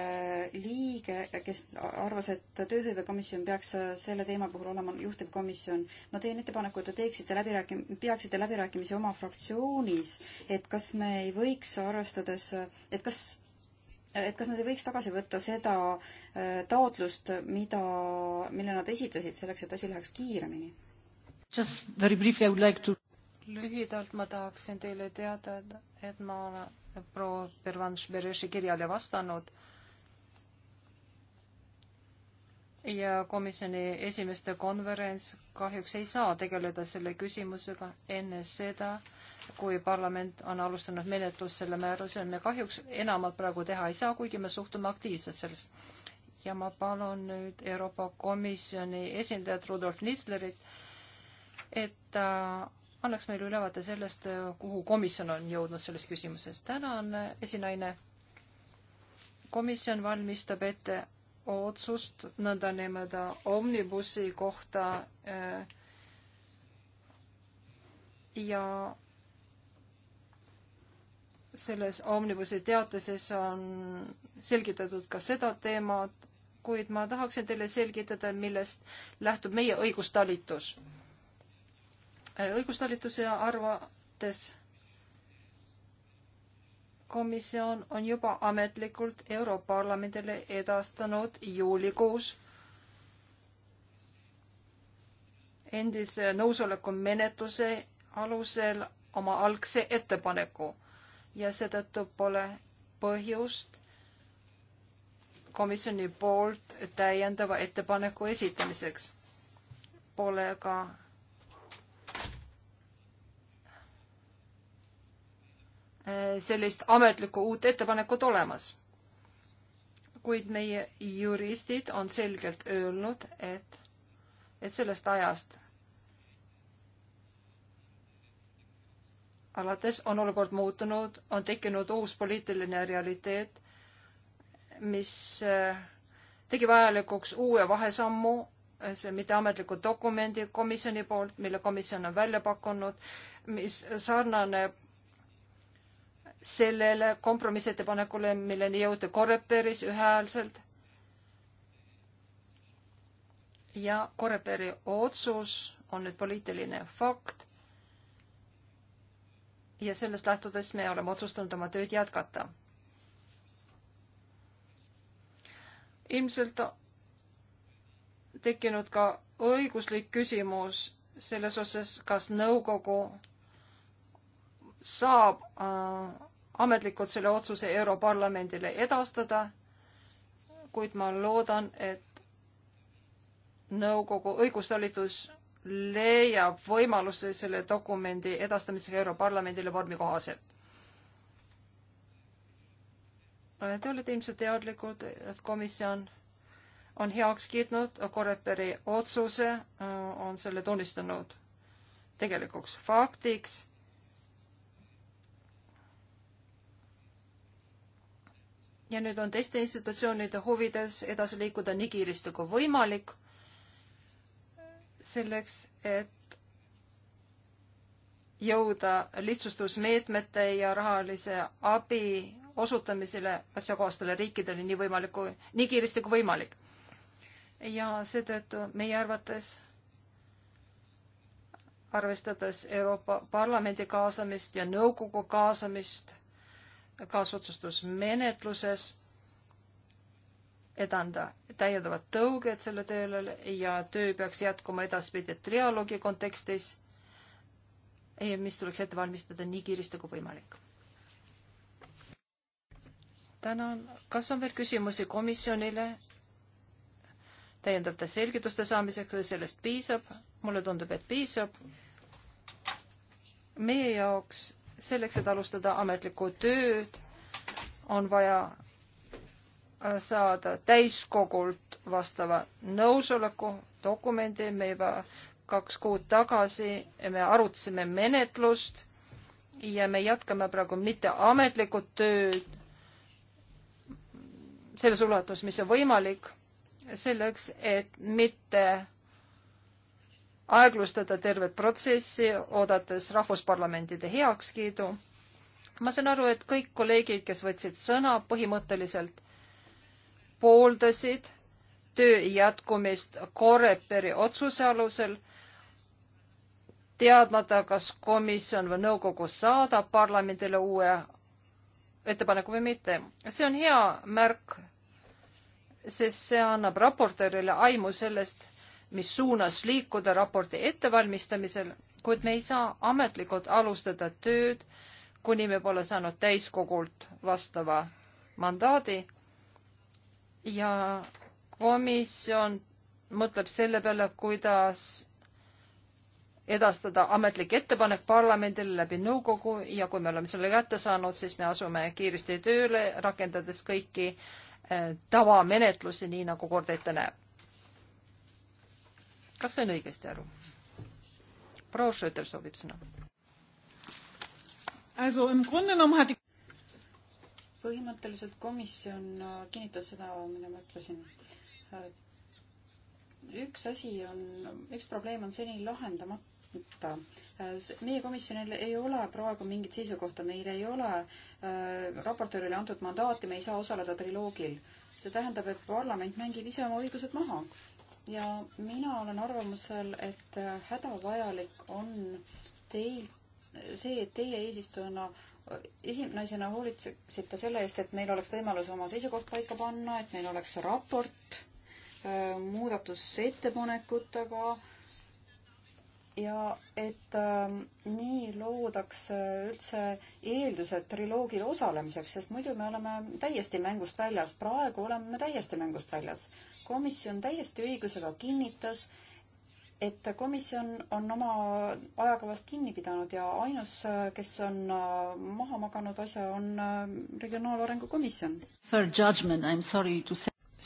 liige, kes arvas, et tööhõivekomisjon peaks selle teema puhul olema juhtivkomisjon. ma teen ettepaneku, et te teeksite läbirääkim-, peaksite läbirääkimisi oma fraktsioonis, et kas me ei võiks, arvestades, et kas et kas nad ei võiks tagasi võtta seda äh, taotlust, mida, mille nad esitasid selleks, et asi läheks kiiremini? Just very briefly I would like to lühidalt ma tahaksin teile teada, et ma olen proua Pervanš Bereši kirjale vastanud ja komisjoni esimeste konverents kahjuks ei saa tegeleda selle küsimusega enne seda, kui parlament on alustanud menetlust selle määruse, me kahjuks enamat praegu teha ei saa, kuigi me suhtume aktiivselt sellesse. ja ma palun nüüd Euroopa Komisjoni esindajat Rudolf Nislerit, et ta äh, annaks meile ülevaate sellest, kuhu komisjon on jõudnud selles küsimuses. tänan, esinaine. komisjon valmistab ette otsust nõndanimeda omnibussi kohta äh, ja selles omnibussi teatises on selgitatud ka seda teemat, kuid ma tahaksin teile selgitada, millest lähtub meie õigustalitus õigustalituse arvates komisjon on juba ametlikult Europarlamendile edastanud juulikuus endise nõusoleku menetluse alusel oma algse ettepaneku ja seetõttu pole põhjust komisjoni poolt täiendava ettepaneku esitamiseks. Pole ka Eh, sellist ametlikku uut ettepanekut olemas. kuid meie juristid on selgelt öelnud, et, et sellest ajast alates on olukord muutunud, on tekkinud uus poliitiline realiteet, mis eh, tegi vajalikuks uue vahesammu, eh, see mitteametliku dokumendi komisjoni poolt, mille komisjon on välja pakkunud, mis sarnaneb sellele kompromissettepanekule, milleni jõuti Koreperis ühehäälselt. ja Koreperi otsus on nüüd poliitiline fakt. ja sellest lähtudes me oleme otsustanud oma tööd jätkata. ilmselt tekkinud ka õiguslik küsimus selles osas, kas nõukogu saab äh, ametlikult selle otsuse Europarlamendile edastada, kuid ma loodan, et nõukogu õigustalitus leiab võimaluse selle dokumendi edastamisega Europarlamendile vormi kohaselt. Te olete ilmselt teadlikud, et komisjon on heaks kiitnud Koreperi otsuse, on selle tunnistanud tegelikuks faktiks ja nüüd on teiste institutsioonide huvides edasi liikuda nii kiiresti kui võimalik, selleks et jõuda lihtsustusmeetmete ja rahalise abi osutamisele asjakohastele riikidele nii võimaliku, nii kiiresti kui võimalik. ja seetõttu meie arvates arvestades Euroopa Parlamendi kaasamist ja nõukogu kaasamist kaasotsustusmenetluses, et anda täiendavad tõuged selle tööle ja töö peaks jätkuma edaspidi trialoogi kontekstis, eh, mis tuleks ette valmistada nii kiiresti kui võimalik. tänan, kas on veel küsimusi komisjonile täiendavate selgituste saamiseks või sellest piisab? mulle tundub, et piisab meie jaoks selleks, et alustada ametlikku tööd, on vaja äh, saada täiskogult vastava nõusoleku dokumendi. me juba kaks kuud tagasi me arutasime menetlust ja me jätkame praegu mitteametlikud tööd selles ulatuses, mis on võimalik, selleks, et mitte aeglustada tervet protsessi, oodates rahvusparlamentide heakskiidu. ma saan aru, et kõik kolleegid, kes võtsid sõna, põhimõtteliselt pooldasid töö jätkumist Coreperi otsuse alusel, teadmata, kas komisjon või nõukogu saadab parlamendile uue ettepaneku või mitte. see on hea märk, sest see annab raportöörile aimu sellest, mis suunas liikuda raporti ettevalmistamisel, kuid me ei saa ametlikult alustada tööd, kuni me pole saanud täiskogult vastava mandaadi ja komisjon mõtleb selle peale, kuidas edastada ametlik ettepanek parlamendile läbi nõukogu ja kui me oleme selle kätte saanud, siis me asume kiiresti tööle, rakendades kõiki eh, tavamenetlusi, nii nagu kord ette näeb kas sain õigesti aru? proua Schröter soovib sõna. põhimõtteliselt komisjon äh, kinnitas seda, mida ma ütlesin. Äh, üks asi on, üks probleem on seni lahendamata võtta. Äh, meie komisjonil ei ole praegu mingit seisukohta, meil ei ole äh, raportöörile antud mandaati, me ei saa osaleda triloogil. see tähendab, et parlament mängib ise oma õigused maha ja mina olen arvamusel, et hädavajalik on teil see, et teie eesistujana esinaisena hoolitsesite selle eest, et meil oleks võimalus oma seisukoht paika panna, et meil oleks raport äh, muudatusettepanekutega ja et äh, nii loodaks üldse eeldused triloogil osalemiseks, sest muidu me oleme täiesti mängust väljas, praegu oleme täiesti mängust väljas komisjon täiesti õigusega kinnitas, et komisjon on oma ajakavast kinni pidanud ja ainus, kes on äh, maha maganud asja, on äh, Regionaalarengu Komisjon.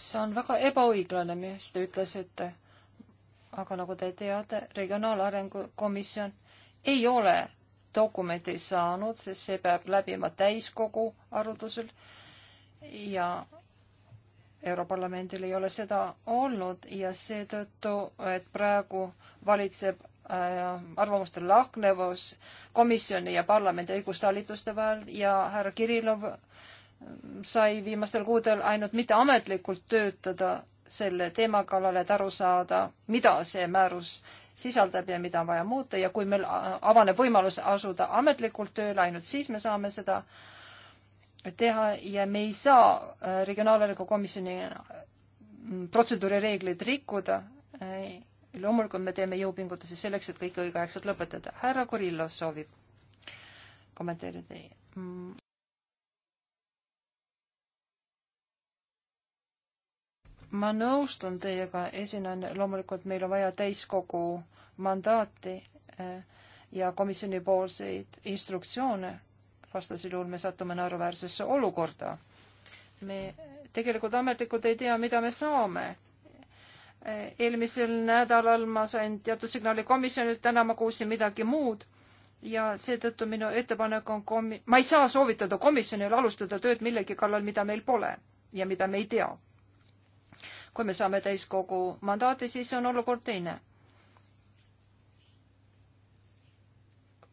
see on väga ebaõiglane, mis te ütlesite. aga nagu te teate, Regionaalarengu Komisjon ei ole dokumenti saanud, sest see peab läbima täiskogu arutlusel ja Europarlamendil ei ole seda olnud ja seetõttu, et praegu valitseb äh, arvamuste lahknevus komisjoni ja parlamendi õigustalituste vahel ja härra Kirillov äh, sai viimastel kuudel ainult mitteametlikult töötada selle teema kallal, et aru saada, mida see määrus sisaldab ja mida on vaja muuta ja kui meil äh, avaneb võimalus asuda ametlikult tööle, ainult siis me saame seda äh, teha ja me ei saa äh, Regionaalarengu Komisjoni mm, protseduurireegleid rikkuda. loomulikult me teeme jõupingutusi selleks, et kõik õigeaegselt lõpetada. härra Kurillov soovib kommenteerida. Mm. ma nõustun teiega, esinen, loomulikult meil on vaja täiskogu mandaati äh, ja komisjonipoolseid instruktsioone vastasel juhul me satume naeruväärsesse olukorda. me tegelikult ametlikult ei tea, mida me saame. eelmisel nädalal ma sain teatud signaali komisjonilt, täna ma kuulsin midagi muud ja seetõttu minu ettepanek on komi-, ma ei saa soovitada komisjonil alustada tööd millegi kallal, mida meil pole ja mida me ei tea. kui me saame täiskogu mandaati, siis on olukord teine.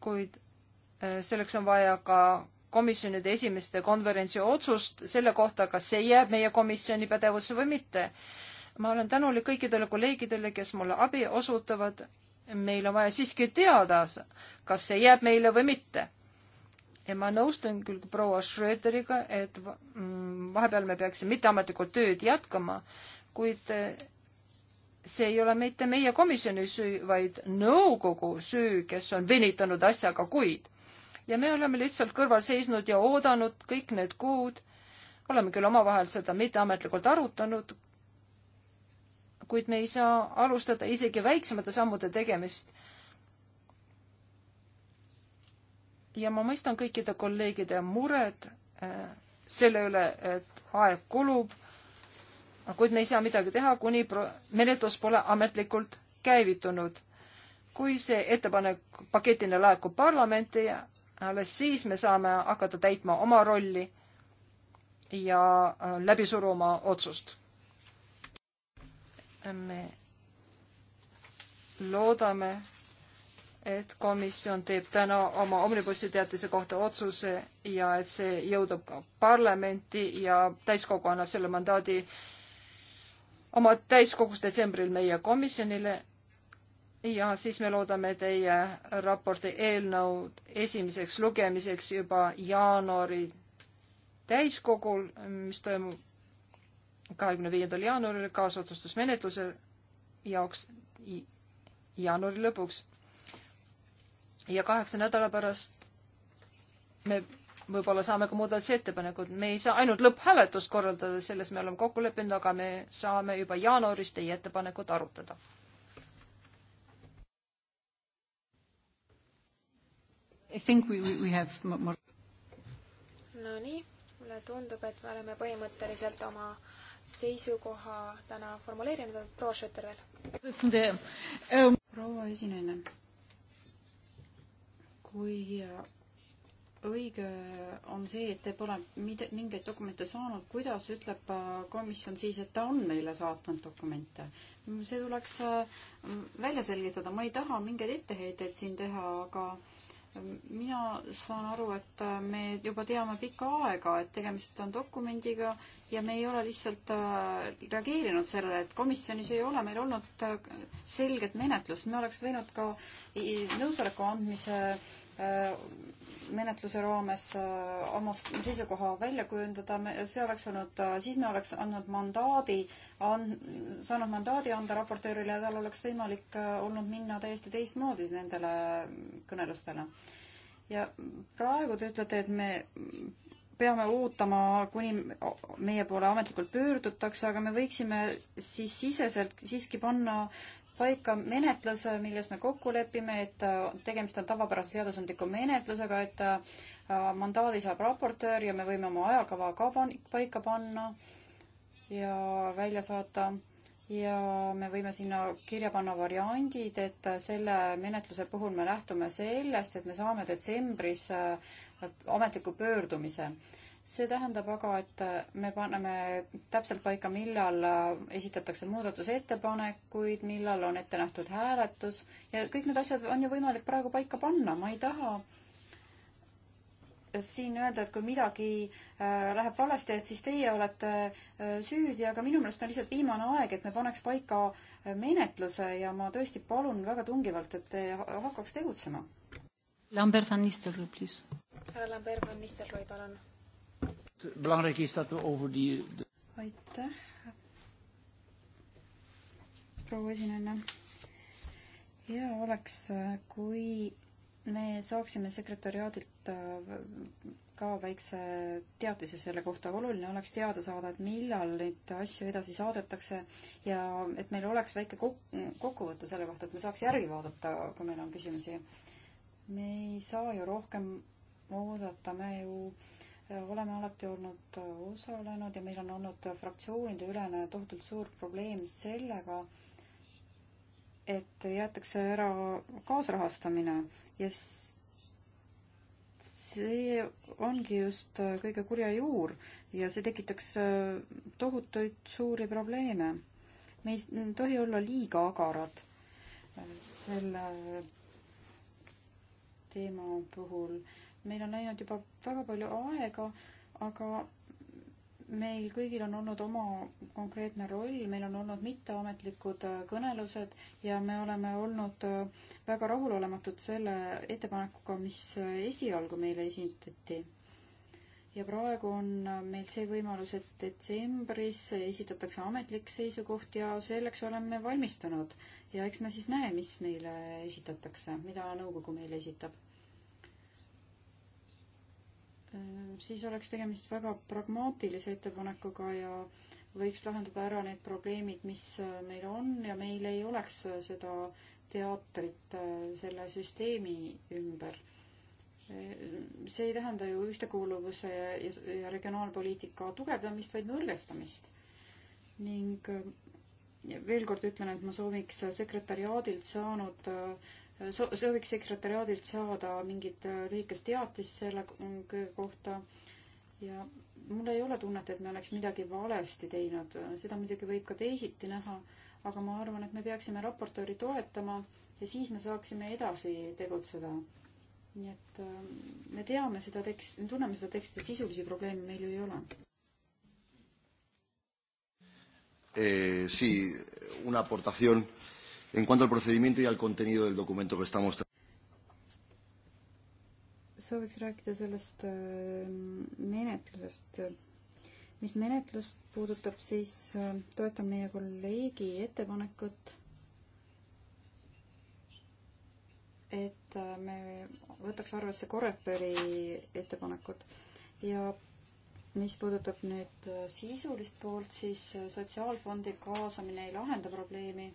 kuid selleks on vaja ka komisjonide esimeste konverentsi otsust selle kohta, kas see jääb meie komisjoni pädevusse või mitte. ma olen tänulik kõikidele kolleegidele, kes mulle abi osutavad. meil on vaja siiski teada, kas see jääb meile või mitte. ja ma nõustun küll proua Schröderiga, et mm, vahepeal me peaksime mitteametlikult tööd jätkama, kuid eh, see ei ole mitte meie komisjoni süü, vaid nõukogu süü, kes on venitanud asjaga kuid ja me oleme lihtsalt kõrval seisnud ja oodanud kõik need kuud. oleme küll omavahel seda mitteametlikult arutanud, kuid me ei saa alustada isegi väiksemate sammude tegemist. ja ma mõistan kõikide kolleegide mured äh, selle üle, et aeg kulub, kuid me ei saa midagi teha, kuni menetlus pole ametlikult käivitunud. kui see ettepanek paketina laekub parlamenti, alles siis me saame hakata täitma oma rolli ja äh, läbi suruma otsust. me loodame, et komisjon teeb täna oma omnibussi teatise kohta otsuse ja et see jõudub ka parlamenti ja täiskogu annab selle mandaadi oma täiskogus detsembris meie komisjonile ja siis me loodame teie raporti eelnõu esimeseks lugemiseks juba jaanuari täiskogul, mis toimub kahekümne viiendal jaanuaril kaasotsustusmenetluse jaoks jaanuari lõpuks. ja kaheksa nädala pärast me võib-olla saame ka muudatusettepanekud, me ei saa ainult lõpphääletust korraldada, selles me oleme kokku leppinud, aga me saame juba jaanuaris teie ettepanekut arutada I think we, we have more. Nonii, mulle tundub, et me oleme põhimõtteliselt oma seisukoha täna formuleerinud, proua Schütter veel. proua esinaine, kui õige on see, et te pole mid-, mingeid dokumente saanud, kuidas ütleb äh, komisjon siis, et ta on meile saatnud dokumente? see tuleks äh, välja selgitada, ma ei taha mingeid etteheiteid siin teha, aga mina saan aru, et äh, me juba teame pikka aega, et tegemist on dokumendiga ja me ei ole lihtsalt äh, reageerinud sellele, et komisjonis ei ole meil olnud äh, selget menetlust, me oleks võinud ka nõusoleku andmise menetluse raames äh, oma seisukoha välja kujundada, see oleks olnud, äh, siis me oleks andnud mandaadi, saanud mandaadi anda raportöörile ja tal oleks võimalik äh, olnud minna täiesti teistmoodi nendele kõnelustele. ja praegu te ütlete, et me peame ootama, kuni meie poole ametlikult pöördutakse, aga me võiksime siis siseselt siiski panna paika menetlus, milles me kokku lepime, et äh, tegemist on tavapärase seadusandliku menetlusega, et äh, mandaadi saab raportöör ja me võime oma ajakava ka pan-, paika panna ja välja saata ja me võime sinna kirja panna variandid, et selle menetluse puhul me lähtume sellest, et me saame detsembris äh, ametliku pöördumise see tähendab aga, et me paneme täpselt paika, millal esitatakse muudatusettepanekuid, millal on ette nähtud hääletus ja kõik need asjad on ju võimalik praegu paika panna, ma ei taha siin öelda, et kui midagi äh, läheb valesti, et siis teie olete äh, süüdi, aga minu meelest on lihtsalt viimane aeg, et me paneks paika äh, menetluse ja ma tõesti palun väga tungivalt, et te hakkaks tegutsema. Lambert van Nistelrooy, please. härra Lambert van Nistelrooy, palun belangrijk is dat we over die... aitäh, proua esinejana. hea oleks, äh, kui me saaksime sekretäriaadilt äh, ka väikse teatise selle kohta, oluline oleks teada saada, et millal neid asju edasi saadetakse ja et meil oleks väike kok-, kokkuvõte selle kohta, et me saaks järgi vaadata, kui meil on küsimusi. me ei saa ju rohkem oodata, me ju äh, oleme alati olnud äh, osalenud ja meil on olnud fraktsioonide ülene tohutult suur probleem sellega, et jäetakse ära kaasrahastamine ja see ongi just äh, kõige kurja juur ja see tekitaks äh, tohutuid suuri probleeme. me ei tohi olla liiga agarad selle teema puhul meil on läinud juba väga palju aega, aga meil kõigil on olnud oma konkreetne roll, meil on olnud mitteametlikud äh, kõnelused ja me oleme olnud äh, väga rahulolematud selle ettepanekuga, mis äh, esialgu meile esitati. ja praegu on meil see võimalus, et detsembris esitatakse ametlik seisukoht ja selleks oleme valmistunud. ja eks me siis näe, mis meile esitatakse, mida nõukogu meile esitab Ehm, siis oleks tegemist väga pragmaatilise ettepanekuga ja võiks lahendada ära need probleemid, mis äh, meil on ja meil ei oleks äh, seda teatrit äh, selle süsteemi ümber. Ehm, see ei tähenda ju ühtekuuluvuse ja, ja, ja regionaalpoliitika tugevdamist, vaid nõrgestamist. ning veel kord ütlen, et ma sooviks sekretäriaadilt saanud äh, so-, sooviks sekretäriaadilt saada mingit äh, lühikest teatist selle mm, kohta ja mul ei ole tunnet, et me oleks midagi valesti teinud, seda muidugi võib ka teisiti näha, aga ma arvan, et me peaksime raportööri toetama ja siis me saaksime edasi tegutseda. nii et äh, me teame seda tekst, me tunneme seda teksti, sisulisi probleeme meil ju ei ole. Eh, sí, una aportación eh, en cuanto al procedimiento y al contenido del documento que estamos sooviks rääkida sellest äh, menetlusest. mis menetlust puudutab, siis äh, toetan meie kolleegi ettepanekut, et äh, me võtaks arvesse Coreperi ettepanekut ja mis puudutab nüüd sisulist poolt, siis sotsiaalfondi kaasamine ei lahenda probleemi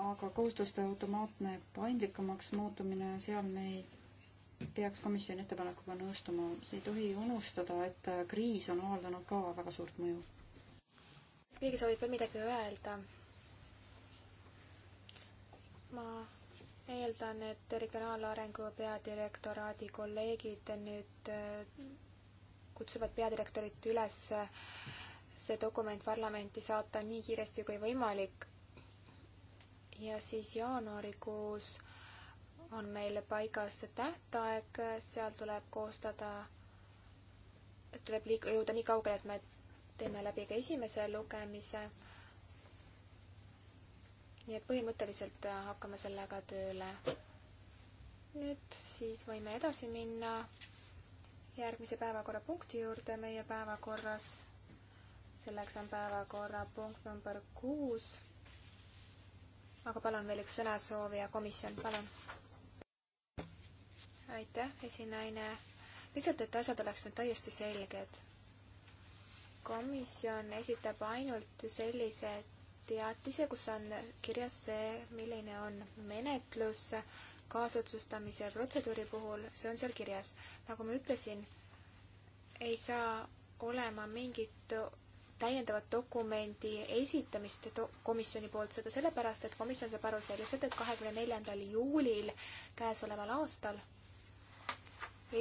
aga kohustuste automaatne paindlikumaks muutumine, seal me ei peaks komisjoni ettepanekuga nõustuma. see ei tohi unustada, et kriis on avaldanud ka väga suurt mõju. kas keegi soovib veel midagi öelda? ma eeldan, et Regionaalarengu peadirektoraadi kolleegid nüüd äh, kutsuvad peadirektorit üles äh, see dokument parlamenti saata nii kiiresti kui võimalik ja siis jaanuarikuus on meil paigas tähtaeg, seal tuleb koostada, tuleb liik-, jõuda nii kaugele, et me teeme läbi ka esimese lugemise. nii et põhimõtteliselt hakkame sellega tööle. nüüd siis võime edasi minna järgmise päevakorrapunkti juurde meie päevakorras. selleks on päevakorrapunkt number kuus aga palun veel üks sõnasoovija, komisjon, palun. aitäh, esinaine. lihtsalt, et asjad oleks nüüd täiesti selged. komisjon esitab ainult sellise teatise, kus on kirjas see, milline on menetlus kaasotsustamise protseduuri puhul, see on seal kirjas. nagu ma ütlesin, ei saa olema mingit täiendavat dokumendi esitamist do komisjoni poolt, seda sellepärast, et komisjon saab aru selliselt, et kahekümne neljandal juulil käesoleval aastal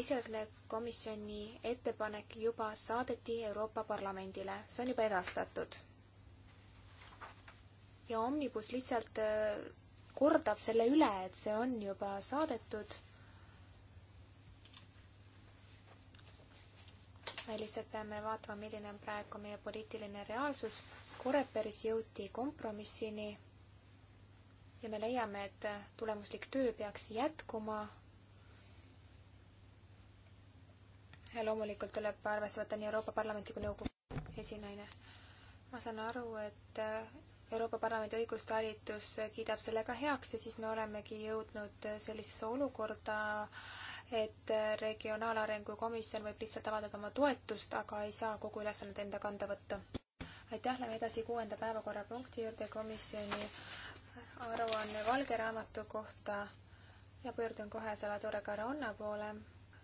esialgne komisjoni ettepanek juba saadeti Euroopa Parlamendile, see on juba edastatud. ja Omnibus lihtsalt äh, kordab selle üle, et see on juba saadetud lihtsalt peame vaatama, milline on praegu meie poliitiline reaalsus. Koreperis jõuti kompromissini ja me leiame, et tulemuslik töö peaks jätkuma. ja loomulikult tuleb arvestada nii Euroopa Parlamenti kui nõukogu esinaine. ma saan aru, et Euroopa Parlamendi õigustalitus kiidab selle ka heaks ja siis me olemegi jõudnud sellisesse olukorda, et Regionaalarengu Komisjon võib lihtsalt avaldada oma toetust, aga ei saa kogu ülesannet enda kanda võtta. aitäh, lähme edasi kuuenda päevakorrapunkti juurde, komisjoni aruanne valge raamatu kohta ja pöördun kohe Salvatore Caronna poole.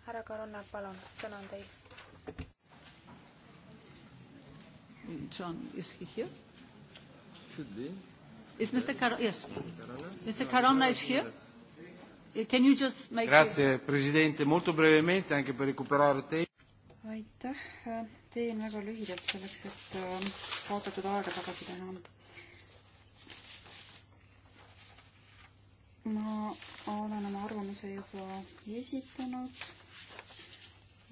härra Caronna, palun, sõna on teil. John, is he here? Should be. Is Mr Car-, yes. Mr Caronna is here? Can you just make Grazie it... Presidente, molto brevemente anche per recuperare tempo. aitäh, teen väga lühidalt selleks, et ähm, kaotatud aega tagasi teha. ma olen oma arvamuse juba esitanud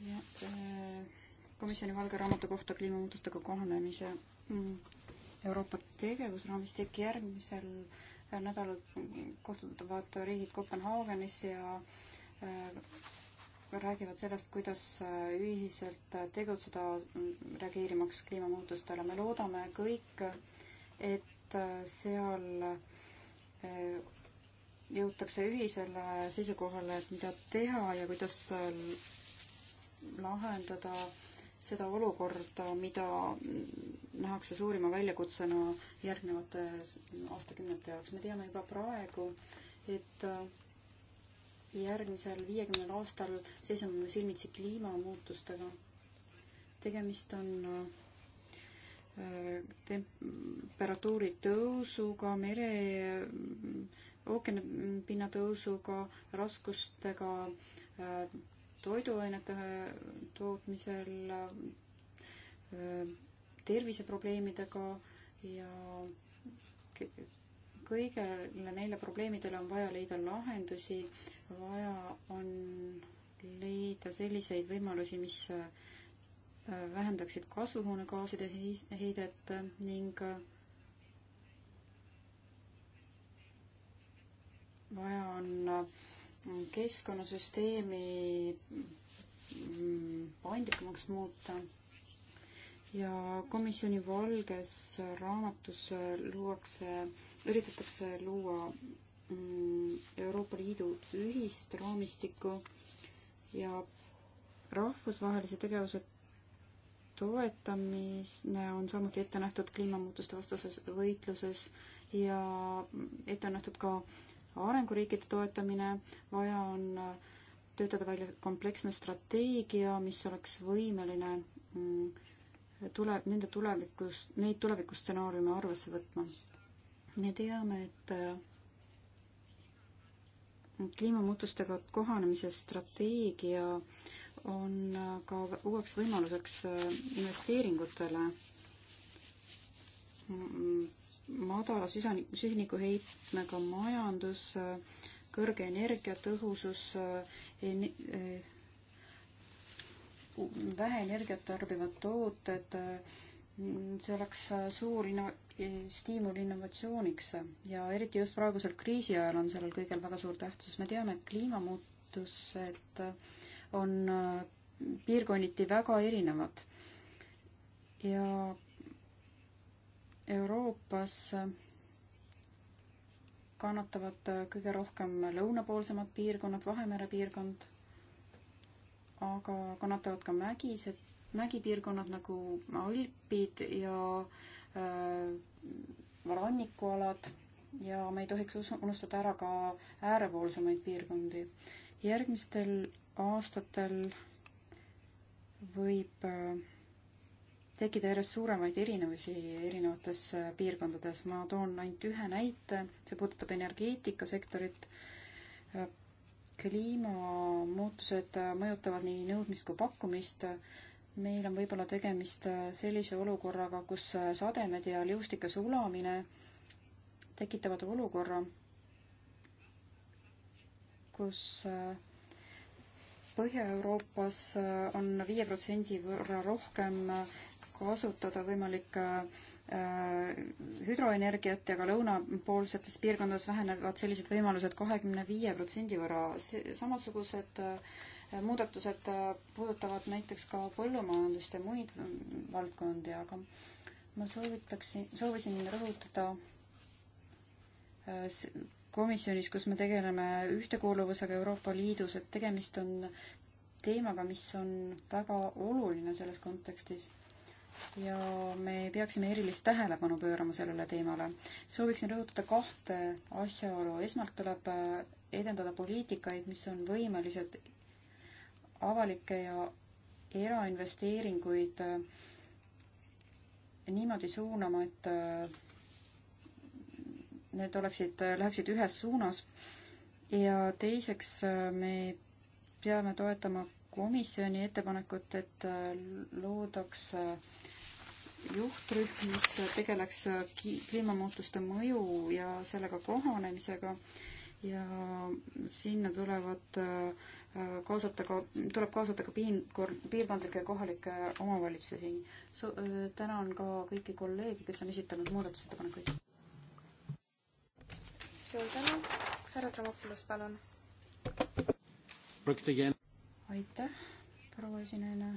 ja äh, komisjoni valge raamatu kohta kliimamuutustega kohanemise mm, Euroopa tegevusraamistik järgmisel äh, nädalal kohtuvad riigid Kopenhaagenis ja äh, räägivad sellest, kuidas äh, ühiselt tegutseda, reageerimaks kliimamuutustele. me loodame kõik, et äh, seal jõutakse ühisele seisukohale, et mida teha ja kuidas lahendada äh, seda olukorda, mida nähakse suurima väljakutsena järgnevate aastakümnete jaoks. me teame juba praegu, et järgmisel viiekümnel aastal seisame me silmitsi kliimamuutustega. tegemist on äh, temperatuuri tõusuga, mere, ookeanipinna tõusuga, raskustega äh, toiduainete äh, tootmisel, äh, terviseprobleemidega ja kõigele neile probleemidele on vaja leida lahendusi, vaja on leida selliseid võimalusi, mis äh, vähendaksid kasvuhoonegaaside heidet ning vaja on keskkonnasüsteemi mm, paindlikumaks muuta ja komisjoni valges raamatus luuakse, üritatakse luua mm, Euroopa Liidu ühist raamistikku ja rahvusvahelise tegevuse toetamine on samuti ette nähtud kliimamuutuste vastases võitluses ja ette on nähtud ka äh, arenguriikide toetamine, vaja on töötada välja kompleksne strateegia, mis oleks võimeline mm, tule, nende tulevikus, neid tulevikustsenaariume arvesse võtma. me teame, et äh, kliimamuutustega kohanemise strateegia on äh, ka uueks võimaluseks äh, investeeringutele mm, mm madala süsinikuheitmega majandus, kõrge energiatõhusus, eh, vähe energiat tarbivad tooted, see oleks suur inno-, stiimul innovatsiooniks ja eriti just praegusel kriisi ajal on sellel kõigel väga suur tähtsus. me teame, et kliimamuutused on piirkonniti väga erinevad ja Euroopas kannatavad kõige rohkem lõunapoolsemad piirkonnad, Vahemere piirkond, aga kannatavad ka mägised, mägipiirkonnad nagu Alpid ja äh, rannikualad ja me ei tohiks unustada ära ka äärepoolsemaid piirkondi. järgmistel aastatel võib äh, tekkida järjest suuremaid erinevusi erinevates äh, piirkondades. ma toon ainult ühe näite, see puudutab energeetikasektorit. Äh, kliimamuutused äh, mõjutavad nii nõudmist kui pakkumist. meil on võib-olla tegemist sellise olukorraga, kus sademed ja liustike sulamine tekitavad olukorra, kus Põhja-Euroopas on viie protsendi võrra rohkem kasutada võimalik äh, hüdroenergiat ja ka lõunapoolsetes piirkondades vähenevad sellised võimalused kahekümne viie protsendi võrra. samasugused äh, muudatused äh, puudutavad näiteks ka põllumajandust ja muid valdkondi, aga ma soovitaksin, soovisin rõhutada komisjonis, kus me tegeleme ühtekuuluvusega Euroopa Liidus, et tegemist on teemaga, mis on väga oluline selles kontekstis ja me peaksime erilist tähelepanu pöörama sellele teemale. sooviksin rõhutada kahte asjaolu. esmalt tuleb äh, edendada poliitikaid, mis on võimelised avalikke ja erainvesteeringuid äh, niimoodi suunama, et äh, need oleksid, läheksid ühes suunas. ja teiseks me peame toetama komisjoni ettepanekut, et loodaks äh, juhtrühm, mis tegeleks kliimamuutuste mõju ja sellega kohanemisega ja sinna tulevad äh, kaasata ka, tuleb kaasata ka piin-, piirkondlikke ja kohalikke omavalitsusi. So-, äh, tänan ka kõiki kolleege, kes on esitanud muudatusettepanekuid. suur tänu, härra Tromopoulos, palun. aitäh, proua esinejana.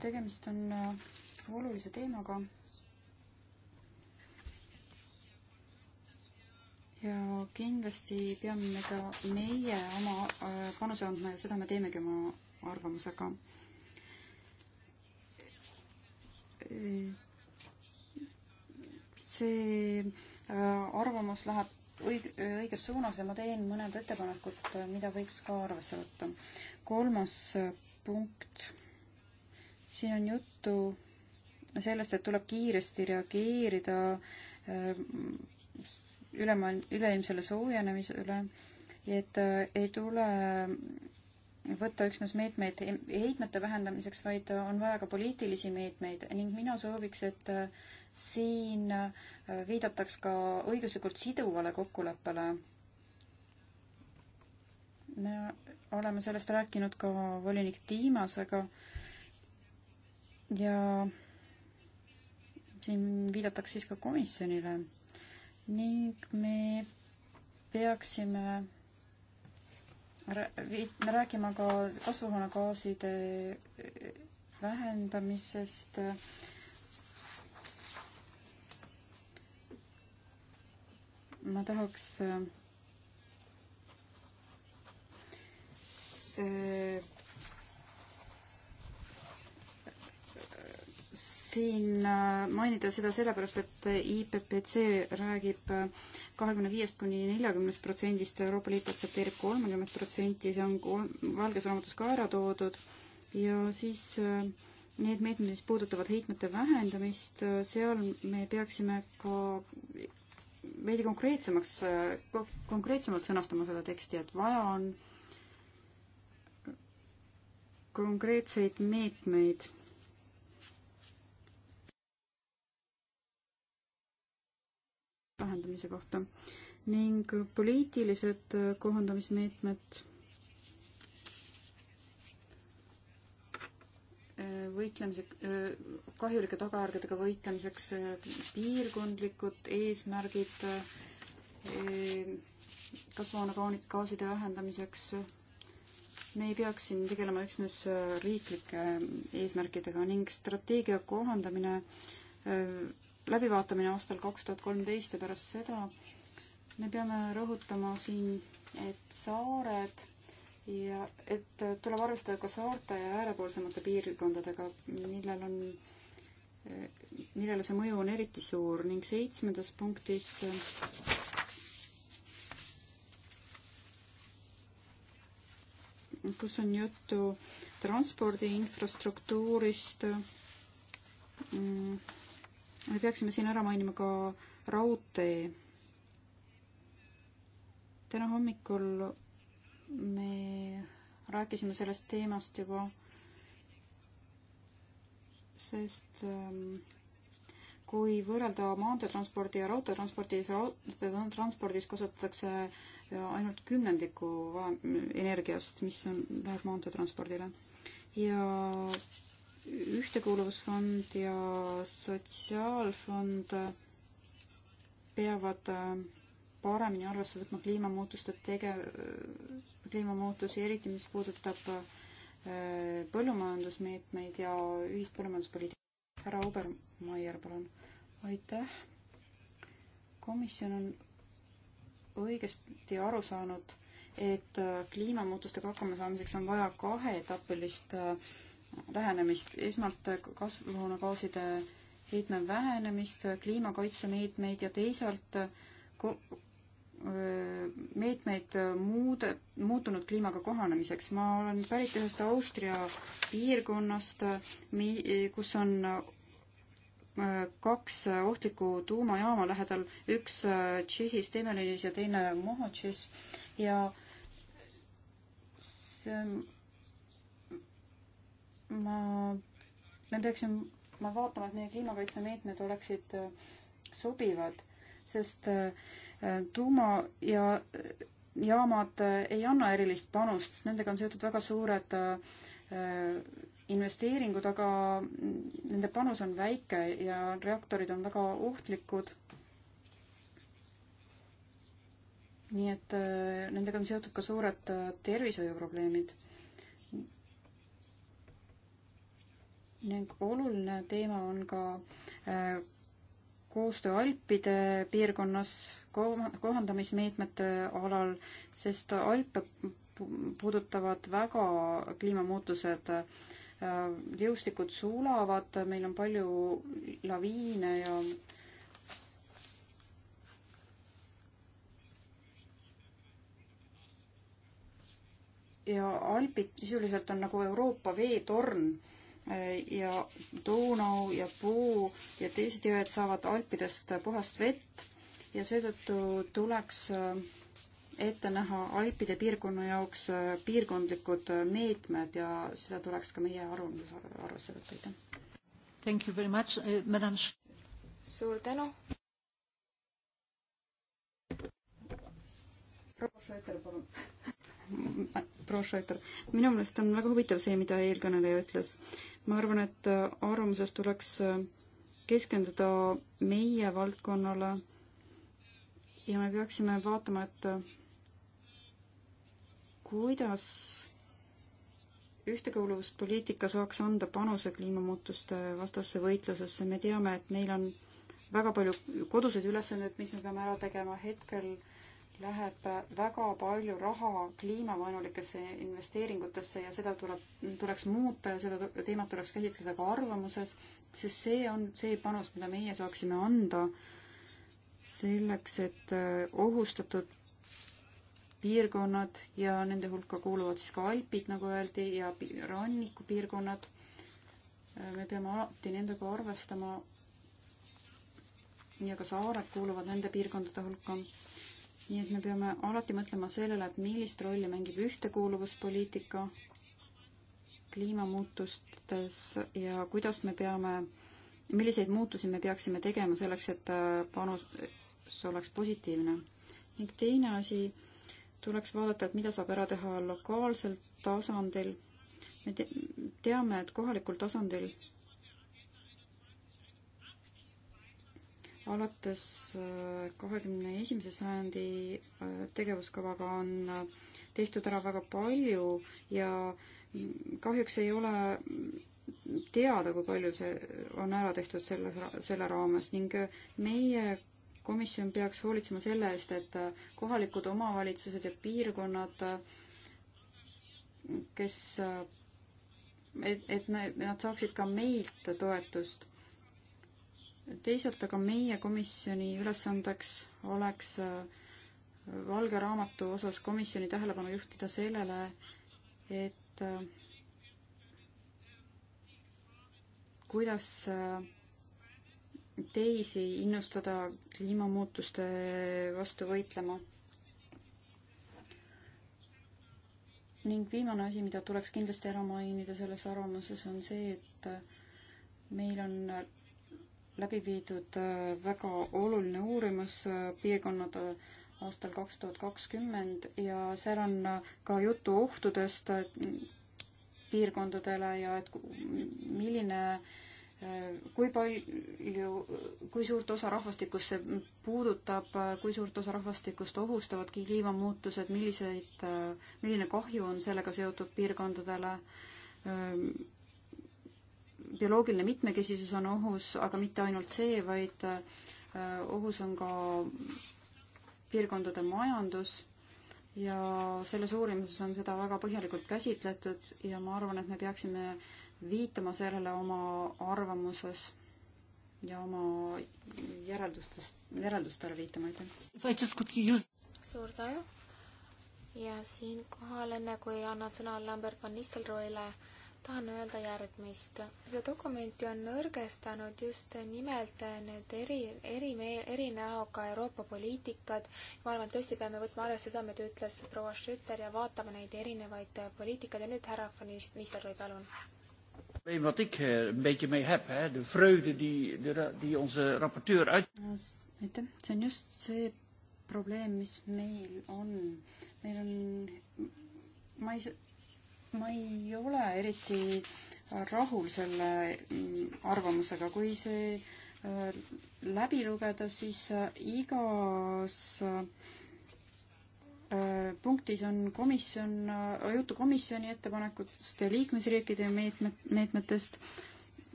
tegemist on äh, olulise teemaga. ja kindlasti peame me ka meie oma äh, panuse andma ja seda me teemegi oma arvamusega. see äh, arvamus läheb õig-, õiges suunas ja ma teen mõned ettepanekud, äh, mida võiks ka arvesse võtta. kolmas punkt, siin on juttu sellest, et tuleb kiiresti reageerida äh, ülemaailm, üleilmsele soojenemisele, et äh, ei tule võtta üksnes meetmeid heitmete vähendamiseks, vaid äh, on vaja ka poliitilisi meetmeid ning mina sooviks, et siin viidataks ka õiguslikult siduvale kokkuleppele. me oleme sellest rääkinud ka volinik Tiimasega ja siin viidatakse siis ka komisjonile ning me peaksime räägima ka kasvuhoonegaaside vähendamisest. ma tahaks äh, siin äh, mainida seda sellepärast, et IPPC räägib äh, kahekümne viiest kuni neljakümnest protsendist, Euroopa Liit aktsepteerib kolmekümmet protsenti, see on kolm, valges raamatus ka ära toodud ja siis äh, need meetmed, mis puudutavad heitmete vähendamist, seal me peaksime ka veidi konkreetsemaks, konkreetsemalt sõnastama seda teksti, et vaja on konkreetseid meetmeid vähendamise kohta ning poliitilised kohandamismeetmed äh, võitlemise, äh, kahjulike tagajärgedega võitlemiseks, äh, piirkondlikud eesmärgid kasvuhoonegaaside vähendamiseks. me ei peaks siin tegelema üksnes riiklike eesmärkidega ning strateegia kohandamine läbivaatamine aastal kaks tuhat kolmteist ja pärast seda me peame rõhutama siin, et saared ja et tuleb arvestada ka saarte ja äärepoolsemate piirkondadega, millel on, millele see mõju on eriti suur ning seitsmendas punktis kus on juttu transpordi infrastruktuurist mm,, me peaksime siin ära mainima ka raudtee. täna hommikul me rääkisime sellest teemast juba, sest ähm, kui võrrelda maanteetranspordi ja raudteetranspordi, siis raudteetranspordis kasutatakse äh, ainult kümnendiku energiast, mis on, läheb maanteetranspordile. ja ühtekuuluvusfond ja sotsiaalfond peavad paremini arvesse võtma kliimamuutuste tege-, kliimamuutusi, eriti mis puudutab äh, põllumajandusmeetmeid ja ühist põllumajanduspoliitikat. härra Obermeier, palun. aitäh. komisjon on õigesti aru saanud, et äh, kliimamuutustega hakkama saamiseks on vaja kaheetapilist äh, lähenemist, esmalt kasvuhoonegaaside heitme vähenemist, kliimakaitsemeetmeid ja teisalt meetmeid muud, muutunud kliimaga kohanemiseks. ma olen pärit ühest Austria piirkonnast, kus on äh, kaks ohtlikku tuumajaama lähedal, üks äh, Tšehhis, Teemelinis ja teine Mohotšis ja see ma, me peaksime, ma vaatama, et meie kliimakaitsemeetmed oleksid äh, sobivad, sest äh, tuuma ja äh, jaamad ei anna erilist panust, sest nendega on seotud väga suured investeeringud, aga mm, nende panus on väike ja reaktorid on väga ohtlikud. nii et nendega on seotud ka suured tervishoiuprobleemid ning oluline teema on ka äh, koostöö Alpide piirkonnas kohandamismeetmete alal, sest Alpe puudutavad väga kliimamuutused. liustikud äh, sulavad, meil on palju laviine ja ja Alpid sisuliselt on nagu Euroopa veetorn ja Donau ja Puu ja teised jõed saavad Alpidest puhast vett ja seetõttu tuleks äh, ette näha Alpide piirkonna jaoks äh, piirkondlikud äh, meetmed ja seda tuleks ka meie arvamus arvesse võtta, aitäh. Thank you very much, madam. suur tänu. proua Schröter, palun proua Schreiter, minu meelest on väga huvitav see, mida eelkõneleja ütles. ma arvan, et äh, arvamuses tuleks äh, keskenduda meie valdkonnale ja me peaksime vaatama, et äh, kuidas ühtekuuluvuspoliitika saaks anda panuse kliimamuutuste vastasse võitlusesse, me teame, et meil on väga palju koduseid ülesandeid, mis me peame ära tegema, hetkel läheb väga palju raha kliimavaenulikesse investeeringutesse ja seda tuleb, tuleks muuta ja seda teemat tuleks käsitleda ka arvamuses, sest see on see panus, mida meie saaksime anda selleks, et äh, ohustatud piirkonnad ja nende hulka kuuluvad siis ka alpid, nagu öeldi, ja rannikupiirkonnad. Äh, me peame alati nendega arvestama. ja ka saared kuuluvad nende piirkondade hulka nii et me peame alati mõtlema sellele, et millist rolli mängib ühtekuuluvuspoliitika kliimamuutustes ja kuidas me peame, milliseid muutusi me peaksime tegema selleks, et äh, panus oleks positiivne. ning teine asi, tuleks vaadata, et mida saab ära teha lokaalsel tasandil. me te teame, et kohalikul tasandil alates äh, kahekümne esimese sajandi äh, tegevuskavaga on äh, tehtud ära väga palju ja mm, kahjuks ei ole mm, teada, kui palju see on ära tehtud selle, selle raames ning meie komisjon peaks hoolitsema selle eest, et kohalikud omavalitsused ja piirkonnad, kes, et, et nad saaksid ka meilt toetust teisalt aga meie komisjoni ülesandeks oleks äh, valge raamatu osas komisjoni tähelepanu juhtida sellele, et äh, kuidas äh, teisi innustada kliimamuutuste vastu võitlema. ning viimane asi, mida tuleks kindlasti ära mainida selles arvamuses, on see, et meil on läbi viidud äh, väga oluline uurimus äh, piirkonnad äh, aastal kaks tuhat kakskümmend ja seal on ka juttu ohtudest piirkondadele ja et milline kui palju, kui suurt osa rahvastikust see puudutab, kui suurt osa rahvastikust ohustavad kliimamuutused, milliseid, milline kahju on sellega seotud piirkondadele, ähm, bioloogiline mitmekesisus on ohus, aga mitte ainult see, vaid äh, ohus on ka piirkondade majandus ja selles uurimuses on seda väga põhjalikult käsitletud ja ma arvan, et me peaksime viitama sellele oma arvamuses ja oma järeldustest, järeldustele viitama, aitäh. suur tänu ja siinkohal, enne kui annan sõna Lambert Van Nistelrooile, tahan öelda järgmist. seda dokumenti on nõrgestanud just nimelt need eri, eri, erinäoga Euroopa poliitikad. ma arvan, et tõesti peame võtma arvesse seda, mida ütles proua Schütter ja vaatama neid erinevaid poliitikaid ja nüüd härra von Nistelrooy, palun. Wat ik eh, een beetje mee heb, hè, de vreugde die, de, die onze rapporteur uit. Aitäh, see on just see probleem, mis meil on. meil on, ma ei ma ei ole eriti rahul selle arvamusega, kui see äh, läbi lugeda, siis äh, igas äh, punktis on komisjon, juttu komisjoni ettepanekutest ja liikmesriikide meetmed, meetmetest.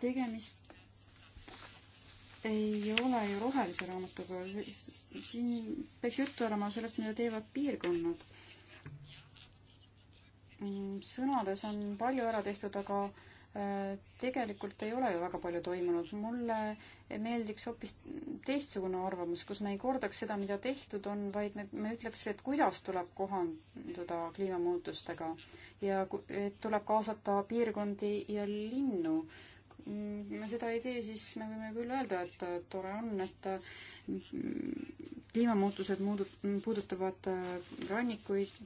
tegemist ei ole ju rohelise raamatuga, siin peaks juttu olema sellest, mida teevad piirkonnad Mm, sõnades on palju ära tehtud, aga äh, tegelikult ei ole ju väga palju toimunud. mulle meeldiks hoopis teistsugune arvamus, kus me ei kordaks seda, mida tehtud on, vaid me, me ütleks, et kuidas tuleb kohanduda kliimamuutustega ja et tuleb kaasata piirkondi ja linnu. kui mm, me seda ei tee, siis me võime küll öelda, et äh, tore on, et äh, kliimamuutused muudut-, puudutavad rannikuid,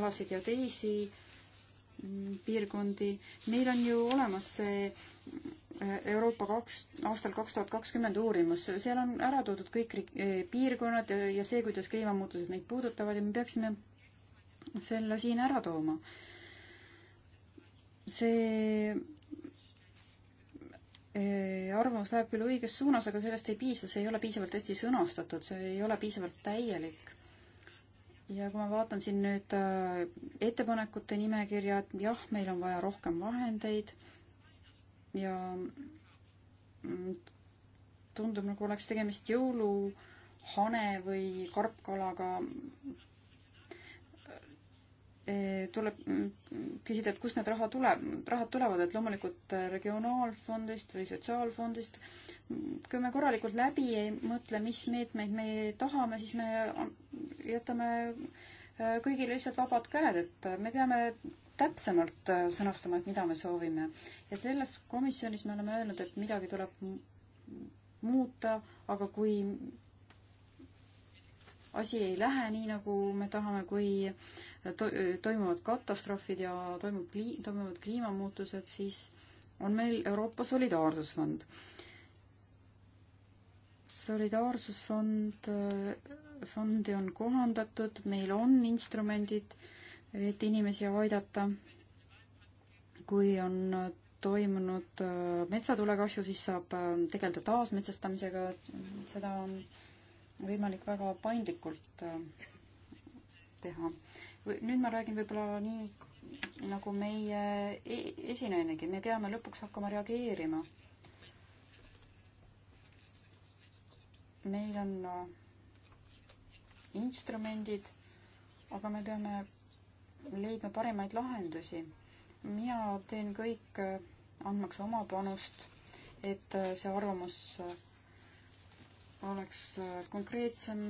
alasid ja teisi piirkondi. meil on ju olemas see äh, Euroopa kaks, aastal kaks tuhat kakskümmend uurimus, seal on ära toodud kõik äh, piirkonnad ja see, kuidas kliimamuutused neid puudutavad ja me peaksime selle siin ära tooma. see äh, arvamus läheb küll õiges suunas, aga sellest ei piisa, see ei ole piisavalt hästi sõnastatud, see ei ole piisavalt täielik ja kui ma vaatan siin nüüd äh, ettepanekute nimekirja, et jah, meil on vaja rohkem vahendeid ja mm, tundub, nagu oleks tegemist jõuluhane või karpkalaga. Äh, tuleb mm, küsida, et kust need raha tuleb, rahad tulevad, et loomulikult äh, regionaalfondist või sotsiaalfondist, kui me korralikult läbi ei mõtle, mis meetmeid me tahame, siis me jätame äh, kõigile lihtsalt vabad käed, et äh, me peame täpsemalt äh, sõnastama, et mida me soovime. ja selles komisjonis me oleme öelnud, et midagi tuleb muuta, aga kui asi ei lähe nii, nagu me tahame, kui to toimuvad katastroofid ja toimub, toimuvad kliimamuutused, siis on meil Euroopa Solidaarsusfond solidaarsusfond, fondi on kohandatud, meil on instrumendid, et inimesi aidata. kui on toimunud äh, metsatulekahju, siis saab äh, tegeleda taasmetsastamisega, seda on võimalik väga paindlikult äh, teha. nüüd ma räägin võib-olla nii, nagu meie e-, esinejanegi, me peame lõpuks hakkama reageerima meil on äh, instrumendid, aga me peame leidma parimaid lahendusi. mina teen kõik, äh, andmaks oma panust, et äh, see arvamus oleks konkreetsem.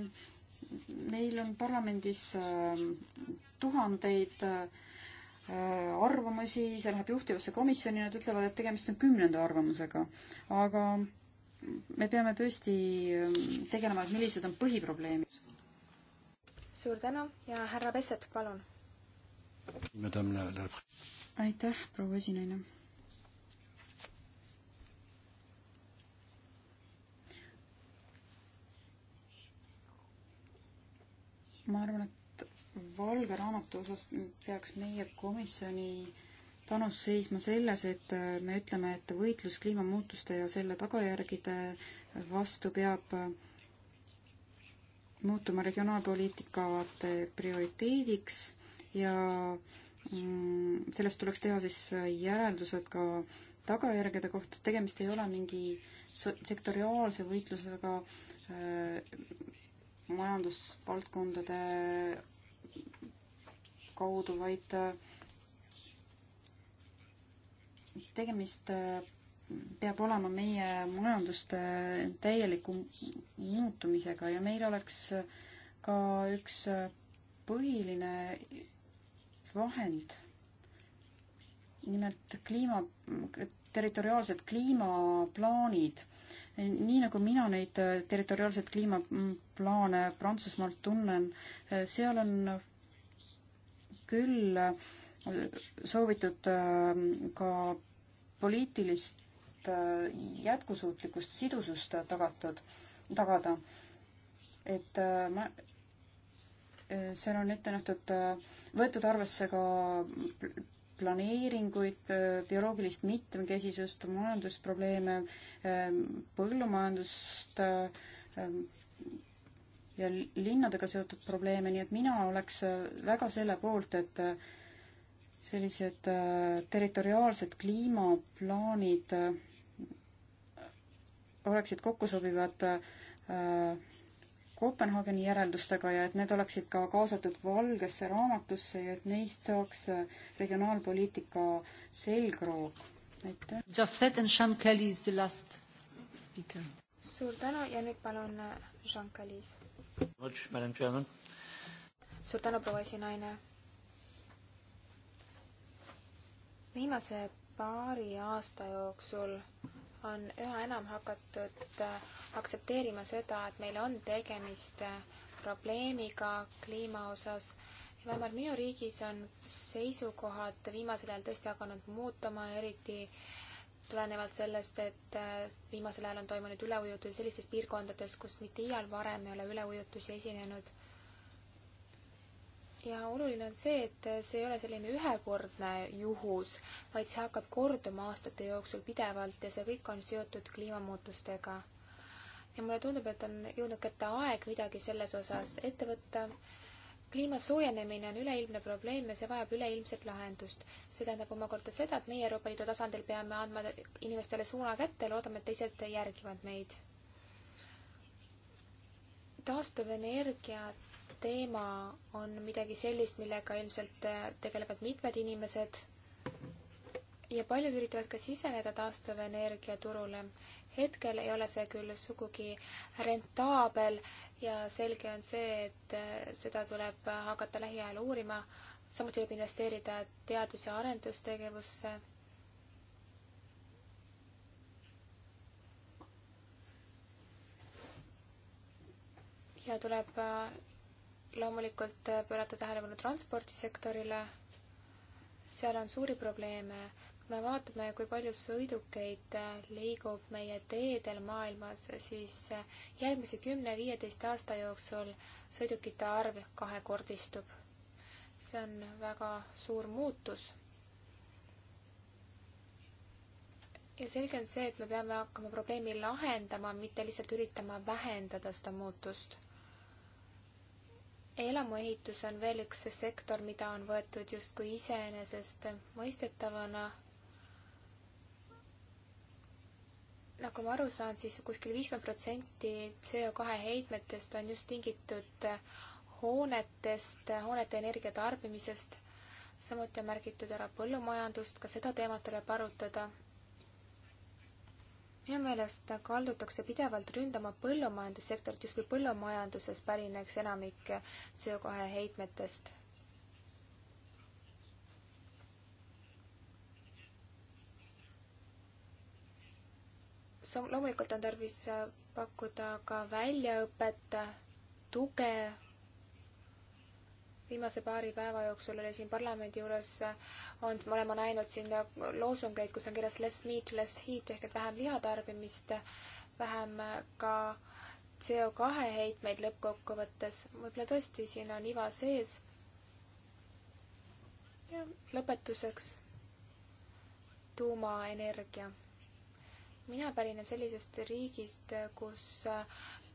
meil on parlamendis tuhandeid arvamusi, see läheb juhtivasse komisjoni, nad ütlevad, et tegemist on kümnenda arvamusega. aga me peame tõesti ähm, tegelema, et millised on põhiprobleemid. suur tänu ja härra Pesset, palun. aitäh, proua esinaine. ma arvan, et valge raamatu osas peaks meie komisjoni äh, panus seisma selles, et äh, me ütleme, et võitlus kliimamuutuste ja selle tagajärgide vastu peab äh, muutuma regionaalpoliitikate prioriteediks ja mm, sellest tuleks teha siis äh, järeldused ka tagajärgede kohta, tegemist ei ole mingi sektoriaalse võitlusega majandusvaldkondade kaudu, vaid äh, tegemist äh, peab olema meie majanduste täieliku muutumisega ja meil oleks äh, ka üks äh, põhiline vahend, nimelt kliima, territoriaalsed kliimaplaanid. nii nagu mina neid territoriaalseid kliimaplaane Prantsusmaalt tunnen, seal on küll äh, soovitud ähm, ka poliitilist äh, jätkusuutlikkust, sidusust tagatud, tagada. et äh, ma, äh, seal on ette nähtud, võetud arvesse ka planeeringuid, bioloogilist mitmekesisust, majandusprobleeme, ähm, põllumajandust ähm, ja linnadega seotud probleeme, nii et mina oleks väga selle poolt, et sellised äh, territoriaalsed kliimaplaanid äh, oleksid kokkusobivad äh, Kopenhaageni järeldustega ja et need oleksid ka kaasatud valgesse raamatusse ja et neist saaks regionaalpoliitika selgroog. aitäh. Just said and Sean Kelly is the last speaker. suur tänu ja nüüd palun Sean Kelly's. suur tänu, proua esinaine viimase paari aasta jooksul on üha enam hakatud äh, aktsepteerima seda, et meil on tegemist äh, probleemiga kliima osas. vähemalt minu riigis on seisukohad viimasel ajal tõesti hakanud muutuma, eriti tulenevalt sellest, et äh, viimasel ajal on toimunud üleujutusi sellistes piirkondades, kus mitte iial varem ei ole üleujutusi esinenud ja oluline on see, et see ei ole selline ühekordne juhus, vaid see hakkab korduma aastate jooksul pidevalt ja see kõik on seotud kliimamuutustega. ja mulle tundub, et on jõudnud kätte aeg midagi selles osas ette võtta kliima soojenemine on üleilmne probleem ja see vajab üleilmset lahendust. see tähendab omakorda seda, et meie Euroopa Liidu tasandil peame andma inimestele suuna kätte, loodame, et teised järgivad meid. taastuvenergiat teema on midagi sellist, millega ilmselt äh, tegelevad mitmed inimesed ja paljud üritavad ka siseneda taastuvenergia turule. hetkel ei ole see küll sugugi rentaabel ja selge on see, et äh, seda tuleb hakata lähiajal uurima. samuti tuleb investeerida teadus- ja arendustegevusse ja tuleb äh, loomulikult äh, pöörata tähelepanu transpordisektorile, seal on suuri probleeme. kui me vaatame, kui palju sõidukeid äh, liigub meie teedel maailmas, siis äh, järgmise kümne-viieteist aasta jooksul sõidukite arv kahekordistub. see on väga suur muutus ja selge on see, et me peame hakkama probleemi lahendama, mitte lihtsalt üritama vähendada seda muutust elamuehitus on veel üks sektor, mida on võetud justkui iseenesestmõistetavana. nagu ma aru saan, siis kuskil viiskümmend protsenti CO2 heitmetest on just tingitud hoonetest, hoonete energia tarbimisest. samuti on märgitud ära põllumajandust, ka seda teemat tuleb arutada minu meelest kaldutakse pidevalt ründama põllumajandussektorit, justkui põllumajanduses pärineks enamik CO2 heitmetest. loomulikult on tarvis pakkuda ka väljaõpet, tuge viimase paari päeva jooksul oli siin parlamendi juures, on, me oleme näinud siin loosungeid, kus on kirjas less meat, less heat ehk et vähem liha tarbimist, vähem ka CO2 heitmeid lõppkokkuvõttes. võib-olla tõesti siin on iva sees. ja lõpetuseks tuumaenergia mina pärinen sellisest riigist, kus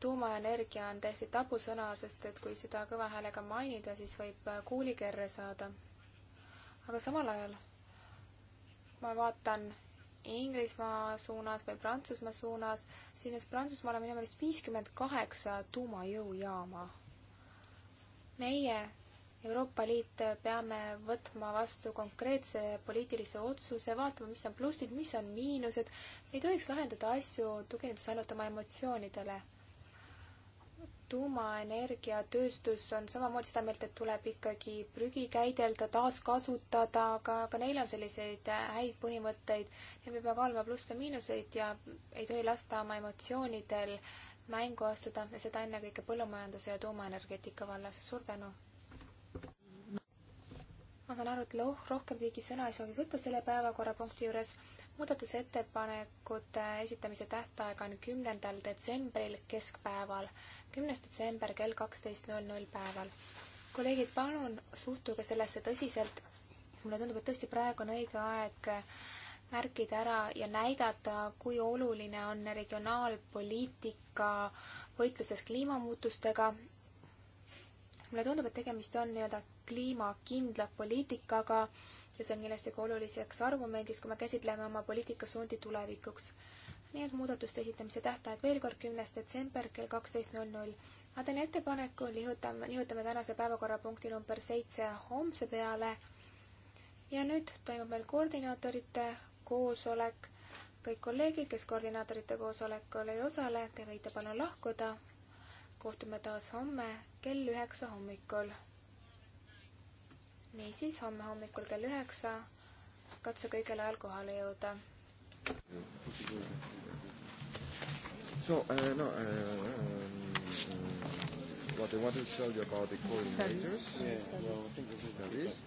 tuumaenergia on täiesti tabusõna, sest et kui seda kõva häälega mainida, siis võib äh, kuulikerre saada. aga samal ajal ma vaatan Inglismaa suunas või Prantsusmaa suunas, siis Prantsusmaal on minu meelest viiskümmend kaheksa tuumajõujaama. meie, Euroopa Liit, peame võtma vastu konkreetse poliitilise otsuse, vaatama, mis on plussid, mis on miinused. ei tohiks lahendada asju tuginedes ainult oma emotsioonidele tuumaenergiatööstus on samamoodi seda meelt, et tuleb ikkagi prügi käidelda, taaskasutada, aga, aga neil on selliseid äh, häid põhimõtteid ja me peame kaaluma plusse-miinuseid ja ei tohi lasta oma emotsioonidel mängu astuda ja seda ennekõike põllumajanduse ja tuumaenergeetika vallas. suur tänu! ma saan aru, et rohkem keegi sõna ei soovi võtta selle päevakorrapunkti juures muudatusettepanekute esitamise tähtaeg on kümnendal detsembril keskpäeval, kümnes detsember kell kaksteist null null päeval. kolleegid, palun suhtuge sellesse tõsiselt. mulle tundub, et tõesti praegu on õige aeg märkida ära ja näidata, kui oluline on regionaalpoliitika võitluses kliimamuutustega. mulle tundub, et tegemist on nii-öelda kliimakindla poliitikaga ja see on kindlasti ka oluliseks argumendiks, kui me käsitleme oma poliitikasuundi tulevikuks. nii et muudatuste esitamise tähtaeg veel kord kümnes detsember kell kaksteist null null. ma teen ettepaneku, nihutame, nihutame tänase päevakorrapunkti number seitse homse peale. ja nüüd toimub meil koordinaatorite koosolek. kõik kolleegid, kes koordinaatorite koosolekul ei osale, te võite palun lahkuda. kohtume taas homme kell üheksa hommikul niisiis, homme hommikul kell üheksa katsuge õigel ajal kohale jõuda. So uh, no, uh, um, what I wanted to tell you about the coordinators yeah, well, studies.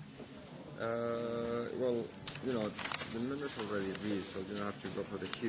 Uh, well, you know, the members already agreed, so you don't have to go for the hearing.